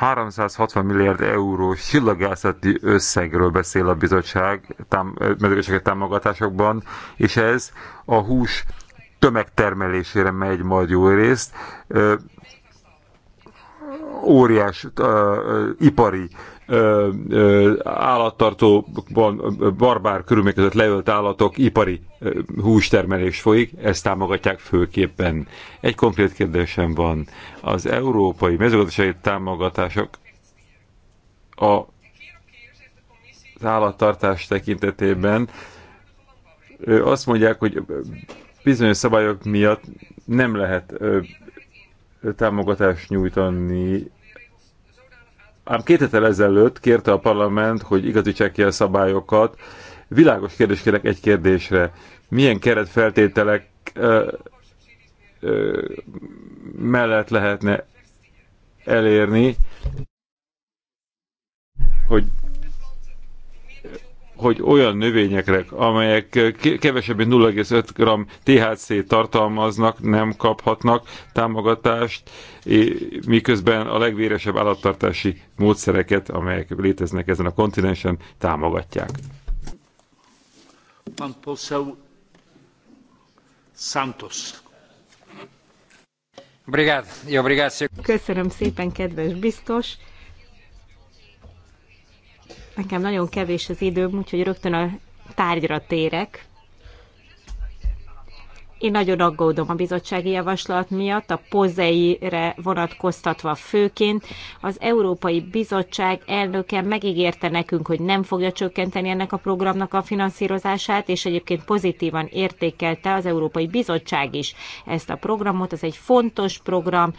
360 milliárd euró csillagászati összegről beszél a bizottság mezőgazdasági támogatásokban, és ez a hús tömegtermelésére megy majd jó részt. óriás uh, ipari ipari állattartóban barbár körülmények között leölt állatok ipari hústermelés folyik, ezt támogatják főképpen. Egy konkrét kérdésem van. Az európai mezőgazdasági támogatások a az állattartás tekintetében azt mondják, hogy bizonyos szabályok miatt nem lehet támogatást nyújtani Ám két hetel ezelőtt kérte a parlament, hogy igazítsák ki a szabályokat. Világos kérdés kérek egy kérdésre. Milyen keretfeltételek ö, ö, mellett lehetne elérni, hogy hogy olyan növényekre, amelyek kevesebb mint 0,5 g THC tartalmaznak, nem kaphatnak támogatást, miközben a legvéresebb állattartási módszereket, amelyek léteznek ezen a kontinensen, támogatják. Pan poseł Santos. E Köszönöm szépen, kedves biztos! Nekem nagyon kevés az időm, úgyhogy rögtön a tárgyra térek. Én nagyon aggódom a bizottsági javaslat miatt, a pozeire vonatkoztatva főként. Az Európai Bizottság elnöke megígérte nekünk, hogy nem fogja csökkenteni ennek a programnak a finanszírozását, és egyébként pozitívan értékelte az Európai Bizottság is ezt a programot. Ez egy fontos program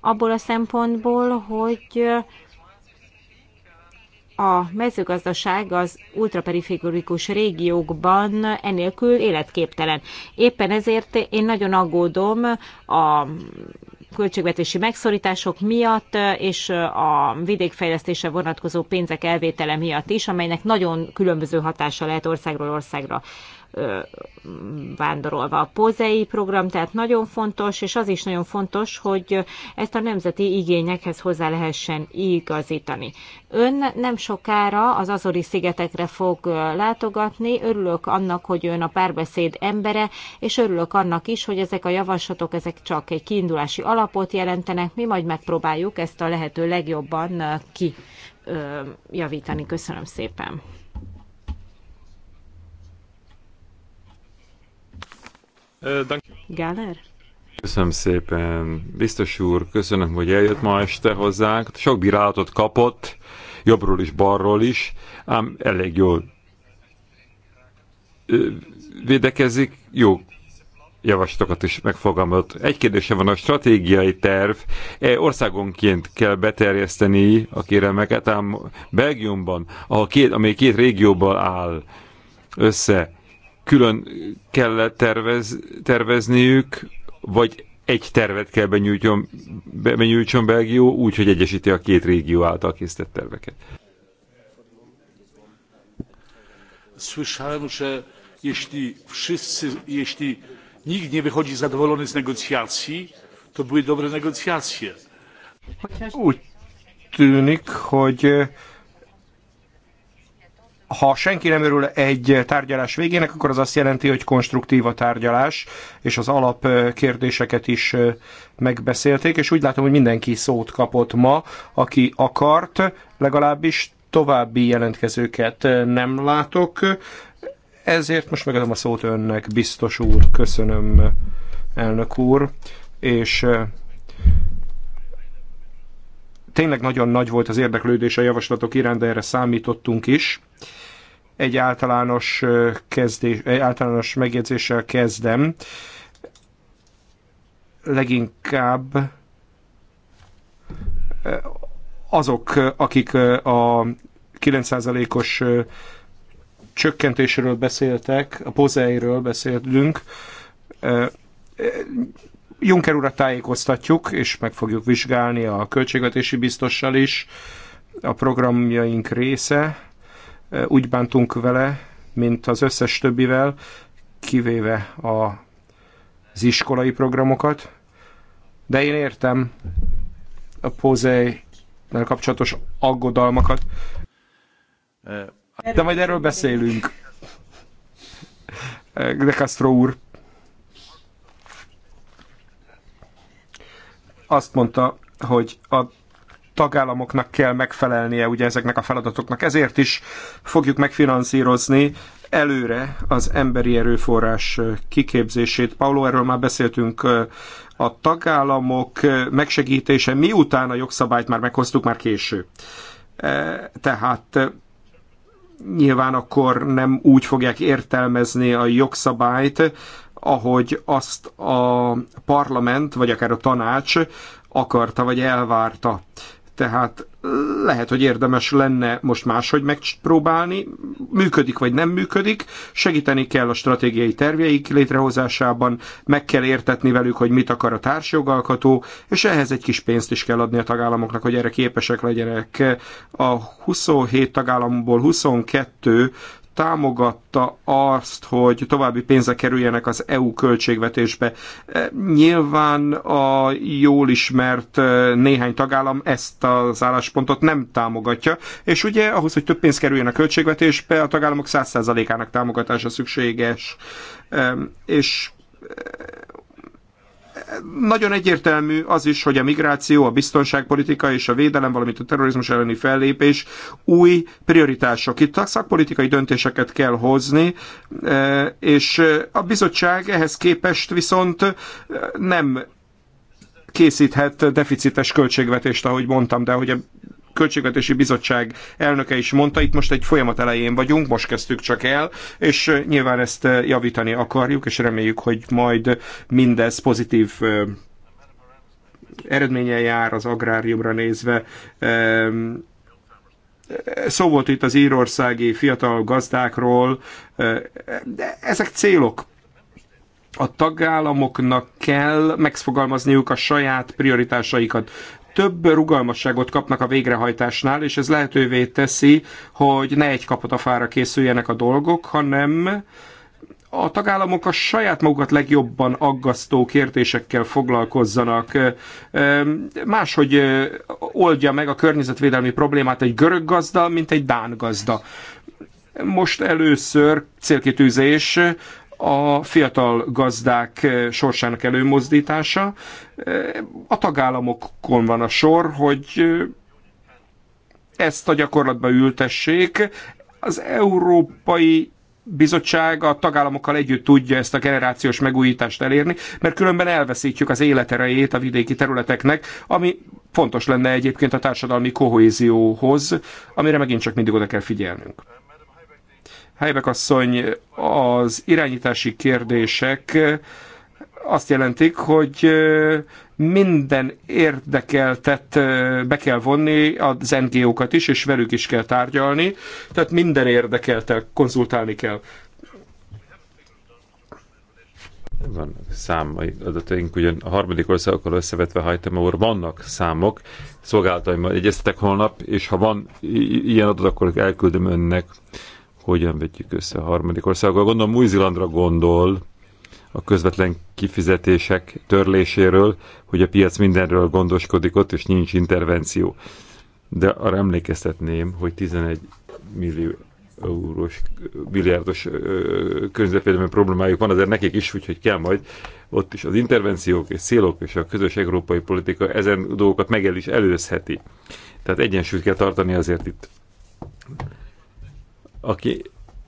abból a szempontból, hogy a mezőgazdaság az ultraperiférikus régiókban enélkül életképtelen. Éppen ezért én nagyon aggódom a költségvetési megszorítások miatt és a vidékfejlesztése vonatkozó pénzek elvétele miatt is, amelynek nagyon különböző hatása lehet országról országra vándorolva. A pozei program tehát nagyon fontos, és az is nagyon fontos, hogy ezt a nemzeti igényekhez hozzá lehessen igazítani. Ön nem sokára az Azori szigetekre fog látogatni. Örülök annak, hogy ön a párbeszéd embere, és örülök annak is, hogy ezek a javaslatok, ezek csak egy kiindulási alapot jelentenek. Mi majd megpróbáljuk ezt a lehető legjobban ki javítani. Köszönöm szépen. Gáler? Köszönöm szépen, biztos úr, köszönöm, hogy eljött ma este hozzánk. Sok bírálatot kapott, jobbról is, balról is, ám elég jól védekezik, jó javaslatokat is megfogalmazott. Egy kérdése van, a stratégiai terv e, országonként kell beterjeszteni a kéremeket, ám Belgiumban, ahol két, amely két régióból áll össze, külön kell tervez, tervezniük, vagy egy tervet kell benyújtjon, be, benyújtson Belgió, úgy, hogy egyesíti a két régió által készített terveket. Słyszałem, że jeśli wszyscy, jeśli nikt nie wychodzi zadowolony z negocjacji, to były dobre negocjacje. Úgy tűnik, hogy ha senki nem örül egy tárgyalás végének, akkor az azt jelenti, hogy konstruktív a tárgyalás, és az alap kérdéseket is megbeszélték, és úgy látom, hogy mindenki szót kapott ma, aki akart, legalábbis további jelentkezőket nem látok, ezért most megadom a szót önnek, biztos úr, köszönöm, elnök úr, és Tényleg nagyon nagy volt az érdeklődés a javaslatok iránt, de erre számítottunk is. Egy általános, kezdés, egy általános megjegyzéssel kezdem. Leginkább azok, akik a 9%-os csökkentésről beszéltek, a pozeiről beszéltünk, Juncker urat tájékoztatjuk, és meg fogjuk vizsgálni a költségvetési biztossal is. A programjaink része, úgy bántunk vele, mint az összes többivel, kivéve a, az iskolai programokat. De én értem a pozei kapcsolatos aggodalmakat. De majd erről beszélünk. De Castro úr. azt mondta, hogy a tagállamoknak kell megfelelnie ugye ezeknek a feladatoknak. Ezért is fogjuk megfinanszírozni előre az emberi erőforrás kiképzését. Paulo, erről már beszéltünk a tagállamok megsegítése, miután a jogszabályt már meghoztuk, már késő. E, tehát nyilván akkor nem úgy fogják értelmezni a jogszabályt, ahogy azt a parlament, vagy akár a tanács akarta, vagy elvárta. Tehát lehet, hogy érdemes lenne most máshogy megpróbálni, működik vagy nem működik, segíteni kell a stratégiai terveik létrehozásában, meg kell értetni velük, hogy mit akar a társjogalkotó, és ehhez egy kis pénzt is kell adni a tagállamoknak, hogy erre képesek legyenek. A 27 tagállamból 22 támogatta azt, hogy további pénzek kerüljenek az EU költségvetésbe. E, nyilván a jól ismert e, néhány tagállam ezt az álláspontot nem támogatja, és ugye ahhoz, hogy több pénz kerüljön a költségvetésbe, a tagállamok 100%-ának támogatása szükséges. E, és nagyon egyértelmű az is, hogy a migráció, a biztonságpolitika és a védelem, valamint a terrorizmus elleni fellépés új prioritások. Itt a szakpolitikai döntéseket kell hozni, e, és a bizottság ehhez képest viszont nem készíthet deficites költségvetést, ahogy mondtam, de hogy a Költségvetési Bizottság elnöke is mondta, itt most egy folyamat elején vagyunk, most kezdtük csak el, és nyilván ezt javítani akarjuk, és reméljük, hogy majd mindez pozitív eredménye jár az agráriumra nézve. Szó volt itt az írországi fiatal gazdákról, de ezek célok. A tagállamoknak kell megfogalmazniuk a saját prioritásaikat több rugalmasságot kapnak a végrehajtásnál, és ez lehetővé teszi, hogy ne egy fára készüljenek a dolgok, hanem a tagállamok a saját magukat legjobban aggasztó kérdésekkel foglalkozzanak. Máshogy oldja meg a környezetvédelmi problémát egy görög gazda, mint egy dán gazda. Most először célkitűzés a fiatal gazdák eh, sorsának előmozdítása. Eh, a tagállamokon van a sor, hogy eh, ezt a gyakorlatba ültessék. Az Európai Bizottság a tagállamokkal együtt tudja ezt a generációs megújítást elérni, mert különben elveszítjük az életerejét a vidéki területeknek, ami fontos lenne egyébként a társadalmi kohézióhoz, amire megint csak mindig oda kell figyelnünk. Helybek asszony, az irányítási kérdések azt jelentik, hogy minden érdekeltet be kell vonni, az NGO-kat is, és velük is kell tárgyalni, tehát minden érdekeltel konzultálni kell. Van számai adataink, ugyan a harmadik országokkal összevetve hajtam, ahol vannak számok, szolgáltaimmal egyeztetek holnap, és ha van ilyen adat, akkor elküldöm önnek hogyan vetjük össze a harmadik országgal. Gondolom Új-Zélandra gondol a közvetlen kifizetések törléséről, hogy a piac mindenről gondoskodik ott, és nincs intervenció. De arra emlékeztetném, hogy 11 millió eurós, milliárdos környezetvédelmi problémájuk van, azért nekik is, úgyhogy kell majd ott is az intervenciók és célok és a közös európai politika ezen dolgokat meg el is előzheti. Tehát egyensúlyt kell tartani azért itt. Aki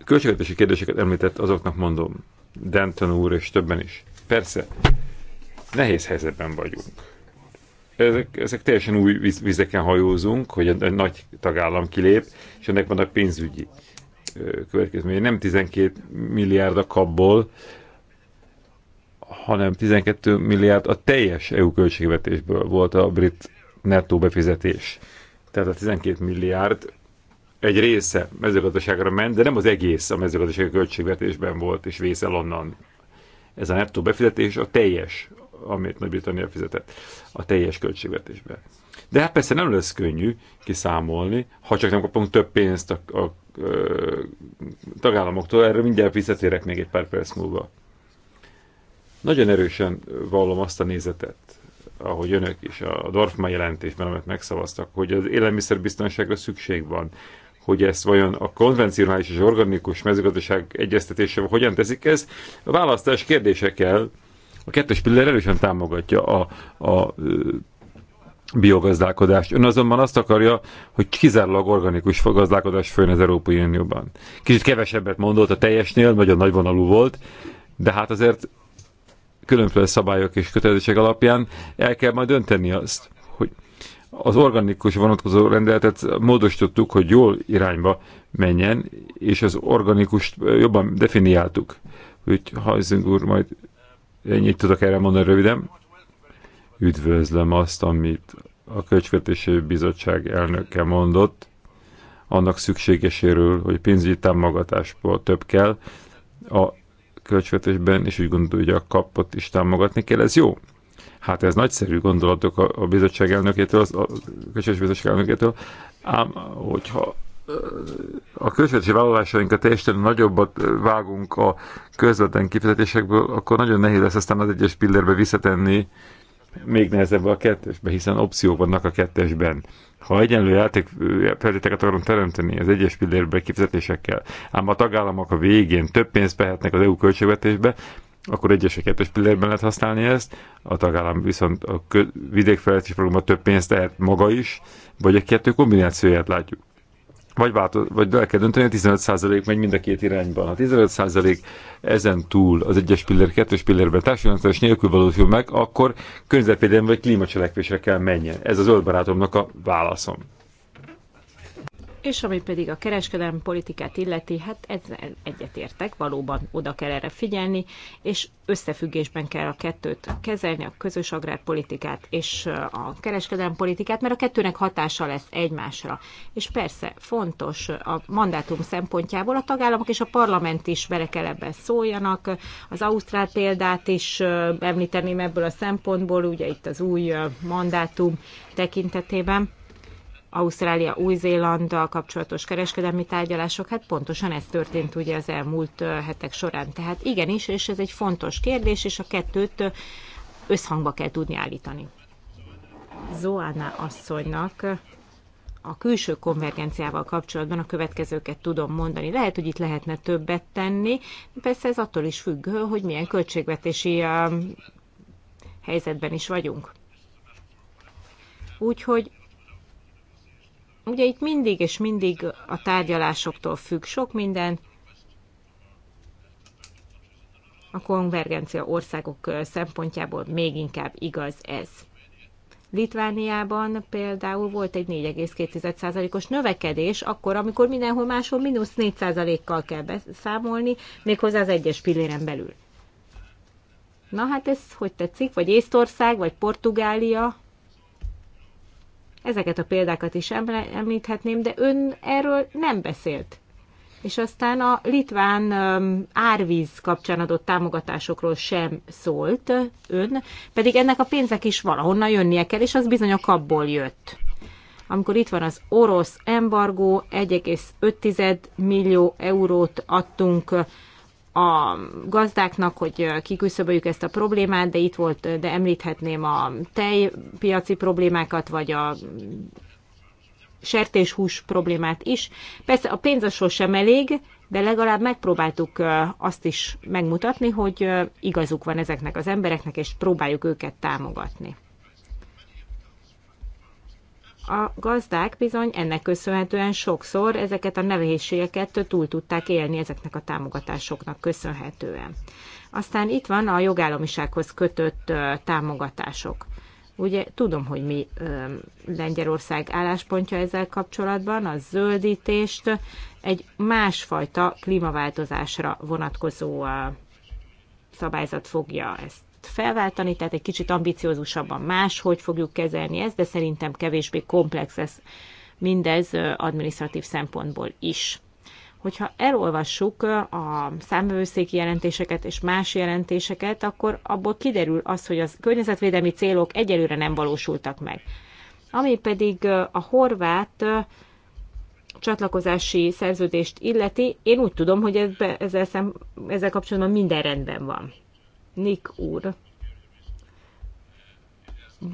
költségvetési kérdéseket említett, azoknak mondom, Denton úr és többen is. Persze, nehéz helyzetben vagyunk. Ezek, ezek teljesen új vizeken hajózunk, hogy egy, nagy tagállam kilép, és ennek van a pénzügyi következménye. Nem 12 milliárd a kapból, hanem 12 milliárd a teljes EU költségvetésből volt a brit nettó befizetés. Tehát a 12 milliárd egy része mezőgazdaságra ment, de nem az egész a mezőgazdasági költségvetésben volt, és vészel onnan. Ez a nettó befizetés a teljes, amit Nagy-Britannia fizetett, a teljes költségvetésben. De hát persze nem lesz könnyű kiszámolni, ha csak nem kapunk több pénzt a, a, a tagállamoktól, erre mindjárt visszatérek még egy pár perc múlva. Nagyon erősen vallom azt a nézetet, ahogy önök is a Dorfman jelentésben, amit megszavaztak, hogy az élelmiszerbiztonságra szükség van hogy ezt vajon a konvencionális és organikus mezőgazdaság egyeztetésével hogyan teszik ez? a választás kérdésekkel a kettős pillér erősen támogatja a, a biogazdálkodást. Ön azonban azt akarja, hogy kizárólag organikus gazdálkodás följön az Európai Unióban. Kicsit kevesebbet mondott a teljesnél, nagyon nagyvonalú volt, de hát azért különféle szabályok és kötelezések alapján el kell majd dönteni azt, az organikus vonatkozó rendeletet módosítottuk, hogy jól irányba menjen, és az organikust jobban definiáltuk. Úgyhogy Hajzing úr, majd ennyit tudok erre mondani röviden. Üdvözlöm azt, amit a Költségvetési Bizottság elnöke mondott, annak szükségeséről, hogy pénzügyi támogatásból több kell a költségvetésben, és úgy gondolja, hogy a kapot is támogatni kell. Ez jó. Hát ez nagyszerű gondolatok a, a bizottság elnökétől, az, a közös bizottság elnökétől, ám hogyha a közvetési vállalásainkat teljesen nagyobbat vágunk a közvetlen kifizetésekből, akkor nagyon nehéz lesz aztán az egyes pillérbe visszatenni, még nehezebb a kettesbe, hiszen opciók vannak a kettesben. Ha egyenlő játékfeltételeket akarunk teremteni az egyes pillérbe kifizetésekkel, ám a tagállamok a végén több pénzt behetnek az EU költségvetésbe, akkor egyes és pillérben lehet használni ezt, a tagállam viszont a vidékfejlesztés programban több pénzt tehet maga is, vagy a kettő kombinációját látjuk. Vagy, változ, vagy el kell dönteni, a 15% megy mind a két irányban. A 15% ezen túl az egyes pillér, kettős pillérben társadalmi nélkül valósul meg, akkor környezetvédelmi vagy klímacselekvésre kell menjen. Ez az zöld barátomnak a válaszom. És ami pedig a kereskedelmi politikát illeti, hát ezzel egyetértek, valóban oda kell erre figyelni, és összefüggésben kell a kettőt kezelni, a közös agrárpolitikát és a kereskedelmi politikát, mert a kettőnek hatása lesz egymásra. És persze fontos a mandátum szempontjából a tagállamok és a parlament is vele kell ebben szóljanak. Az Ausztrál példát is említeném ebből a szempontból, ugye itt az új mandátum tekintetében Ausztrália, Új-Zélanddal kapcsolatos kereskedelmi tárgyalások, hát pontosan ez történt ugye az elmúlt hetek során. Tehát igenis, és ez egy fontos kérdés, és a kettőt összhangba kell tudni állítani. Zoana asszonynak a külső konvergenciával kapcsolatban a következőket tudom mondani. Lehet, hogy itt lehetne többet tenni, persze ez attól is függ, hogy milyen költségvetési helyzetben is vagyunk. Úgyhogy Ugye itt mindig és mindig a tárgyalásoktól függ sok minden, a konvergencia országok szempontjából még inkább igaz ez. Litvániában például volt egy 4,2%-os növekedés, akkor, amikor mindenhol máshol mínusz 4%-kal kell beszámolni, méghozzá az egyes pilléren belül. Na hát ez hogy tetszik? Vagy Észtország, vagy Portugália? Ezeket a példákat is említhetném, de ön erről nem beszélt. És aztán a litván árvíz kapcsán adott támogatásokról sem szólt ön, pedig ennek a pénzek is valahonnan jönnie kell, és az bizony a kapból jött. Amikor itt van az orosz embargó, 1,5 millió eurót adtunk a gazdáknak, hogy kiküszöböljük ezt a problémát, de itt volt, de említhetném a tejpiaci problémákat, vagy a sertéshús problémát is. Persze a pénz az sosem elég, de legalább megpróbáltuk azt is megmutatni, hogy igazuk van ezeknek az embereknek, és próbáljuk őket támogatni a gazdák bizony ennek köszönhetően sokszor ezeket a nehézségeket túl tudták élni ezeknek a támogatásoknak köszönhetően. Aztán itt van a jogállamisághoz kötött támogatások. Ugye tudom, hogy mi Lengyelország álláspontja ezzel kapcsolatban, a zöldítést egy másfajta klímaváltozásra vonatkozó szabályzat fogja ezt felváltani, tehát egy kicsit ambiciózusabban más, hogy fogjuk kezelni ezt, de szerintem kevésbé komplex ez mindez administratív szempontból is. Hogyha elolvassuk a számvevőszéki jelentéseket és más jelentéseket, akkor abból kiderül az, hogy az környezetvédelmi célok egyelőre nem valósultak meg. Ami pedig a horvát csatlakozási szerződést illeti, én úgy tudom, hogy ezzel, ezzel kapcsolatban minden rendben van. Nick úr.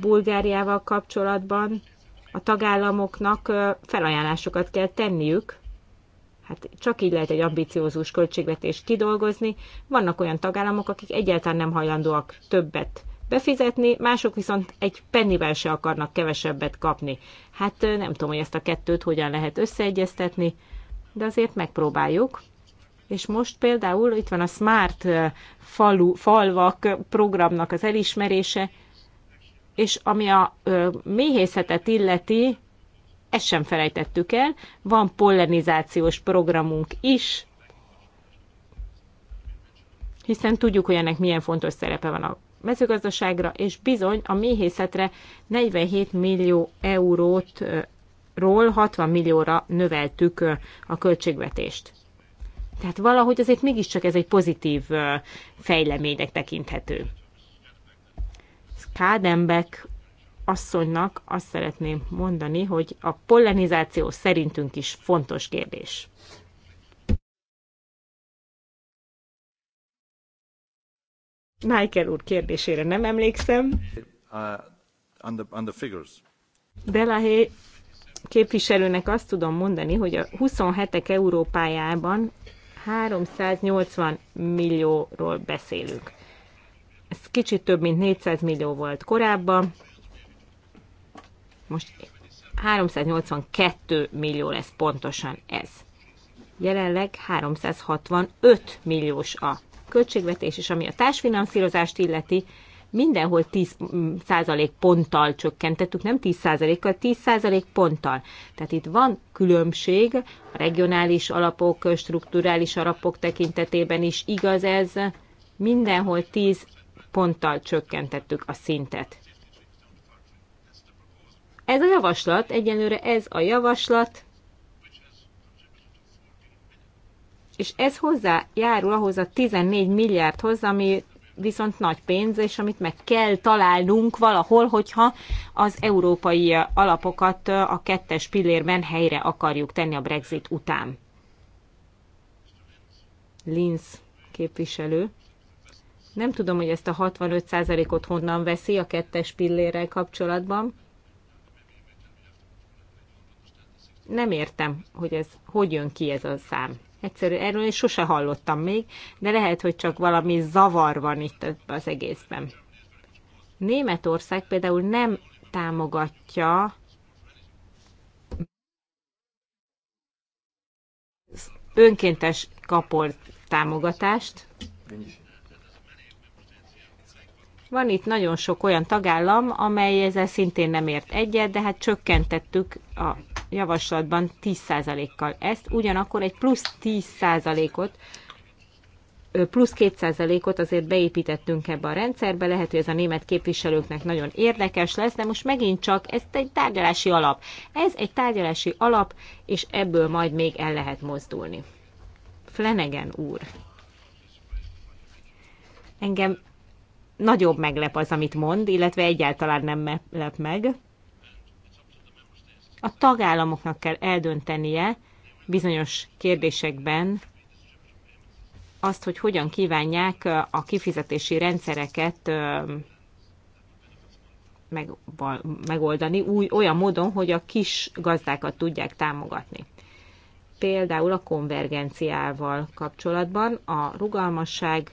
Bulgáriával kapcsolatban a tagállamoknak felajánlásokat kell tenniük, hát csak így lehet egy ambiciózus költségvetést kidolgozni. Vannak olyan tagállamok, akik egyáltalán nem hajlandóak többet befizetni, mások viszont egy pennivel se akarnak kevesebbet kapni. Hát nem tudom, hogy ezt a kettőt hogyan lehet összeegyeztetni, de azért megpróbáljuk és most például itt van a Smart falu, falvak programnak az elismerése, és ami a méhészetet illeti, ezt sem felejtettük el, van pollenizációs programunk is, hiszen tudjuk, hogy ennek milyen fontos szerepe van a mezőgazdaságra, és bizony a méhészetre 47 millió eurót ról 60 millióra növeltük a költségvetést. Tehát valahogy azért mégiscsak ez egy pozitív fejleménynek tekinthető. Skádenbeck asszonynak azt szeretném mondani, hogy a pollenizáció szerintünk is fontos kérdés. Michael úr kérdésére nem emlékszem. Uh, Delahé képviselőnek azt tudom mondani, hogy a 27-ek Európájában 380 millióról beszélünk. Ez kicsit több, mint 400 millió volt korábban, most 382 millió lesz pontosan ez. Jelenleg 365 milliós a költségvetés, és ami a társfinanszírozást illeti, mindenhol 10 százalék ponttal csökkentettük, nem 10 százalékkal, 10 százalék ponttal. Tehát itt van különbség a regionális alapok, strukturális alapok tekintetében is igaz ez, mindenhol 10 ponttal csökkentettük a szintet. Ez a javaslat, egyenlőre ez a javaslat, és ez hozzájárul ahhoz a 14 milliárdhoz, amit viszont nagy pénz, és amit meg kell találnunk valahol, hogyha az európai alapokat a kettes pillérben helyre akarjuk tenni a Brexit után. Linz képviselő. Nem tudom, hogy ezt a 65%-ot honnan veszi a kettes pillérrel kapcsolatban. Nem értem, hogy ez hogy jön ki ez a szám. Egyszerűen, erről én sose hallottam még, de lehet, hogy csak valami zavar van itt az egészben. Németország például nem támogatja önkéntes kaport támogatást. Van itt nagyon sok olyan tagállam, amely ezzel szintén nem ért egyet, de hát csökkentettük a javaslatban 10%-kal ezt, ugyanakkor egy plusz 10%-ot plusz 2%-ot azért beépítettünk ebbe a rendszerbe, lehet, hogy ez a német képviselőknek nagyon érdekes lesz, de most megint csak ez egy tárgyalási alap. Ez egy tárgyalási alap, és ebből majd még el lehet mozdulni. Flanagan úr. Engem nagyobb meglep az, amit mond, illetve egyáltalán nem meglep meg a tagállamoknak kell eldöntenie bizonyos kérdésekben azt, hogy hogyan kívánják a kifizetési rendszereket megoldani új, olyan módon, hogy a kis gazdákat tudják támogatni. Például a konvergenciával kapcsolatban a rugalmasság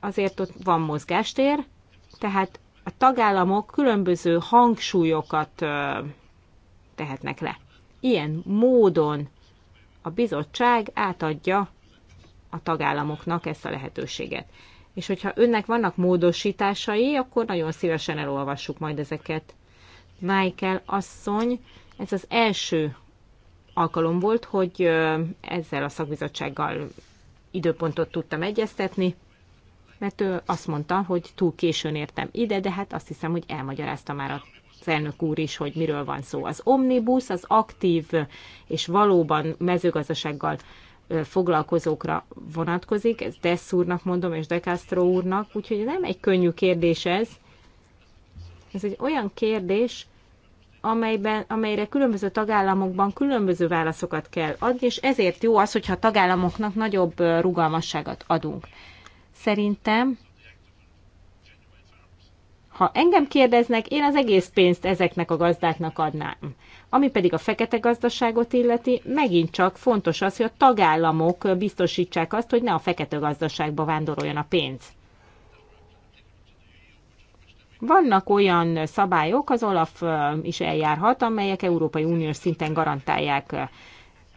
azért ott van mozgástér, tehát a tagállamok különböző hangsúlyokat tehetnek le. Ilyen módon a bizottság átadja a tagállamoknak ezt a lehetőséget. És hogyha önnek vannak módosításai, akkor nagyon szívesen elolvassuk majd ezeket. Michael asszony, ez az első alkalom volt, hogy ezzel a szakbizottsággal időpontot tudtam egyeztetni, mert ő azt mondta, hogy túl későn értem ide, de hát azt hiszem, hogy elmagyarázta már a felnök úr is, hogy miről van szó. Az omnibus az aktív és valóban mezőgazdasággal foglalkozókra vonatkozik, ez Dess úrnak mondom, és De Castro úrnak, úgyhogy nem egy könnyű kérdés ez. Ez egy olyan kérdés, amelyben, amelyre különböző tagállamokban különböző válaszokat kell adni, és ezért jó az, hogyha a tagállamoknak nagyobb rugalmasságot adunk. Szerintem ha engem kérdeznek, én az egész pénzt ezeknek a gazdáknak adnám. Ami pedig a fekete gazdaságot illeti, megint csak fontos az, hogy a tagállamok biztosítsák azt, hogy ne a fekete gazdaságba vándoroljon a pénz. Vannak olyan szabályok, az Olaf is eljárhat, amelyek Európai Uniós szinten garantálják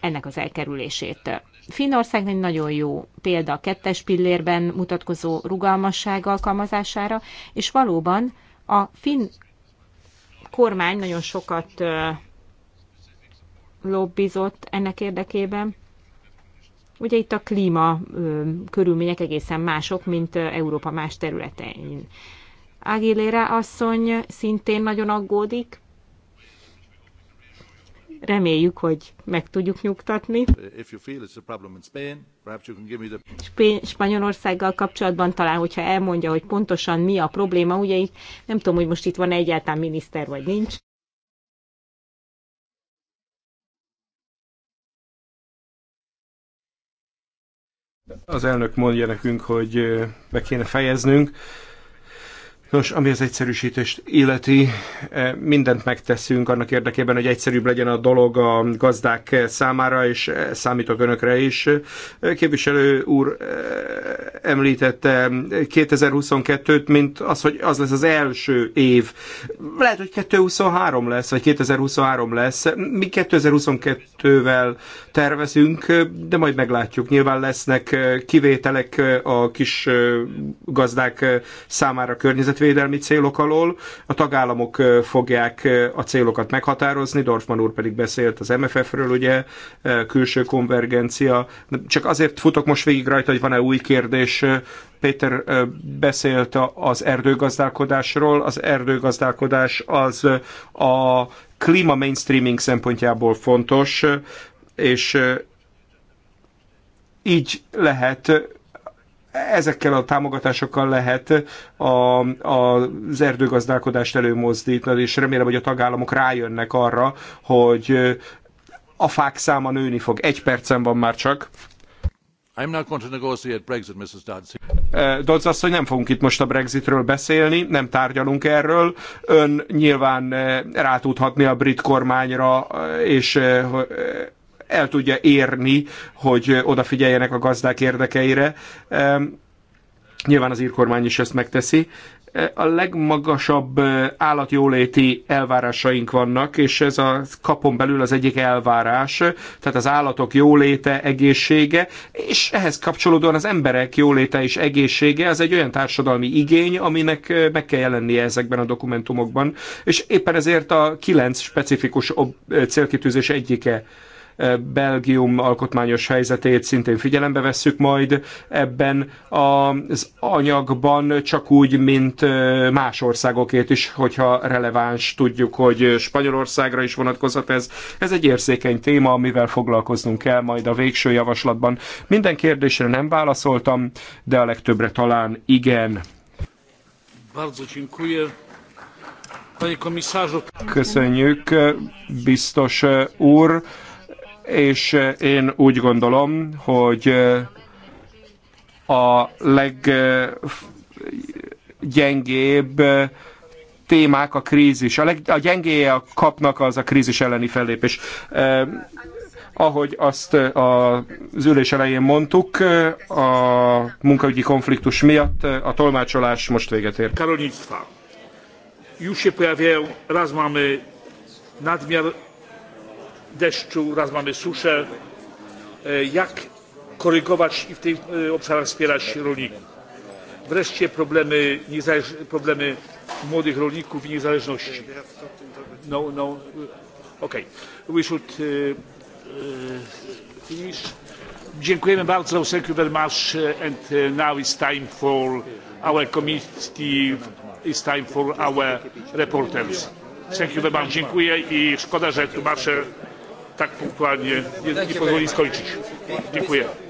ennek az elkerülését. Finnország egy nagyon jó példa a kettes pillérben mutatkozó rugalmasság alkalmazására, és valóban a finn kormány nagyon sokat lobbizott ennek érdekében. Ugye itt a klíma körülmények egészen mások, mint Európa más területein. Aguilera asszony szintén nagyon aggódik, Reméljük, hogy meg tudjuk nyugtatni. Spanyolországgal kapcsolatban talán, hogyha elmondja, hogy pontosan mi a probléma, ugye itt nem tudom, hogy most itt van -e egyáltalán miniszter, vagy nincs. Az elnök mondja nekünk, hogy be kéne fejeznünk. Nos, ami az egyszerűsítést illeti, eh, mindent megteszünk annak érdekében, hogy egyszerűbb legyen a dolog a gazdák számára, és eh, számítok önökre is. Eh, képviselő úr említette 2022-t, mint az, hogy az lesz az első év. Lehet, hogy 2023 lesz, vagy 2023 lesz. Mi 2022-vel tervezünk, de majd meglátjuk. Nyilván lesznek kivételek a kis gazdák számára környezetvédelmi környezetvédelmi célok alól. A tagállamok fogják a célokat meghatározni, Dorfman úr pedig beszélt az MFF-ről, ugye, külső konvergencia. Csak azért futok most végig rajta, hogy van-e új kérdés, Péter beszélt az erdőgazdálkodásról. Az erdőgazdálkodás az a klíma mainstreaming szempontjából fontos, és így lehet ezekkel a támogatásokkal lehet a, a, az erdőgazdálkodást előmozdítani, és remélem, hogy a tagállamok rájönnek arra, hogy a fák száma nőni fog. Egy percen van már csak. I'm not going to negotiate Brexit, Mrs. Dodson. Dodds eh, azt, hogy nem fogunk itt most a Brexitről beszélni, nem tárgyalunk erről. Ön nyilván eh, rá tudhatni a brit kormányra, eh, és el tudja érni, hogy odafigyeljenek a gazdák érdekeire. Nyilván az írkormány is ezt megteszi. A legmagasabb eh, állatjóléti elvárásaink vannak, és ez a kapon belül az egyik elvárás, tehát az állatok jóléte, egészsége, és ehhez kapcsolódóan az emberek jóléte és egészsége, az egy olyan társadalmi igény, aminek eh, meg kell jelennie ezekben a dokumentumokban, és éppen ezért a kilenc specifikus eh, célkitűzés egyike Belgium alkotmányos helyzetét szintén figyelembe vesszük majd ebben az anyagban, csak úgy, mint más országokét is, hogyha releváns tudjuk, hogy Spanyolországra is vonatkozhat ez. Ez egy érzékeny téma, amivel foglalkoznunk kell majd a végső javaslatban. Minden kérdésre nem válaszoltam, de a legtöbbre talán igen. Köszönjük, biztos úr és eh, én úgy gondolom, hogy eh, a leggyengébb eh, témák a krízis. A, leg, a gyengéje a kapnak az a krízis elleni fellépés. Eh, ahogy azt a, az ülés elején mondtuk, a munkaügyi konfliktus miatt a tolmácsolás most véget ér. Karolnictwa. Już się pojawiają, raz mamy nadmiar deszczu, raz mamy suszę. E, jak korygować i w tych e, obszarach wspierać rolników? Wreszcie problemy, młodych rolników i niezależności. No, no, okay. We should uh, finish. Dziękujemy bardzo. Thank you very much. And uh, now it's time for our committee, it's time for our reporters. Thank you very much. Dziękuję i szkoda, że tłumaczę tak punktualnie i pozwoli skończyć. Dziękuję.